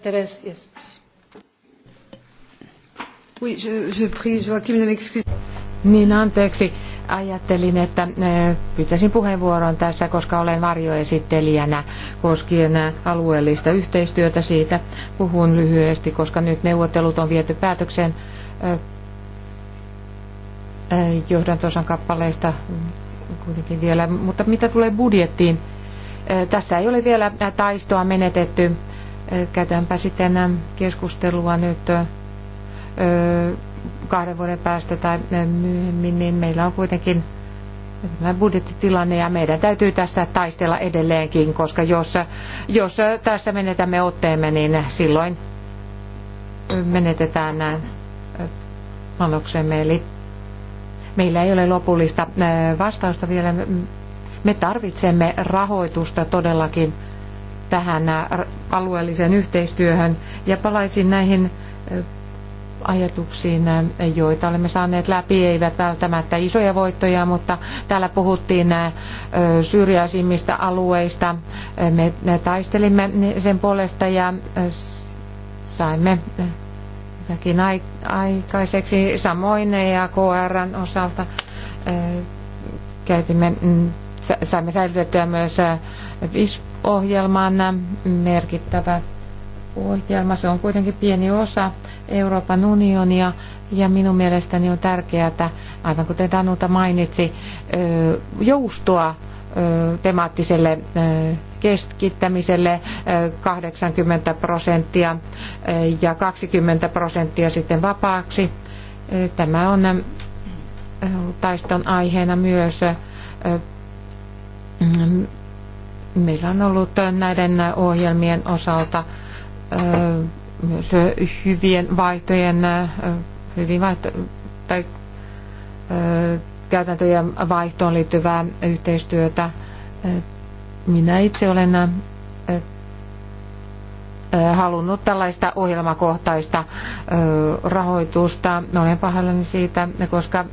niin, anteeksi. Ajattelin, että äh, pyytäisin puheenvuoron tässä, koska olen varjoesittelijänä koskien äh, alueellista yhteistyötä. Siitä puhun lyhyesti, koska nyt neuvottelut on viety päätökseen äh, johdantosan kappaleista kuitenkin vielä. Mutta mitä tulee budjettiin, tässä ei ole vielä taistoa menetetty. Käytäänpä sitten keskustelua nyt kahden vuoden päästä tai myöhemmin, niin meillä on kuitenkin tämä budjettitilanne ja meidän täytyy tässä taistella edelleenkin, koska jos, jos tässä menetämme otteemme, niin silloin menetetään nämä panoksemme. Eli meillä ei ole lopullista vastausta vielä. Me tarvitsemme rahoitusta todellakin tähän äh, alueelliseen yhteistyöhön ja palaisin näihin äh, ajatuksiin, äh, joita olemme saaneet läpi, eivät välttämättä isoja voittoja, mutta täällä puhuttiin syrjäisimmistä alueista. Me taistelimme sen puolesta ja saimme jotakin aikaiseksi samoin EAKRn osalta. Käytimme mm, saimme säilytettyä myös PIS-ohjelman äh, äh, merkittävä ohjelma. Se on kuitenkin pieni osa Euroopan unionia ja minun mielestäni on tärkeää, että aivan kuten Danuta mainitsi, äh, joustoa temaattiselle keskittämiselle 80 prosenttia ja 20 prosenttia sitten vapaaksi. Tämä on taiston aiheena myös Mm, meillä on ollut näiden ohjelmien osalta myös hyvien vaihtojen, hyvin vaihto, tai käytäntöjen vaihtoon liittyvää yhteistyötä. Minä itse olen halunnut tällaista ohjelmakohtaista rahoitusta. Olen pahallani siitä, koska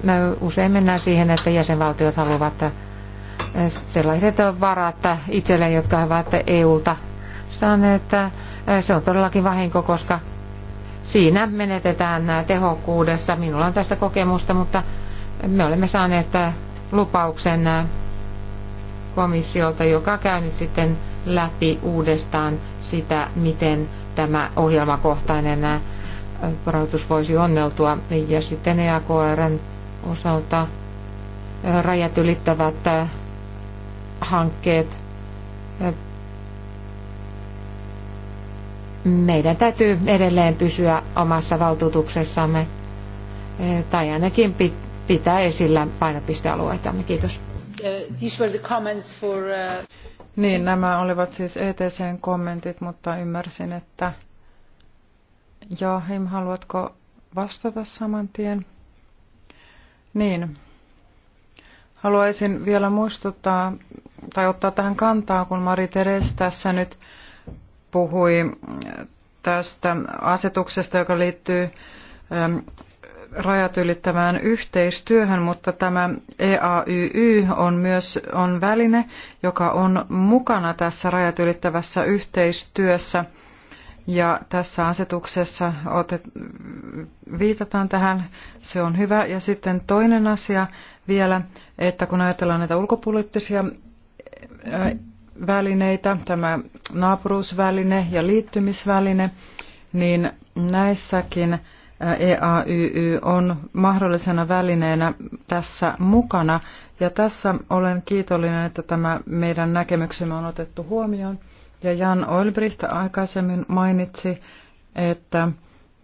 usein mennään siihen, että jäsenvaltiot haluavat sellaiset varat itselleen, jotka ovat EUlta saaneet. Se on todellakin vahinko, koska siinä menetetään tehokkuudessa. Minulla on tästä kokemusta, mutta me olemme saaneet lupauksen komissiolta, joka käy nyt sitten läpi uudestaan sitä, miten tämä ohjelmakohtainen rahoitus voisi onneltua. Ja sitten EAKRn osalta rajat ylittävät hankkeet. Meidän täytyy edelleen pysyä omassa valtuutuksessamme tai ainakin pitää esillä painopistealueitamme. Kiitos. Uh, niin, nämä olivat siis ETCn kommentit, mutta ymmärsin, että Jaahim, haluatko vastata saman tien? Niin. Haluaisin vielä muistuttaa tai ottaa tähän kantaa, kun Mari Teres tässä nyt puhui eh, tästä asetuksesta, joka liittyy eh, rajat ylittävään yhteistyöhön, mutta tämä EAYY on myös on väline, joka on mukana tässä rajat ylittävässä yhteistyössä. Ja tässä asetuksessa otet, viitataan tähän, se on hyvä. Ja sitten toinen asia vielä, että kun ajatellaan näitä ulkopoliittisia välineitä, tämä naapuruusväline ja liittymisväline, niin näissäkin EAYY on mahdollisena välineenä tässä mukana. Ja tässä olen kiitollinen, että tämä meidän näkemyksemme on otettu huomioon. Ja Jan Olbricht aikaisemmin mainitsi, että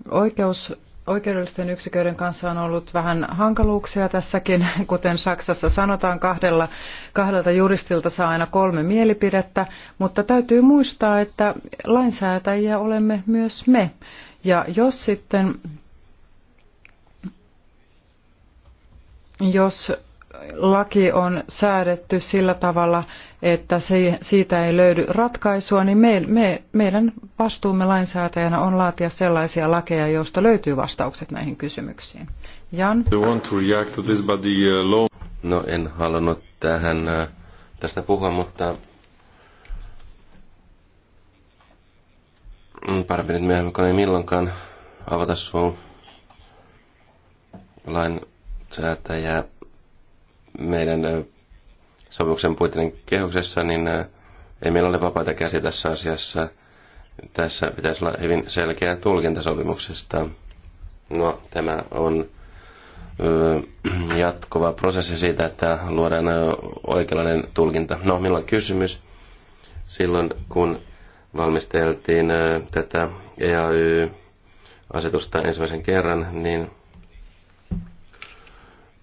oikeus Oikeudellisten yksiköiden kanssa on ollut vähän hankaluuksia tässäkin. Kuten Saksassa sanotaan, kahdella, kahdelta juristilta saa aina kolme mielipidettä, mutta täytyy muistaa, että lainsäätäjiä olemme myös me. Ja jos sitten, jos laki on säädetty sillä tavalla, että se, siitä ei löydy ratkaisua, niin me, me, meidän vastuumme lainsäätäjänä on laatia sellaisia lakeja, joista löytyy vastaukset näihin kysymyksiin. Jan? Uh, no en halunnut tähän uh, tästä puhua, mutta mm, parempi nyt myöhemmin kun ei milloinkaan avata suun lainsäätäjää meidän sopimuksen puitteiden kehyksessä, niin ei meillä ole vapaita käsiä tässä asiassa. Tässä pitäisi olla hyvin selkeä tulkinta sopimuksesta. No, tämä on jatkuva prosessi siitä, että luodaan oikeanlainen tulkinta. No, minulla on kysymys. Silloin, kun valmisteltiin tätä EAY-asetusta ensimmäisen kerran, niin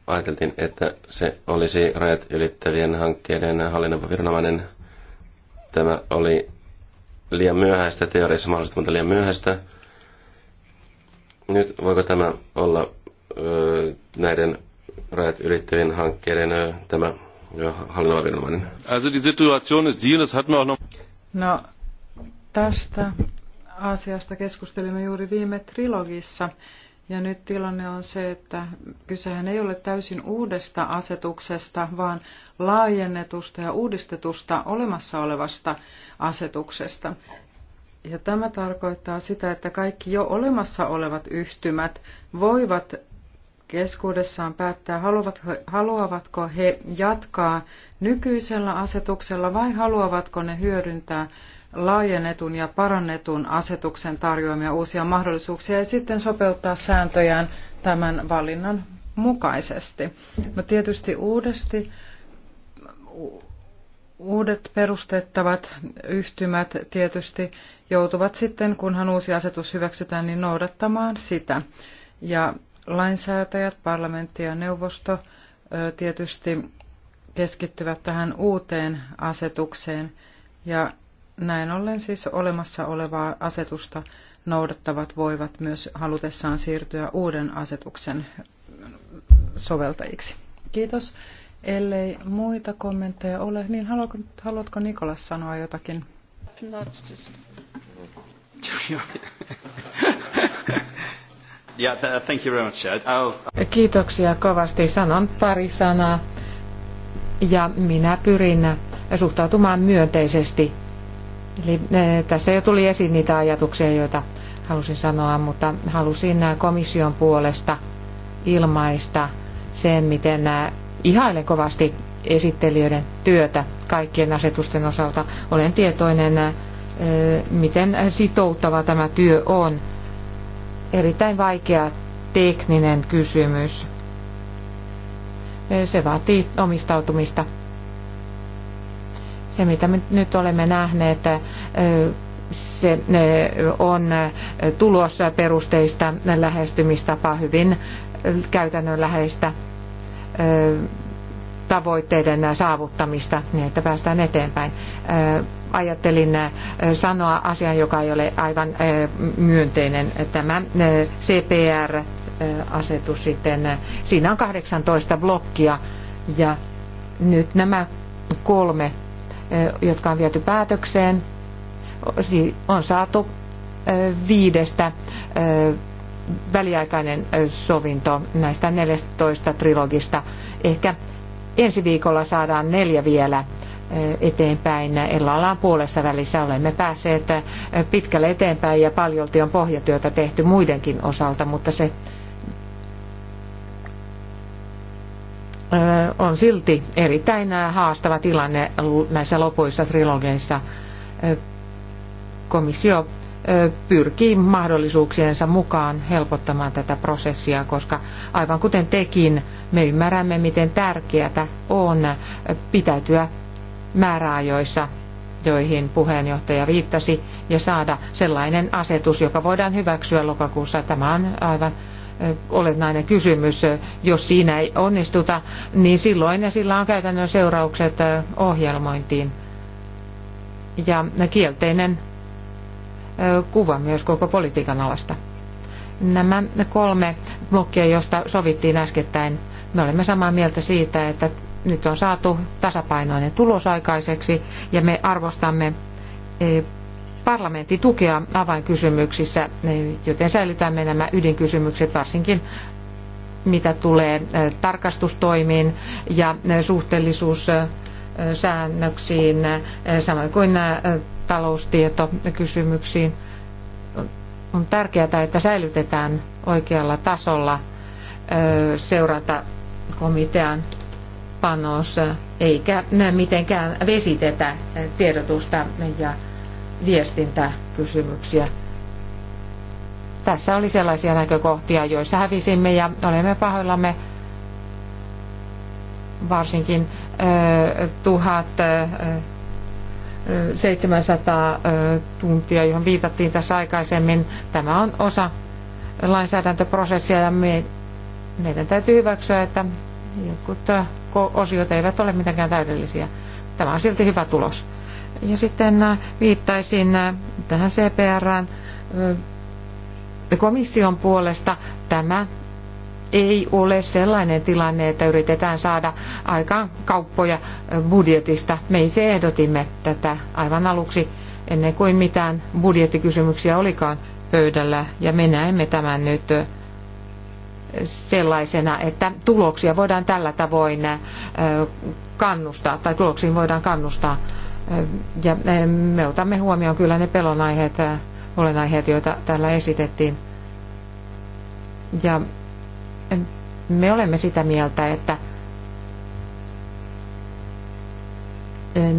ajateltiin, että se olisi rajat ylittävien hankkeiden viranomainen. Tämä oli liian myöhäistä, teoriassa mahdollista, mutta liian myöhäistä. Nyt voiko tämä olla ö, näiden rajat ylittävien hankkeiden ö, tämä viranomainen? Also die Situation ist die, das hat man auch noch... No, tästä asiasta keskustelimme juuri viime trilogissa. Ja nyt tilanne on se, että kysehän ei ole täysin uudesta asetuksesta, vaan laajennetusta ja uudistetusta olemassa olevasta asetuksesta. Ja tämä tarkoittaa sitä, että kaikki jo olemassa olevat yhtymät voivat keskuudessaan päättää, haluavatko he jatkaa nykyisellä asetuksella vai haluavatko ne hyödyntää laajennetun ja parannetun asetuksen tarjoamia uusia mahdollisuuksia ja sitten sopeuttaa sääntöjään tämän valinnan mukaisesti. No tietysti uudesti uudet perustettavat yhtymät tietysti joutuvat sitten, kunhan uusi asetus hyväksytään, niin noudattamaan sitä. Ja lainsäätäjät, parlamentti ja neuvosto tietysti keskittyvät tähän uuteen asetukseen ja näin ollen siis olemassa olevaa asetusta noudattavat voivat myös halutessaan siirtyä uuden asetuksen soveltajiksi. Kiitos. Ellei muita kommentteja ole, niin haluatko, haluatko Nikolas sanoa jotakin? Kiitoksia kovasti. Sanon pari sanaa ja minä pyrin suhtautumaan myönteisesti Eli eh, tässä jo tuli esiin niitä ajatuksia, joita halusin sanoa, mutta halusin eh, komission puolesta ilmaista sen, miten eh, ihailen kovasti esittelijöiden työtä kaikkien asetusten osalta. Olen tietoinen, miten sitouttava tämä työ on. Erittäin vaikea tekninen kysymys. Se vaatii omistautumista se, mitä me nyt olemme nähneet, se on tulossa perusteista lähestymistapa hyvin käytännönläheistä tavoitteiden saavuttamista, niin että päästään eteenpäin. Ajattelin sanoa asian, joka ei ole aivan myönteinen. Tämä CPR-asetus sitten, siinä on 18 blokkia ja nyt nämä kolme jotka on viety päätökseen, on saatu viidestä väliaikainen sovinto näistä 14 trilogista. Ehkä ensi viikolla saadaan neljä vielä eteenpäin. Ellallaan puolessa välissä olemme päässeet pitkälle eteenpäin ja paljolti on pohjatyötä tehty muidenkin osalta, mutta se on silti erittäin haastava tilanne näissä lopuissa trilogeissa. Komissio pyrkii mahdollisuuksiensa mukaan helpottamaan tätä prosessia, koska aivan kuten tekin, me ymmärrämme, miten tärkeää on pitäytyä määräajoissa, joihin puheenjohtaja viittasi, ja saada sellainen asetus, joka voidaan hyväksyä lokakuussa. Tämä on aivan olennainen kysymys. Jos siinä ei onnistuta, niin silloin ja sillä on käytännön seuraukset ohjelmointiin. Ja kielteinen kuva myös koko politiikan alasta. Nämä kolme blokkia, joista sovittiin äskettäin, me olemme samaa mieltä siitä, että nyt on saatu tasapainoinen tulos aikaiseksi ja me arvostamme e, parlamentti tukea avainkysymyksissä, joten säilytämme nämä ydinkysymykset varsinkin mitä tulee tarkastustoimiin ja suhteellisuussäännöksiin, samoin kuin taloustietokysymyksiin. On tärkeää, että säilytetään oikealla tasolla seurata komitean panos, eikä mitenkään vesitetä tiedotusta ja viestintäkysymyksiä. Tässä oli sellaisia näkökohtia, joissa hävisimme ja olemme pahoillamme varsinkin ö, 1700 tuntia, johon viitattiin tässä aikaisemmin. Tämä on osa lainsäädäntöprosessia ja me, meidän täytyy hyväksyä, että jotkut osiot eivät ole mitenkään täydellisiä. Tämä on silti hyvä tulos. Ja sitten äh, viittaisin äh, tähän CPRn äh, komission puolesta. Tämä ei ole sellainen tilanne, että yritetään saada aikaan kauppoja budjetista. Me itse ehdotimme tätä aivan aluksi ennen kuin mitään budjettikysymyksiä olikaan pöydällä. Ja me näemme tämän nyt sellaisena, että tuloksia voidaan tällä tavoin kannustaa, tai tuloksiin voidaan kannustaa ja eh, me otamme huomioon kyllä ne pelonaiheet, eh, olenaiheet, joita täällä esitettiin. Ja eh, me olemme sitä mieltä, että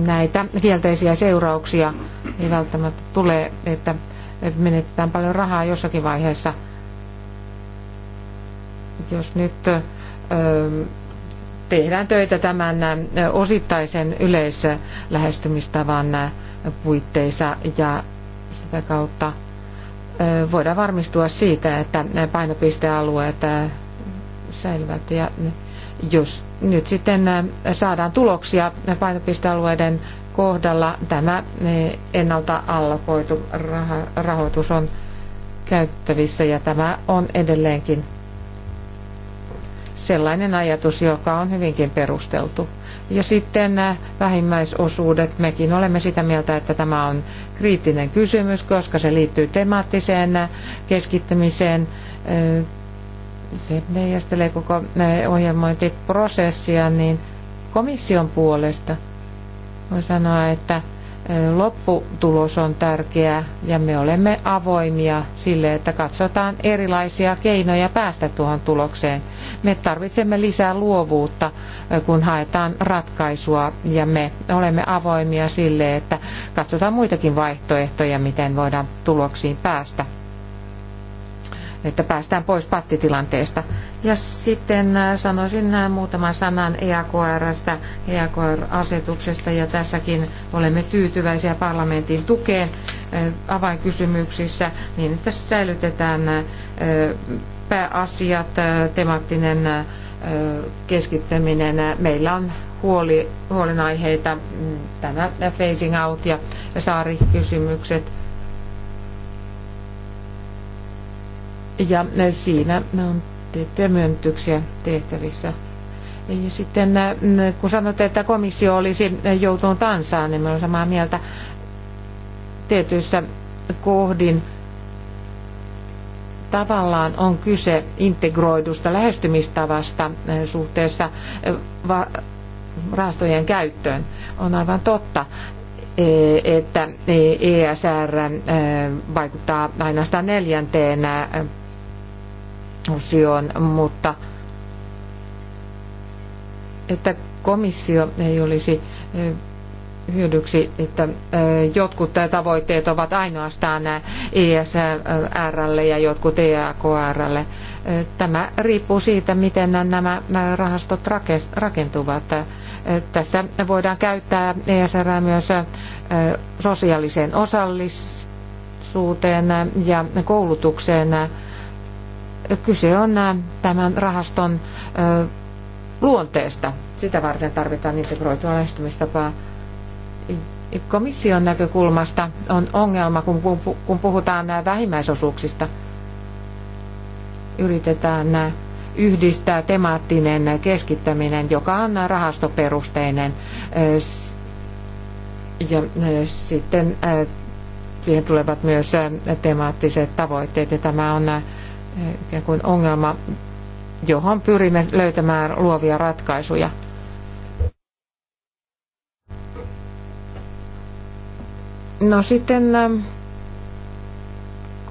näitä kielteisiä seurauksia ei välttämättä tule, että menetetään paljon rahaa jossakin vaiheessa. Jos nyt tehdään töitä tämän osittaisen yleislähestymistavan puitteissa ja sitä kautta voidaan varmistua siitä, että painopistealueet säilyvät ja jos nyt sitten saadaan tuloksia painopistealueiden kohdalla, tämä ennalta allokoitu rahoitus on käyttävissä ja tämä on edelleenkin sellainen ajatus, joka on hyvinkin perusteltu. Ja sitten äh, vähimmäisosuudet. Mekin olemme sitä mieltä, että tämä on kriittinen kysymys, koska se liittyy temaattiseen äh, keskittämiseen. Äh, se neijastelee koko ohjelmointiprosessia, niin komission puolesta voi sanoa, että lopputulos on tärkeä ja me olemme avoimia sille, että katsotaan erilaisia keinoja päästä tuohon tulokseen. Me tarvitsemme lisää luovuutta, kun haetaan ratkaisua ja me olemme avoimia sille, että katsotaan muitakin vaihtoehtoja, miten voidaan tuloksiin päästä että päästään pois pattitilanteesta. Ja sitten äh, sanoisin äh, muutaman sanan EAKRstä, EAKR-asetuksesta ja tässäkin olemme tyytyväisiä parlamentin tukeen äh, avainkysymyksissä niin, että säilytetään pääasiat, temaattinen keskittäminen. Meillä on huoli, huolenaiheita mm, tämä phasing out ja saarikysymykset Ja siinä on tiettyjä myöntyksiä tehtävissä. Ja sitten kun sanotte, että komissio olisi joutunut ansaan, niin olen samaa mieltä tietyissä kohdin tavallaan on kyse integroidusta lähestymistavasta suhteessa rahastojen käyttöön. On aivan totta, että ESR vaikuttaa ainoastaan neljänteenä osioon, mutta että komissio ei olisi eh, hyödyksi, että eh, jotkut tavoitteet ovat ainoastaan ESRlle eh, ja jotkut EAKRlle. Tämä riippuu siitä, miten nämä rahastot rakentuvat. Tässä voidaan käyttää ESR myös sosiaaliseen osallisuuteen ja koulutukseen kyse on tämän rahaston luonteesta. Sitä varten tarvitaan integroitua lähestymistapaa. Komission näkökulmasta on ongelma, kun puhutaan vähimmäisosuuksista. Yritetään yhdistää temaattinen keskittäminen, joka on rahastoperusteinen. Ja sitten siihen tulevat myös temaattiset tavoitteet, ja tämä on ikään kuin ongelma, johon pyrimme löytämään luovia ratkaisuja. No sitten ähm,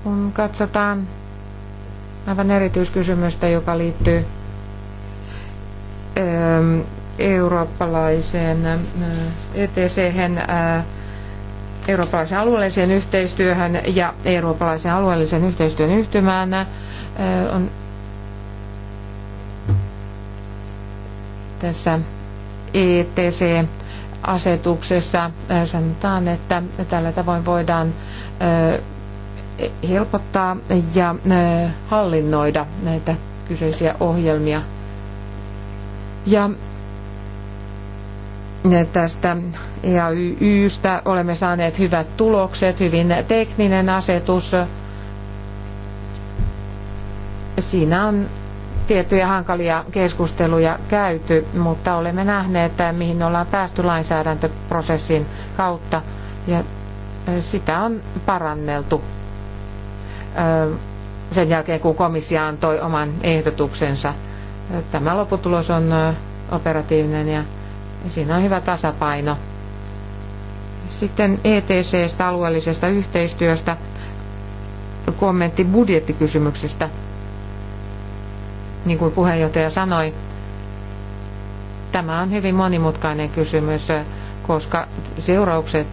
kun katsotaan aivan erityiskysymystä, joka liittyy ähm, eurooppalaiseen äh, ETC, äh, eurooppalaisen alueelliseen yhteistyöhön ja eurooppalaisen alueellisen yhteistyön yhtymään on tässä ETC-asetuksessa sanotaan, että tällä tavoin voidaan helpottaa ja hallinnoida näitä kyseisiä ohjelmia. Ja tästä EAYYstä olemme saaneet hyvät tulokset, hyvin tekninen asetus, Siinä on tiettyjä hankalia keskusteluja käyty, mutta olemme nähneet, mihin ollaan päästy lainsäädäntöprosessin kautta ja sitä on paranneltu sen jälkeen, kun komissio antoi oman ehdotuksensa. Tämä lopputulos on operatiivinen ja siinä on hyvä tasapaino. Sitten ETCstä, alueellisesta yhteistyöstä, kommentti budjettikysymyksestä niin kuin puheenjohtaja sanoi, tämä on hyvin monimutkainen kysymys, koska seuraukset,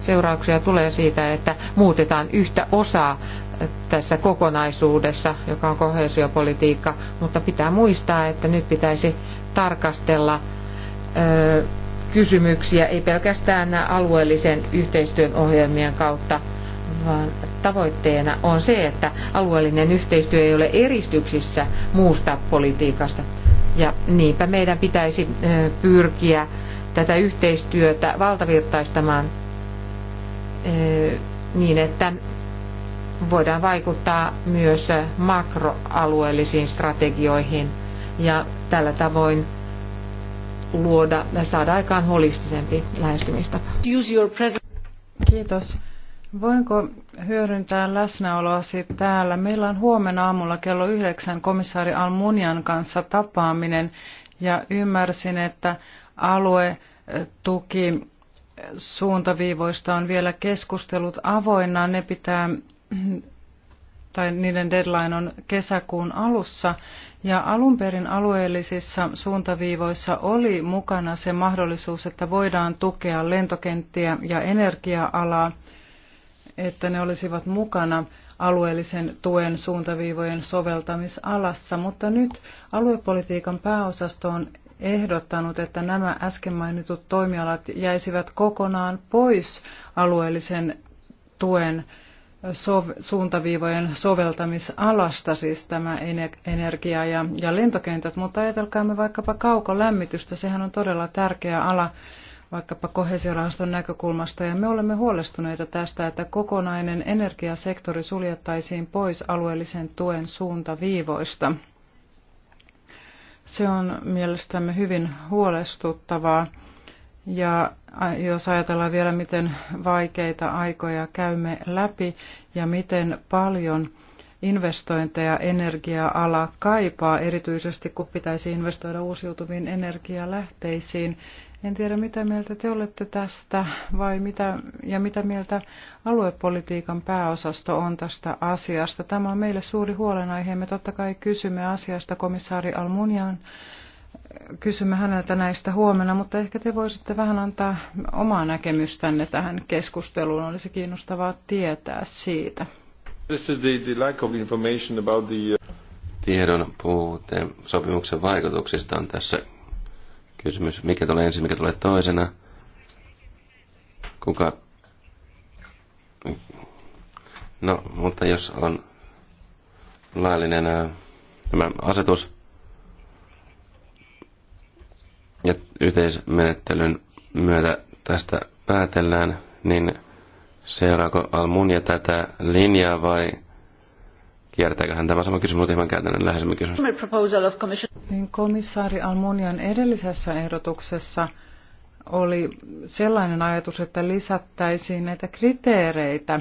seurauksia tulee siitä, että muutetaan yhtä osaa tässä kokonaisuudessa, joka on kohesiopolitiikka, mutta pitää muistaa, että nyt pitäisi tarkastella ö, kysymyksiä ei pelkästään alueellisen yhteistyön ohjelmien kautta, vaan tavoitteena on se, että alueellinen yhteistyö ei ole eristyksissä muusta politiikasta. Ja niinpä meidän pitäisi pyrkiä tätä yhteistyötä valtavirtaistamaan niin, että voidaan vaikuttaa myös makroalueellisiin strategioihin ja tällä tavoin luoda ja saada aikaan holistisempi lähestymistapa. Kiitos. Voinko hyödyntää läsnäoloasi täällä? Meillä on huomenna aamulla kello yhdeksän komissaari Almunian kanssa tapaaminen ja ymmärsin, että aluetuki suuntaviivoista on vielä keskustelut avoinna. Ne pitää, tai niiden deadline on kesäkuun alussa. Ja alun perin alueellisissa suuntaviivoissa oli mukana se mahdollisuus, että voidaan tukea lentokenttiä ja energia-alaa että ne olisivat mukana alueellisen tuen suuntaviivojen soveltamisalassa, mutta nyt aluepolitiikan pääosasto on ehdottanut, että nämä äsken mainitut toimialat jäisivät kokonaan pois alueellisen tuen sov- suuntaviivojen soveltamisalasta, siis tämä energia- ja, ja lentokentät, mutta ajatelkaamme vaikkapa kaukolämmitystä, sehän on todella tärkeä ala vaikkapa kohesiorahaston näkökulmasta, ja me olemme huolestuneita tästä, että kokonainen energiasektori suljettaisiin pois alueellisen tuen suuntaviivoista. Se on mielestämme hyvin huolestuttavaa. Ja jos ajatellaan vielä, miten vaikeita aikoja käymme läpi ja miten paljon investointeja energia-ala kaipaa, erityisesti kun pitäisi investoida uusiutuviin energialähteisiin, en tiedä, mitä mieltä te olette tästä vai mitä, ja mitä mieltä aluepolitiikan pääosasto on tästä asiasta. Tämä on meille suuri huolenaihe. Me totta kai kysymme asiasta komissaari Almunian äh, kysymme häneltä näistä huomenna, mutta ehkä te voisitte vähän antaa omaa näkemystänne tähän keskusteluun. Olisi kiinnostavaa tietää siitä. This is the, the lack of information about the... Uh, Tiedon puute sopimuksen vaikutuksista on tässä kysymys. Mikä tulee ensin, mikä tulee toisena? Kuka? No, mutta jos on laillinen ää, äh, tämä asetus ja yhteismenettelyn myötä tästä päätellään, niin seuraako Almunia tätä linjaa vai Kiertääköhän tämä sama kysymys, mutta ihan käytännön läheisemmin kysymys. Niin komissaari Almunian edellisessä ehdotuksessa oli sellainen ajatus, että lisättäisiin näitä kriteereitä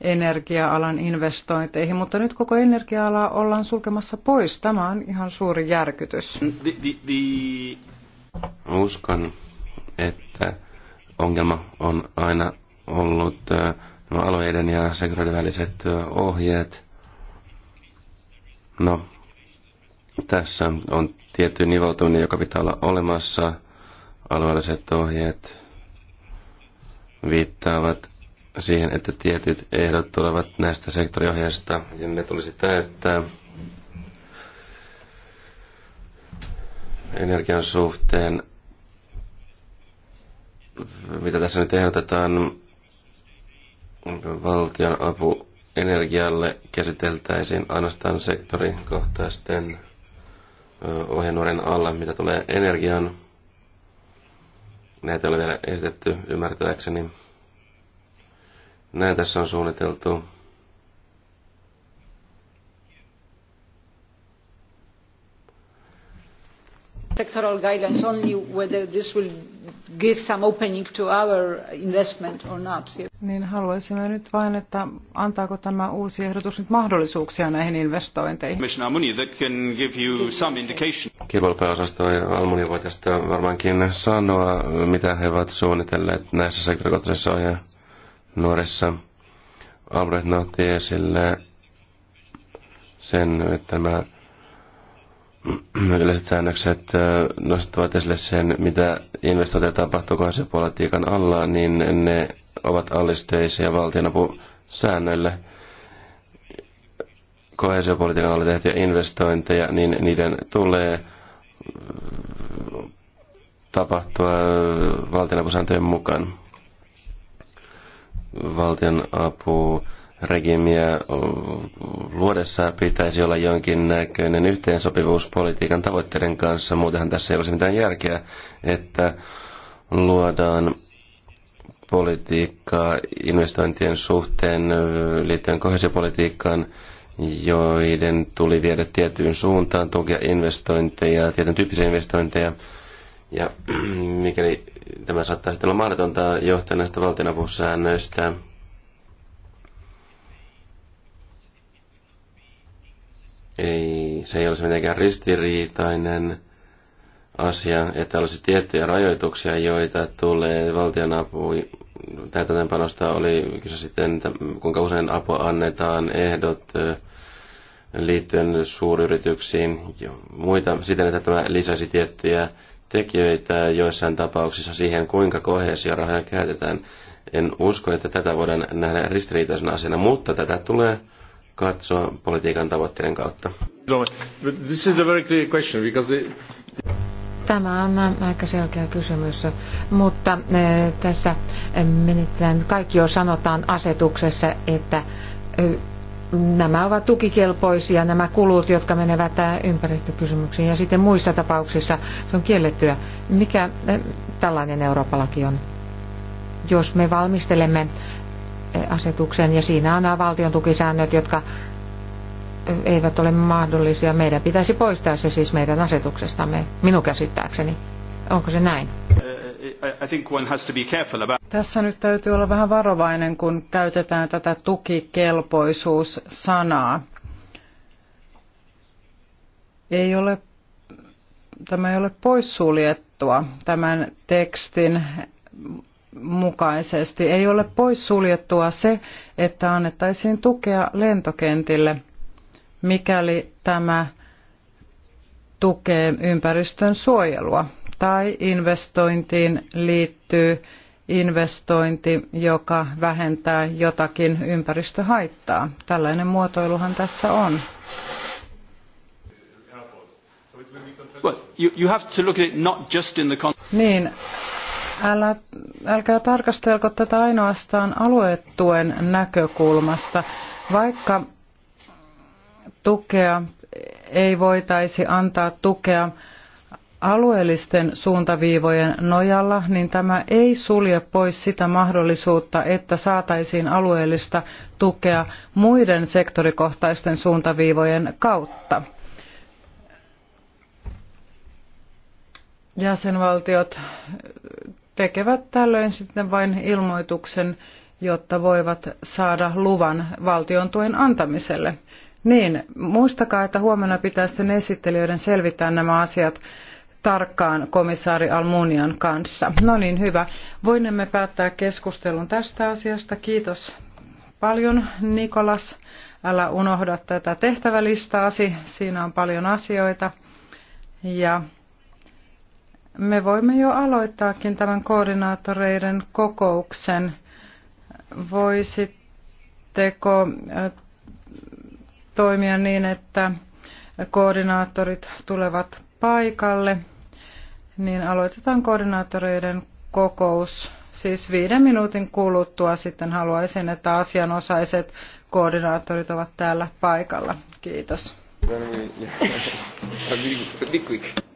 energia-alan investointeihin, mutta nyt koko energia-ala ollaan sulkemassa pois. Tämä on ihan suuri järkytys. The, the, the... Uskon, että ongelma on aina ollut äh, nämä alueiden ja sektorien väliset äh, ohjeet No, tässä on tietty nivoutuminen, joka pitää olla olemassa. Alueelliset ohjeet viittaavat siihen, että tietyt ehdot tulevat näistä sektoriohjeista ja ne tulisi täyttää energian suhteen. Mitä tässä nyt ehdotetaan? Valtion apu energialle käsiteltäisiin ainoastaan sektorikohtaisten ohjenuoren alla, mitä tulee energiaan. Näitä ei ole vielä esitetty ymmärtääkseni. Näin tässä on suunniteltu. sectoral guidelines only whether this will give some opening to our investment or not. Niin haluaisimme nyt vain, että antaako tämä uusi ehdotus nyt mahdollisuuksia näihin investointeihin. Kilpailupääosasto ja Almuni voi tästä varmaankin sanoa, mitä he ovat suunnitelleet näissä sektorikohtaisissa ja nuorissa. Albrecht otti esille sen, että tämä yleiset säännökset äh, nostavat esille sen, mitä investointeja tapahtuu kohdallisen alla, niin ne ovat allisteisia valtionapusäännöille. Kohesiopolitiikan alla tehtyjä investointeja, niin niiden tulee äh, tapahtua äh, valtionapusääntöjen mukaan. Valtionapu regimiä luodessa pitäisi olla näköinen yhteensopivuus politiikan tavoitteiden kanssa. Muutenhan tässä ei olisi mitään järkeä, että luodaan politiikkaa investointien suhteen liittyen kohesiopolitiikkaan, joiden tuli viedä tiettyyn suuntaan, tukea investointeja, tietyn tyyppisiä investointeja. Ja mikäli tämä saattaa sitten olla mahdotonta johtaa näistä valtionapusäännöistä, Ei, se ei olisi mitenkään ristiriitainen asia, että olisi tiettyjä rajoituksia, joita tulee apu. täytäntöönpanosta oli kyse sitten, että kuinka usein apua annetaan, ehdot liittyen suuryrityksiin ja muita siten, että tämä lisäsi tiettyjä tekijöitä joissain tapauksissa siihen, kuinka rahoja käytetään. En usko, että tätä voidaan nähdä ristiriitaisena asiana, mutta tätä tulee katsoa politiikan tavoitteiden kautta? This is a very clear question because Tämä on aika selkeä kysymys, mutta eh, tässä menetään, kaikki jo sanotaan asetuksessa, että eh, nämä ovat tukikelpoisia, nämä kulut, jotka menevät eh, ympäristökysymyksiin ja sitten muissa tapauksissa se on kiellettyä. Mikä tällainen Eurooppalaki on? Jos me valmistelemme asetuksen ja siinä on valtion tukisäännöt, jotka eivät ole mahdollisia. Meidän pitäisi poistaa se siis meidän asetuksestamme, minun käsittääkseni. Onko se näin? Uh, about... Tässä nyt täytyy olla vähän varovainen, kun käytetään tätä tukikelpoisuus-sanaa. Ei ole, tämä ei ole poissuljettua tämän tekstin mukaisesti. Ei ole poissuljettua se, että annettaisiin tukea lentokentille, mikäli tämä tukee ympäristön suojelua tai investointiin liittyy investointi, joka vähentää jotakin ympäristöhaittaa. Tällainen muotoiluhan tässä on. Niin, älä, älkää tarkastelko tätä ainoastaan aluetuen näkökulmasta. Vaikka tukea ei voitaisi antaa tukea alueellisten suuntaviivojen nojalla, niin tämä ei sulje pois sitä mahdollisuutta, että saataisiin alueellista tukea muiden sektorikohtaisten suuntaviivojen kautta. Jäsenvaltiot tekevät tällöin sitten vain ilmoituksen, jotta voivat saada luvan valtion tuen antamiselle. Niin, muistakaa, että huomenna pitää sitten esittelijöiden selvittää nämä asiat tarkkaan komissaari Almunian kanssa. No niin, hyvä. Voinemme päättää keskustelun tästä asiasta. Kiitos paljon, Nikolas. Älä unohda tätä tehtävälistaasi. Siinä on paljon asioita. Ja me voimme jo aloittaakin tämän koordinaattoreiden kokouksen. Voisitteko toimia niin, että koordinaattorit tulevat paikalle, niin aloitetaan koordinaattoreiden kokous. Siis viiden minuutin kuluttua sitten haluaisin, että asianosaiset koordinaattorit ovat täällä paikalla. Kiitos.